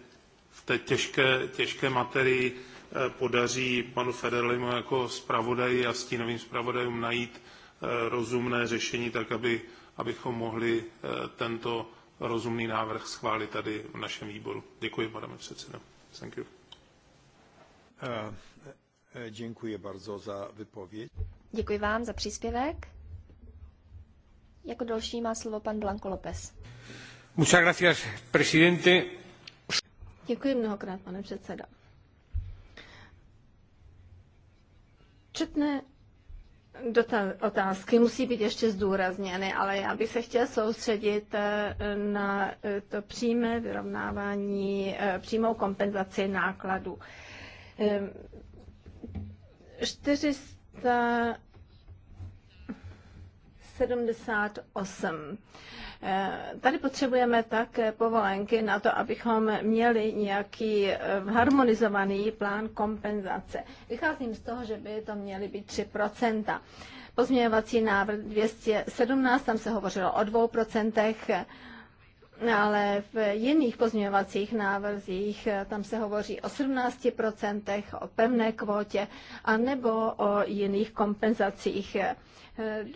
v té těžké, těžké materii eh, podaří panu Federlemu jako zpravodaji a stínovým zpravodajům najít eh, rozumné řešení, tak aby, abychom mohli tento rozumný návrh schválit tady v našem výboru. Děkuji, pane předsedo. Thank you. Uh. Děkuji bardzo za vypověď. Děkuji vám za příspěvek. Jako další má slovo pan Blanco López. Muchas gracias, presidente. Děkuji mnohokrát, pane předseda. Četné otázky musí být ještě zdůrazněny, ale já bych se chtěla soustředit eh, na eh, to přímé vyrovnávání, eh, přímou kompenzaci nákladů. Ehm, 478. Eh, tady potřebujeme také povolenky na to, abychom měli nějaký eh, harmonizovaný plán kompenzace. Vycházím z toho, že by to měly být 3 Pozměňovací návrh 217, tam se hovořilo o 2 ale v jiných pozměňovacích návrzích eh, tam se hovoří o 17%, o pevné kvótě a nebo o jiných kompenzacích. Eh,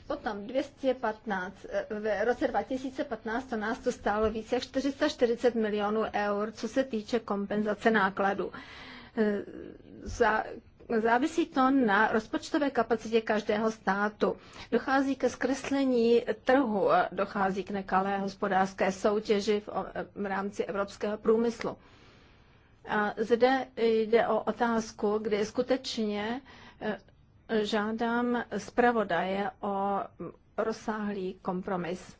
potom 215, eh, v roce 2015 to nás to stálo více jak 440 milionů eur, co se týče kompenzace nákladů za Závisí to na rozpočtové kapacitě každého státu. Dochází ke zkreslení trhu, dochází k nekalé hospodářské soutěži v, v rámci evropského průmyslu. A zde jde o otázku, kdy skutečně eh, žádám zpravodaje o rozsáhlý kompromis.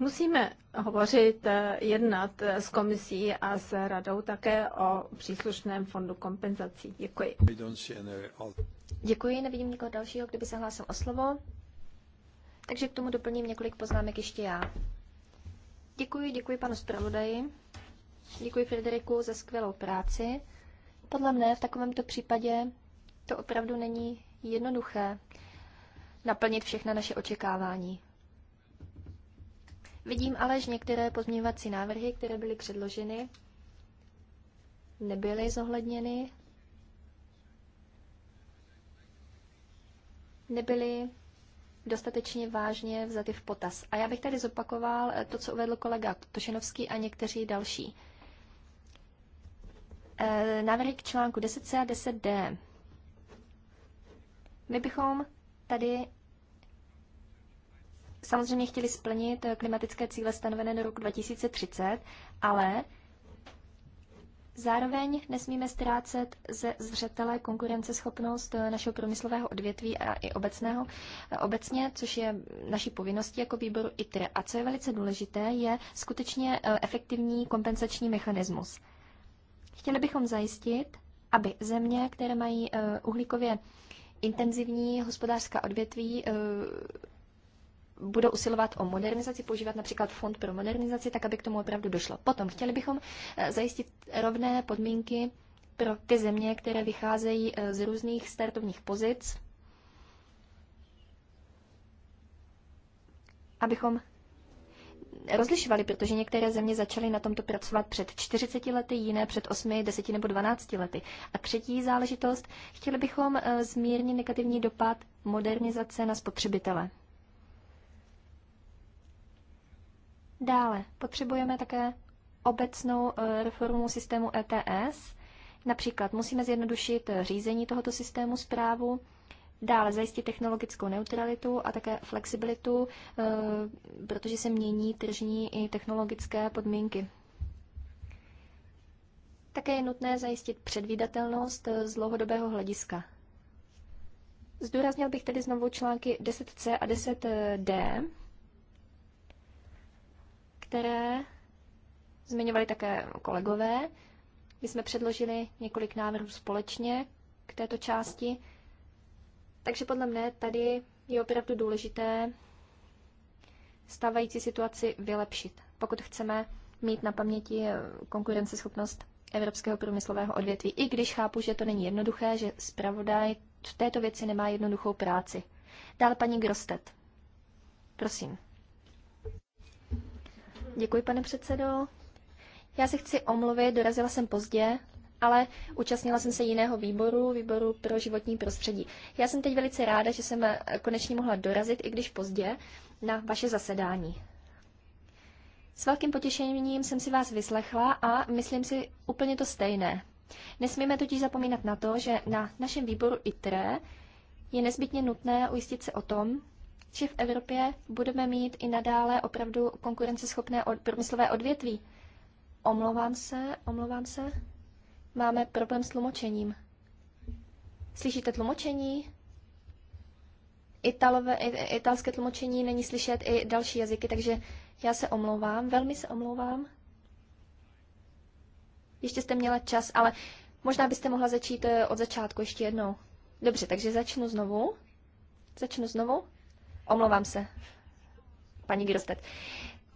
Musíme hovořit, eh, jednat eh, s komisí a s radou také o příslušném fondu kompenzací. Děkuji. Děkuji, nevidím nikoho dalšího, kdo by se hlásil o slovo. Takže k tomu doplním několik poznámek ještě já. Děkuji, děkuji panu zpravodaji. Děkuji Frederiku za skvělou práci. Podle mne v takovémto případě to opravdu není jednoduché naplnit všechna naše očekávání. Vidím ale, že některé pozměňovací návrhy, které byly předloženy, nebyly zohledněny, nebyly dostatečně vážně vzaty v potaz. A já bych tady zopakoval eh, to, co uvedl kolega Tošenovský a někteří další. Eh, návrhy k článku 10c a 10d. My bychom tady samozřejmě chtěli splnit eh, klimatické cíle stanovené do roku 2030, ale zároveň nesmíme ztrácet ze zřetele konkurenceschopnost eh, našeho průmyslového odvětví a i obecného, eh, obecně, což je naší povinností jako výboru ITRE. A co je velice důležité, je skutečně efektivní kompenzační mechanismus. Chtěli bychom zajistit, aby země, které mají uhlíkově intenzivní hospodářská odvětví budou usilovat o modernizaci, používat například fond pro modernizaci, tak aby k tomu opravdu došlo. Potom chtěli bychom eh, zajistit rovné podmínky pro ty země, které vycházejí eh, z různých startovních pozic, abychom rozlišovali, protože některé země začaly na tomto pracovat před 40 lety, jiné před 8, 10 nebo 12 lety. A třetí záležitost, chtěli bychom eh, zmírnit negativní dopad modernizace na spotřebitele. Dále potřebujeme také obecnou eh, reformu systému ETS. Například musíme zjednodušit eh, řízení tohoto systému zprávu, dále zajistit technologickou neutralitu a také flexibilitu, eh, protože se mění tržní i technologické podmínky. Také je nutné zajistit předvídatelnost z dlouhodobého hlediska. Zdůraznil bych tedy znovu články 10c a 10d, které zmiňovali také kolegové. My jsme předložili několik návrhů společně k této části, takže podle mne tady je opravdu důležité stávající situaci vylepšit, pokud chceme mít na paměti konkurenceschopnost evropského průmyslového odvětví, i když chápu, že to není jednoduché, že zpravodaj v této věci nemá jednoduchou práci. Dále paní Grostet. Prosím. Děkuji, pane předsedo. Já se chci omluvit, dorazila jsem pozdě, ale účastnila jsem se jiného výboru, výboru pro životní prostředí. Já jsem teď velice ráda, že jsem eh, konečně mohla dorazit, i když pozdě, na vaše zasedání. S velkým potěšením jsem si vás vyslechla a myslím si úplně to stejné. Nesmíme totiž zapomínat na to, že na našem výboru ITRE je nezbytně nutné ujistit se o tom, že v Evropě budeme mít i nadále opravdu konkurenceschopné od, průmyslové odvětví. Omlouvám se, omlouvám se. Máme problém s tlumočením. Slyšíte tlumočení? Italové, italské tlumočení není slyšet i další jazyky, takže já se omlouvám, velmi se omlouvám. Ještě jste měla čas, ale možná byste mohla začít eh, od začátku ještě jednou. Dobře, takže začnu znovu. Začnu znovu. Omlouvám se, paní Girostet.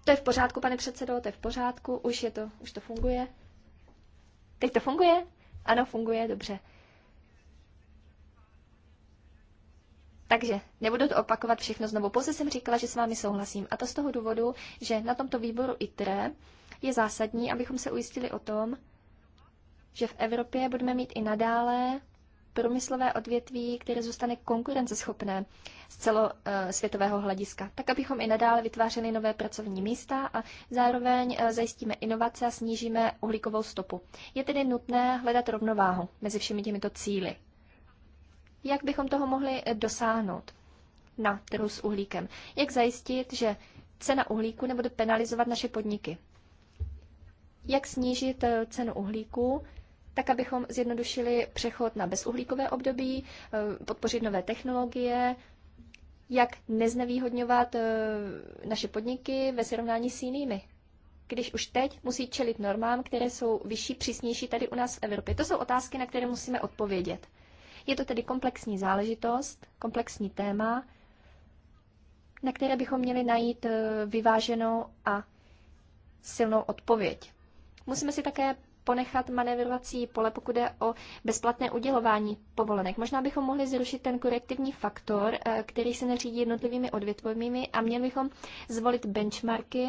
To je v pořádku, pane předsedo, to je v pořádku, už, je to, už to funguje. Teď to funguje? Ano, funguje, dobře. Takže nebudu to opakovat všechno znovu. Pouze jsem říkala, že s vámi souhlasím. A to z toho důvodu, že na tomto výboru ITRE je zásadní, abychom se ujistili o tom, že v Evropě budeme mít i nadále průmyslové odvětví, které zůstane konkurenceschopné z celosvětového hlediska, tak abychom i nadále vytvářeli nové pracovní místa a zároveň eh, zajistíme inovace a snížíme uhlíkovou stopu. Je tedy nutné hledat rovnováhu mezi všemi těmito cíly. Jak bychom toho mohli eh, dosáhnout na trhu s uhlíkem? Jak zajistit, že cena uhlíku nebude penalizovat naše podniky? Jak snížit eh, cenu uhlíku tak abychom zjednodušili přechod na bezuhlíkové období, eh, podpořit nové technologie, jak neznevýhodňovat eh, naše podniky ve srovnání s jinými. Když už teď musí čelit normám, které jsou vyšší, přísnější tady u nás v Evropě. To jsou otázky, na které musíme odpovědět. Je to tedy komplexní záležitost, komplexní téma, na které bychom měli najít eh, vyváženou a silnou odpověď. Musíme si také ponechat manevrovací pole, pokud je o bezplatné udělování povolenek. Možná bychom mohli zrušit ten korektivní faktor, eh, který se neřídí jednotlivými odvětvovými a měli bychom zvolit benchmarky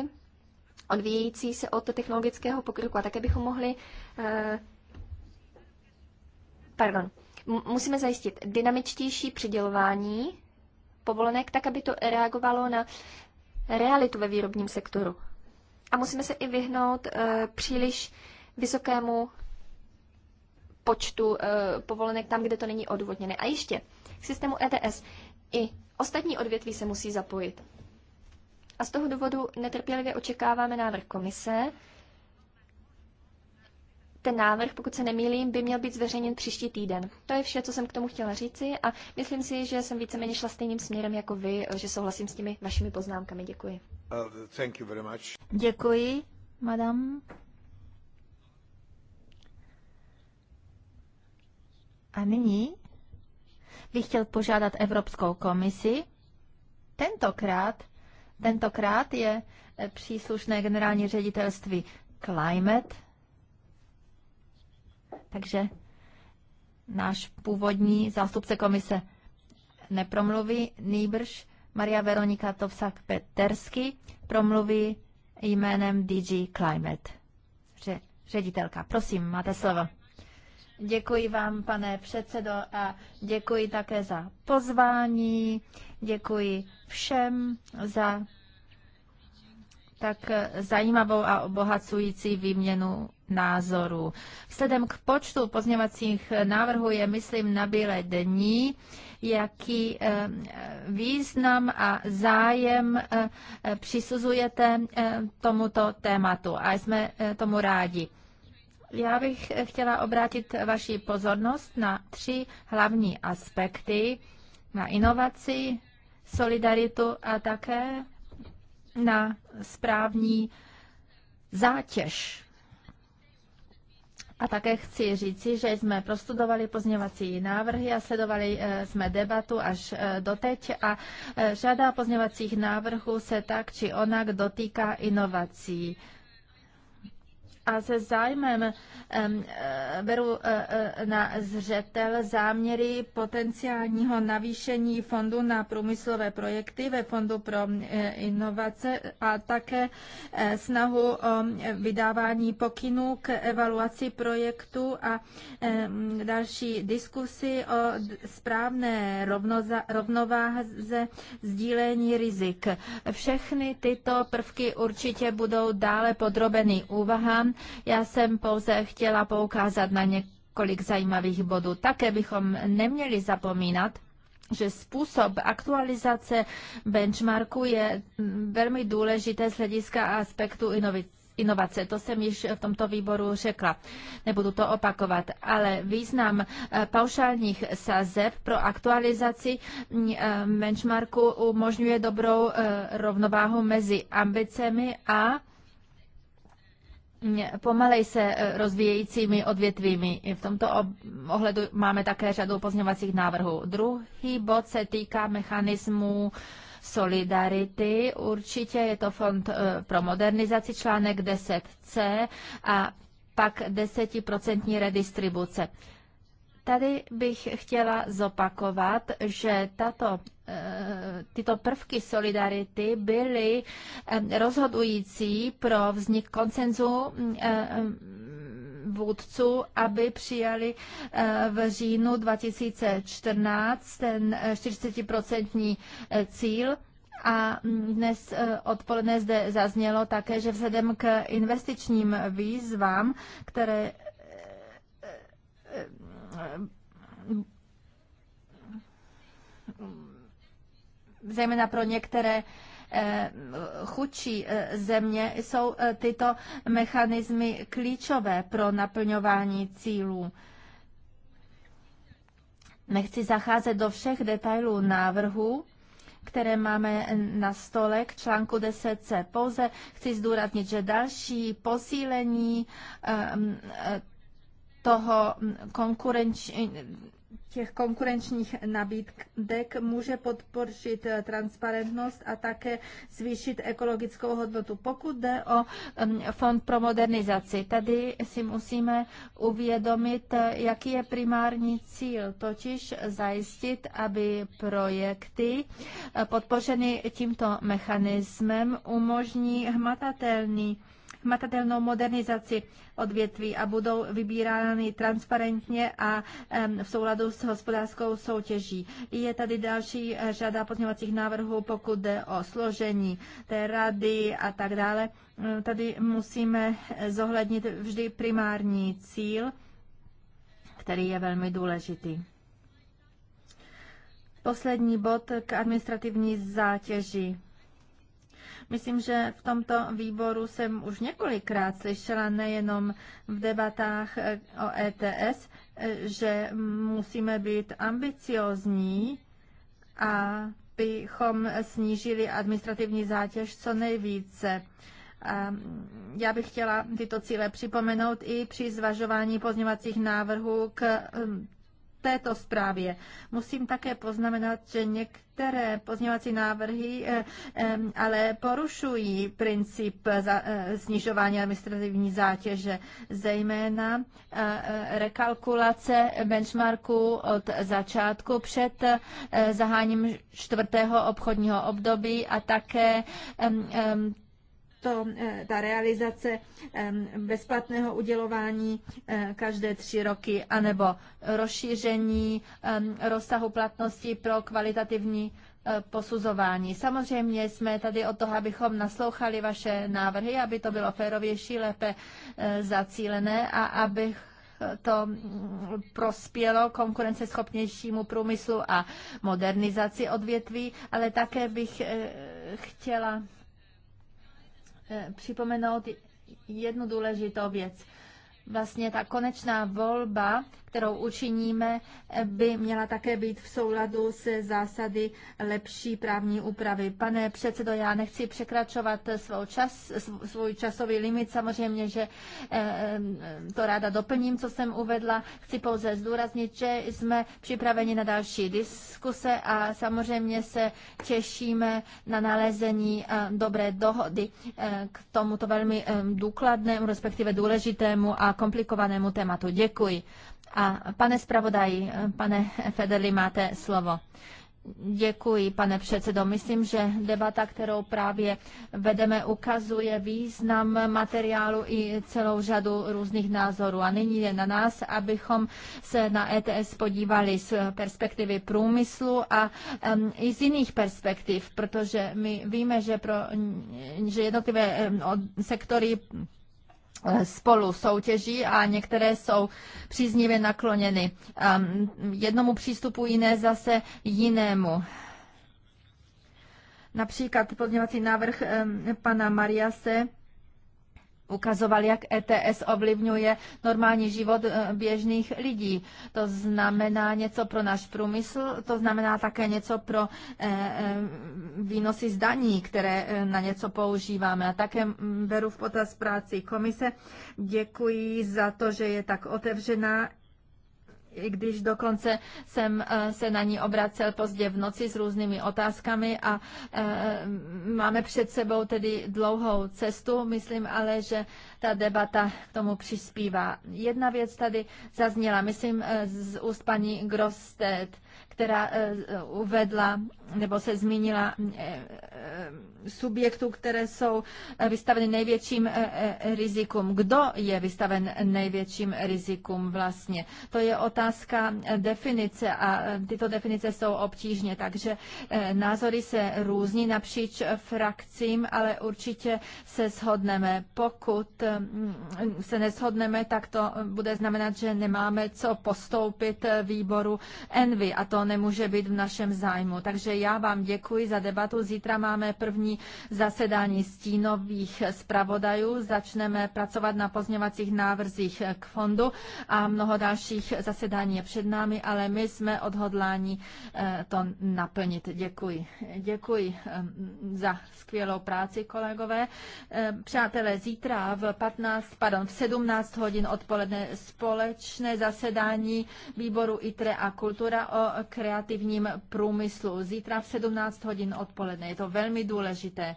odvíjející se od technologického pokroku. A také bychom mohli. Eh, pardon. Musíme zajistit dynamičtější přidělování povolenek, tak aby to reagovalo na realitu ve výrobním sektoru. A musíme se i vyhnout eh, příliš vysokému počtu e, povolenek tam, kde to není odůvodněné. A ještě k systému ETS i ostatní odvětví se musí zapojit. A z toho důvodu netrpělivě očekáváme návrh komise. Ten návrh, pokud se nemýlím, by měl být zveřejněn příští týden. To je vše, co jsem k tomu chtěla říci a myslím si, že jsem víceméně šla stejným směrem jako vy, že souhlasím s těmi vašimi poznámkami. Děkuji. Uh, thank you very much. Děkuji, madam. A nyní bych chtěl požádat Evropskou komisi. Tentokrát, tentokrát je eh, příslušné generální ředitelství Climate. Takže náš původní zástupce komise nepromluví, nýbrž Maria Veronika Tovsak-Petersky promluví jménem DG Climate. ředitelka, prosím, máte slovo. Děkuji vám, pane předsedo, a děkuji také za pozvání. Děkuji všem za tak zajímavou a obohacující výměnu názorů. Vzhledem k počtu pozněvacích návrhů je, myslím, bílé dní, jaký eh, význam a zájem eh, eh, přisuzujete tomuto tématu a jsme tomu rádi. Já bych chtěla obrátit vaši pozornost na tři hlavní aspekty, na inovaci, solidaritu a také na správní zátěž. A také chci říci, že jsme prostudovali pozněvací návrhy a sledovali eh, jsme debatu až eh, doteď a eh, řada pozněvacích návrhů se tak či onak dotýká inovací a se zájmem eh, beru eh, eh, na zřetel záměry potenciálního navýšení fondu na průmyslové projekty ve Fondu pro inovace a také snahu o vydávání pokynů k evaluaci projektu a další diskusy o správné rovnováze sdílení rizik. Všechny tyto prvky určitě budou dále podrobeny úvahám já jsem pouze chtěla poukázat na několik zajímavých bodů. Také bychom neměli zapomínat, že způsob aktualizace benchmarku je mm, velmi důležité z hlediska aspektu inovace. To jsem již v tomto výboru řekla. Nebudu to opakovat, ale význam eh, paušálních sazeb pro aktualizaci mm, eh, benchmarku umožňuje dobrou eh, rovnováhu mezi ambicemi a pomalej se eh, rozvíjejícími odvětvími. V tomto ohledu máme také řadu pozměňovacích návrhů. Druhý bod se týká mechanismu solidarity. Určitě je to fond eh, pro modernizaci článek 10c a pak desetiprocentní redistribuce. Tady bych chtěla zopakovat, že tato eh, tyto prvky solidarity byly eh, rozhodující pro vznik koncenzu eh, vůdců, aby přijali v říjnu 2014 ten 40% cíl a dnes odpoledne zde zaznělo také, že vzhledem k investičním výzvám, které zejména pro některé eh, chudší eh, země jsou eh, tyto mechanismy klíčové pro naplňování cílů. Nechci zacházet do všech detailů návrhu, které máme na stole k článku 10c. Pouze chci zdůraznit, že další posílení toho těch konkurenčních nabídek může podpořit transparentnost a také zvýšit ekologickou hodnotu. Pokud jde o fond pro modernizaci, tady si musíme uvědomit, jaký je primární cíl, totiž zajistit, aby projekty eh, podpořeny tímto mechanismem umožní hmatatelný matatelnou modernizaci odvětví a budou vybírány transparentně a v souladu s hospodářskou soutěží. Je tady další eh, řada pozměňovacích návrhů, pokud jde o složení té rady a tak dále. Eh, tady musíme eh, zohlednit vždy primární cíl, který je velmi důležitý. Poslední bod k administrativní zátěži. Myslím, že v tomto výboru jsem už několikrát slyšela nejenom v debatách eh, o ETS, eh, že musíme být ambiciozní a bychom snížili administrativní zátěž co nejvíce. A já bych chtěla tyto cíle připomenout i při zvažování pozněvacích návrhů k hm, této zprávě. Musím také poznamenat, že některé pozměňovací návrhy eh, eh, ale porušují princip eh, snižování administrativní zátěže, zejména rekalkulace benchmarku od začátku před zahájením čtvrtého obchodního období a také to, eh, ta realizace bezplatného udělování eh, každé tři roky, anebo rozšíření rozsahu platnosti pro kvalitativní eh, posuzování. Samozřejmě jsme tady o toho, abychom naslouchali vaše návrhy, aby to bylo férovější, lépe zacílené a abych to mm, prospělo konkurenceschopnějšímu průmyslu a modernizaci odvětví, ale také bych chtěla Eh, připomenout jednu důležitou věc. Vlastně ta konečná volba kterou učiníme, by měla také být v souladu se zásady lepší právní úpravy. Pane předsedo, já nechci překračovat svou čas, svůj časový limit. Samozřejmě, že eh, to ráda doplním, co jsem uvedla. Chci pouze zdůraznit, že jsme připraveni na další diskuse a samozřejmě se těšíme na nalezení eh, dobré dohody eh, k tomuto velmi důkladnému, respektive důležitému a komplikovanému tématu. Děkuji. A pane zpravodaji, pane Federli, máte slovo. Děkuji, pane předsedo. Myslím, že debata, kterou právě vedeme, ukazuje význam materiálu i celou řadu různých názorů. A nyní je na nás, abychom se na ETS podívali z perspektivy průmyslu a um, i z jiných perspektiv, protože my víme, že, pro, že jednotlivé um, sektory Eh, spolu soutěží a některé jsou příznivě nakloněny ehm, jednomu přístupu, jiné zase jinému. Například podněvací návrh ehm, pana Mariase ukazoval, jak ETS ovlivňuje normální život eh, běžných lidí. To znamená něco pro náš průmysl, to znamená také něco pro eh, eh, výnosy z daní, které na něco používáme. A také mm, beru v potaz práci komise. Děkuji za to, že je tak otevřená i když dokonce jsem eh, se na ní obracel pozdě v noci s různými otázkami a eh, máme před sebou tedy dlouhou cestu. Myslím ale, že ta debata k tomu přispívá. Jedna věc tady zazněla, myslím, eh, z úst paní Grosted, která uvedla nebo se zmínila eh, eh, subjektů, které jsou eh, vystaveny největším rizikům. Kdo je vystaven největším rizikům vlastně? To je otázka definice a tyto definice jsou obtížně, takže názory se různí napříč frakcím, ale určitě se shodneme. Pokud mm, se neshodneme, tak to bude znamenat, že nemáme co postoupit výboru Envy a to nemůže být v našem zájmu. Takže já vám děkuji za debatu. Zítra máme první zasedání stínových zpravodajů. Začneme pracovat na pozněvacích návrzích k fondu a mnoho dalších zasedání je před námi, ale my jsme odhodláni eh, to naplnit. Děkuji. Děkuji eh, za skvělou práci, kolegové. Eh, přátelé, zítra v 15, pardon, v 17 hodin odpoledne společné zasedání výboru ITRE a kultura o kreativním průmyslu. Zítra zítra v 17 hodin odpoledne. Je to velmi důležité.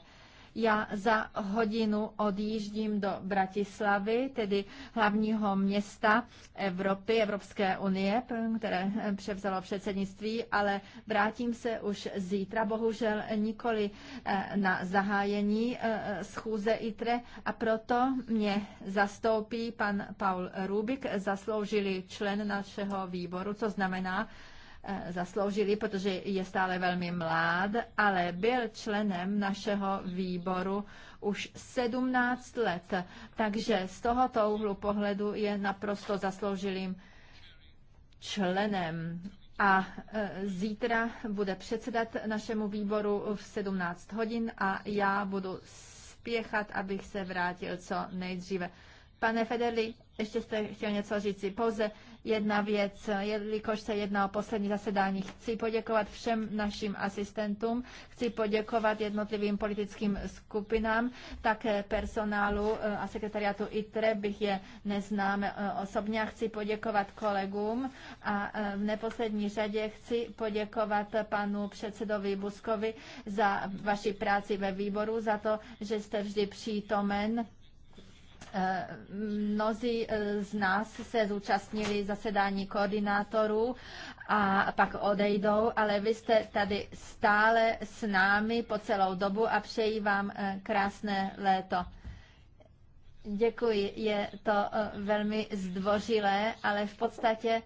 Já za hodinu odjíždím do Bratislavy, tedy hlavního města Evropy, Evropské unie, které převzalo předsednictví, ale vrátím se už zítra, bohužel nikoli eh, na zahájení eh, schůze ITRE a proto mě zastoupí pan Paul Rubik, zasloužili člen našeho výboru, co znamená, Eh, zasloužili, protože je stále velmi mlád, ale byl členem našeho výboru už 17 let. Takže z tohoto úhlu pohledu je naprosto zasloužilým členem. A eh, zítra bude předsedat našemu výboru v 17 hodin a já budu spěchat, abych se vrátil co nejdříve. Pane Federli, ještě jste chtěl něco si Pouze jedna věc, jelikož se jedná o poslední zasedání. Chci poděkovat všem našim asistentům, chci poděkovat jednotlivým politickým skupinám, také personálu eh, a sekretariátu ITRE, bych je neznám eh, osobně a chci poděkovat kolegům a eh, v neposlední řadě chci poděkovat panu předsedovi Buskovi za vaši práci ve výboru, za to, že jste vždy přítomen Eh, mnozí eh, z nás se zúčastnili zasedání koordinátorů a pak odejdou, ale vy jste tady stále s námi po celou dobu a přeji vám eh, krásné léto. Děkuji, je to velmi zdvořilé, ale v podstatě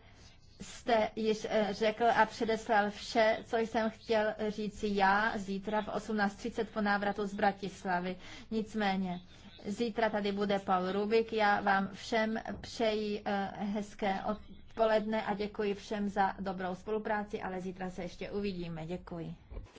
jste již řekl a předeslal vše, co jsem chtěl říci já zítra v 18.30 po návratu z Bratislavy. Nicméně Zítra tady bude Paul Rubik. Já vám všem přeji eh, hezké odpoledne a děkuji všem za dobrou spolupráci, ale zítra se ještě uvidíme. Děkuji.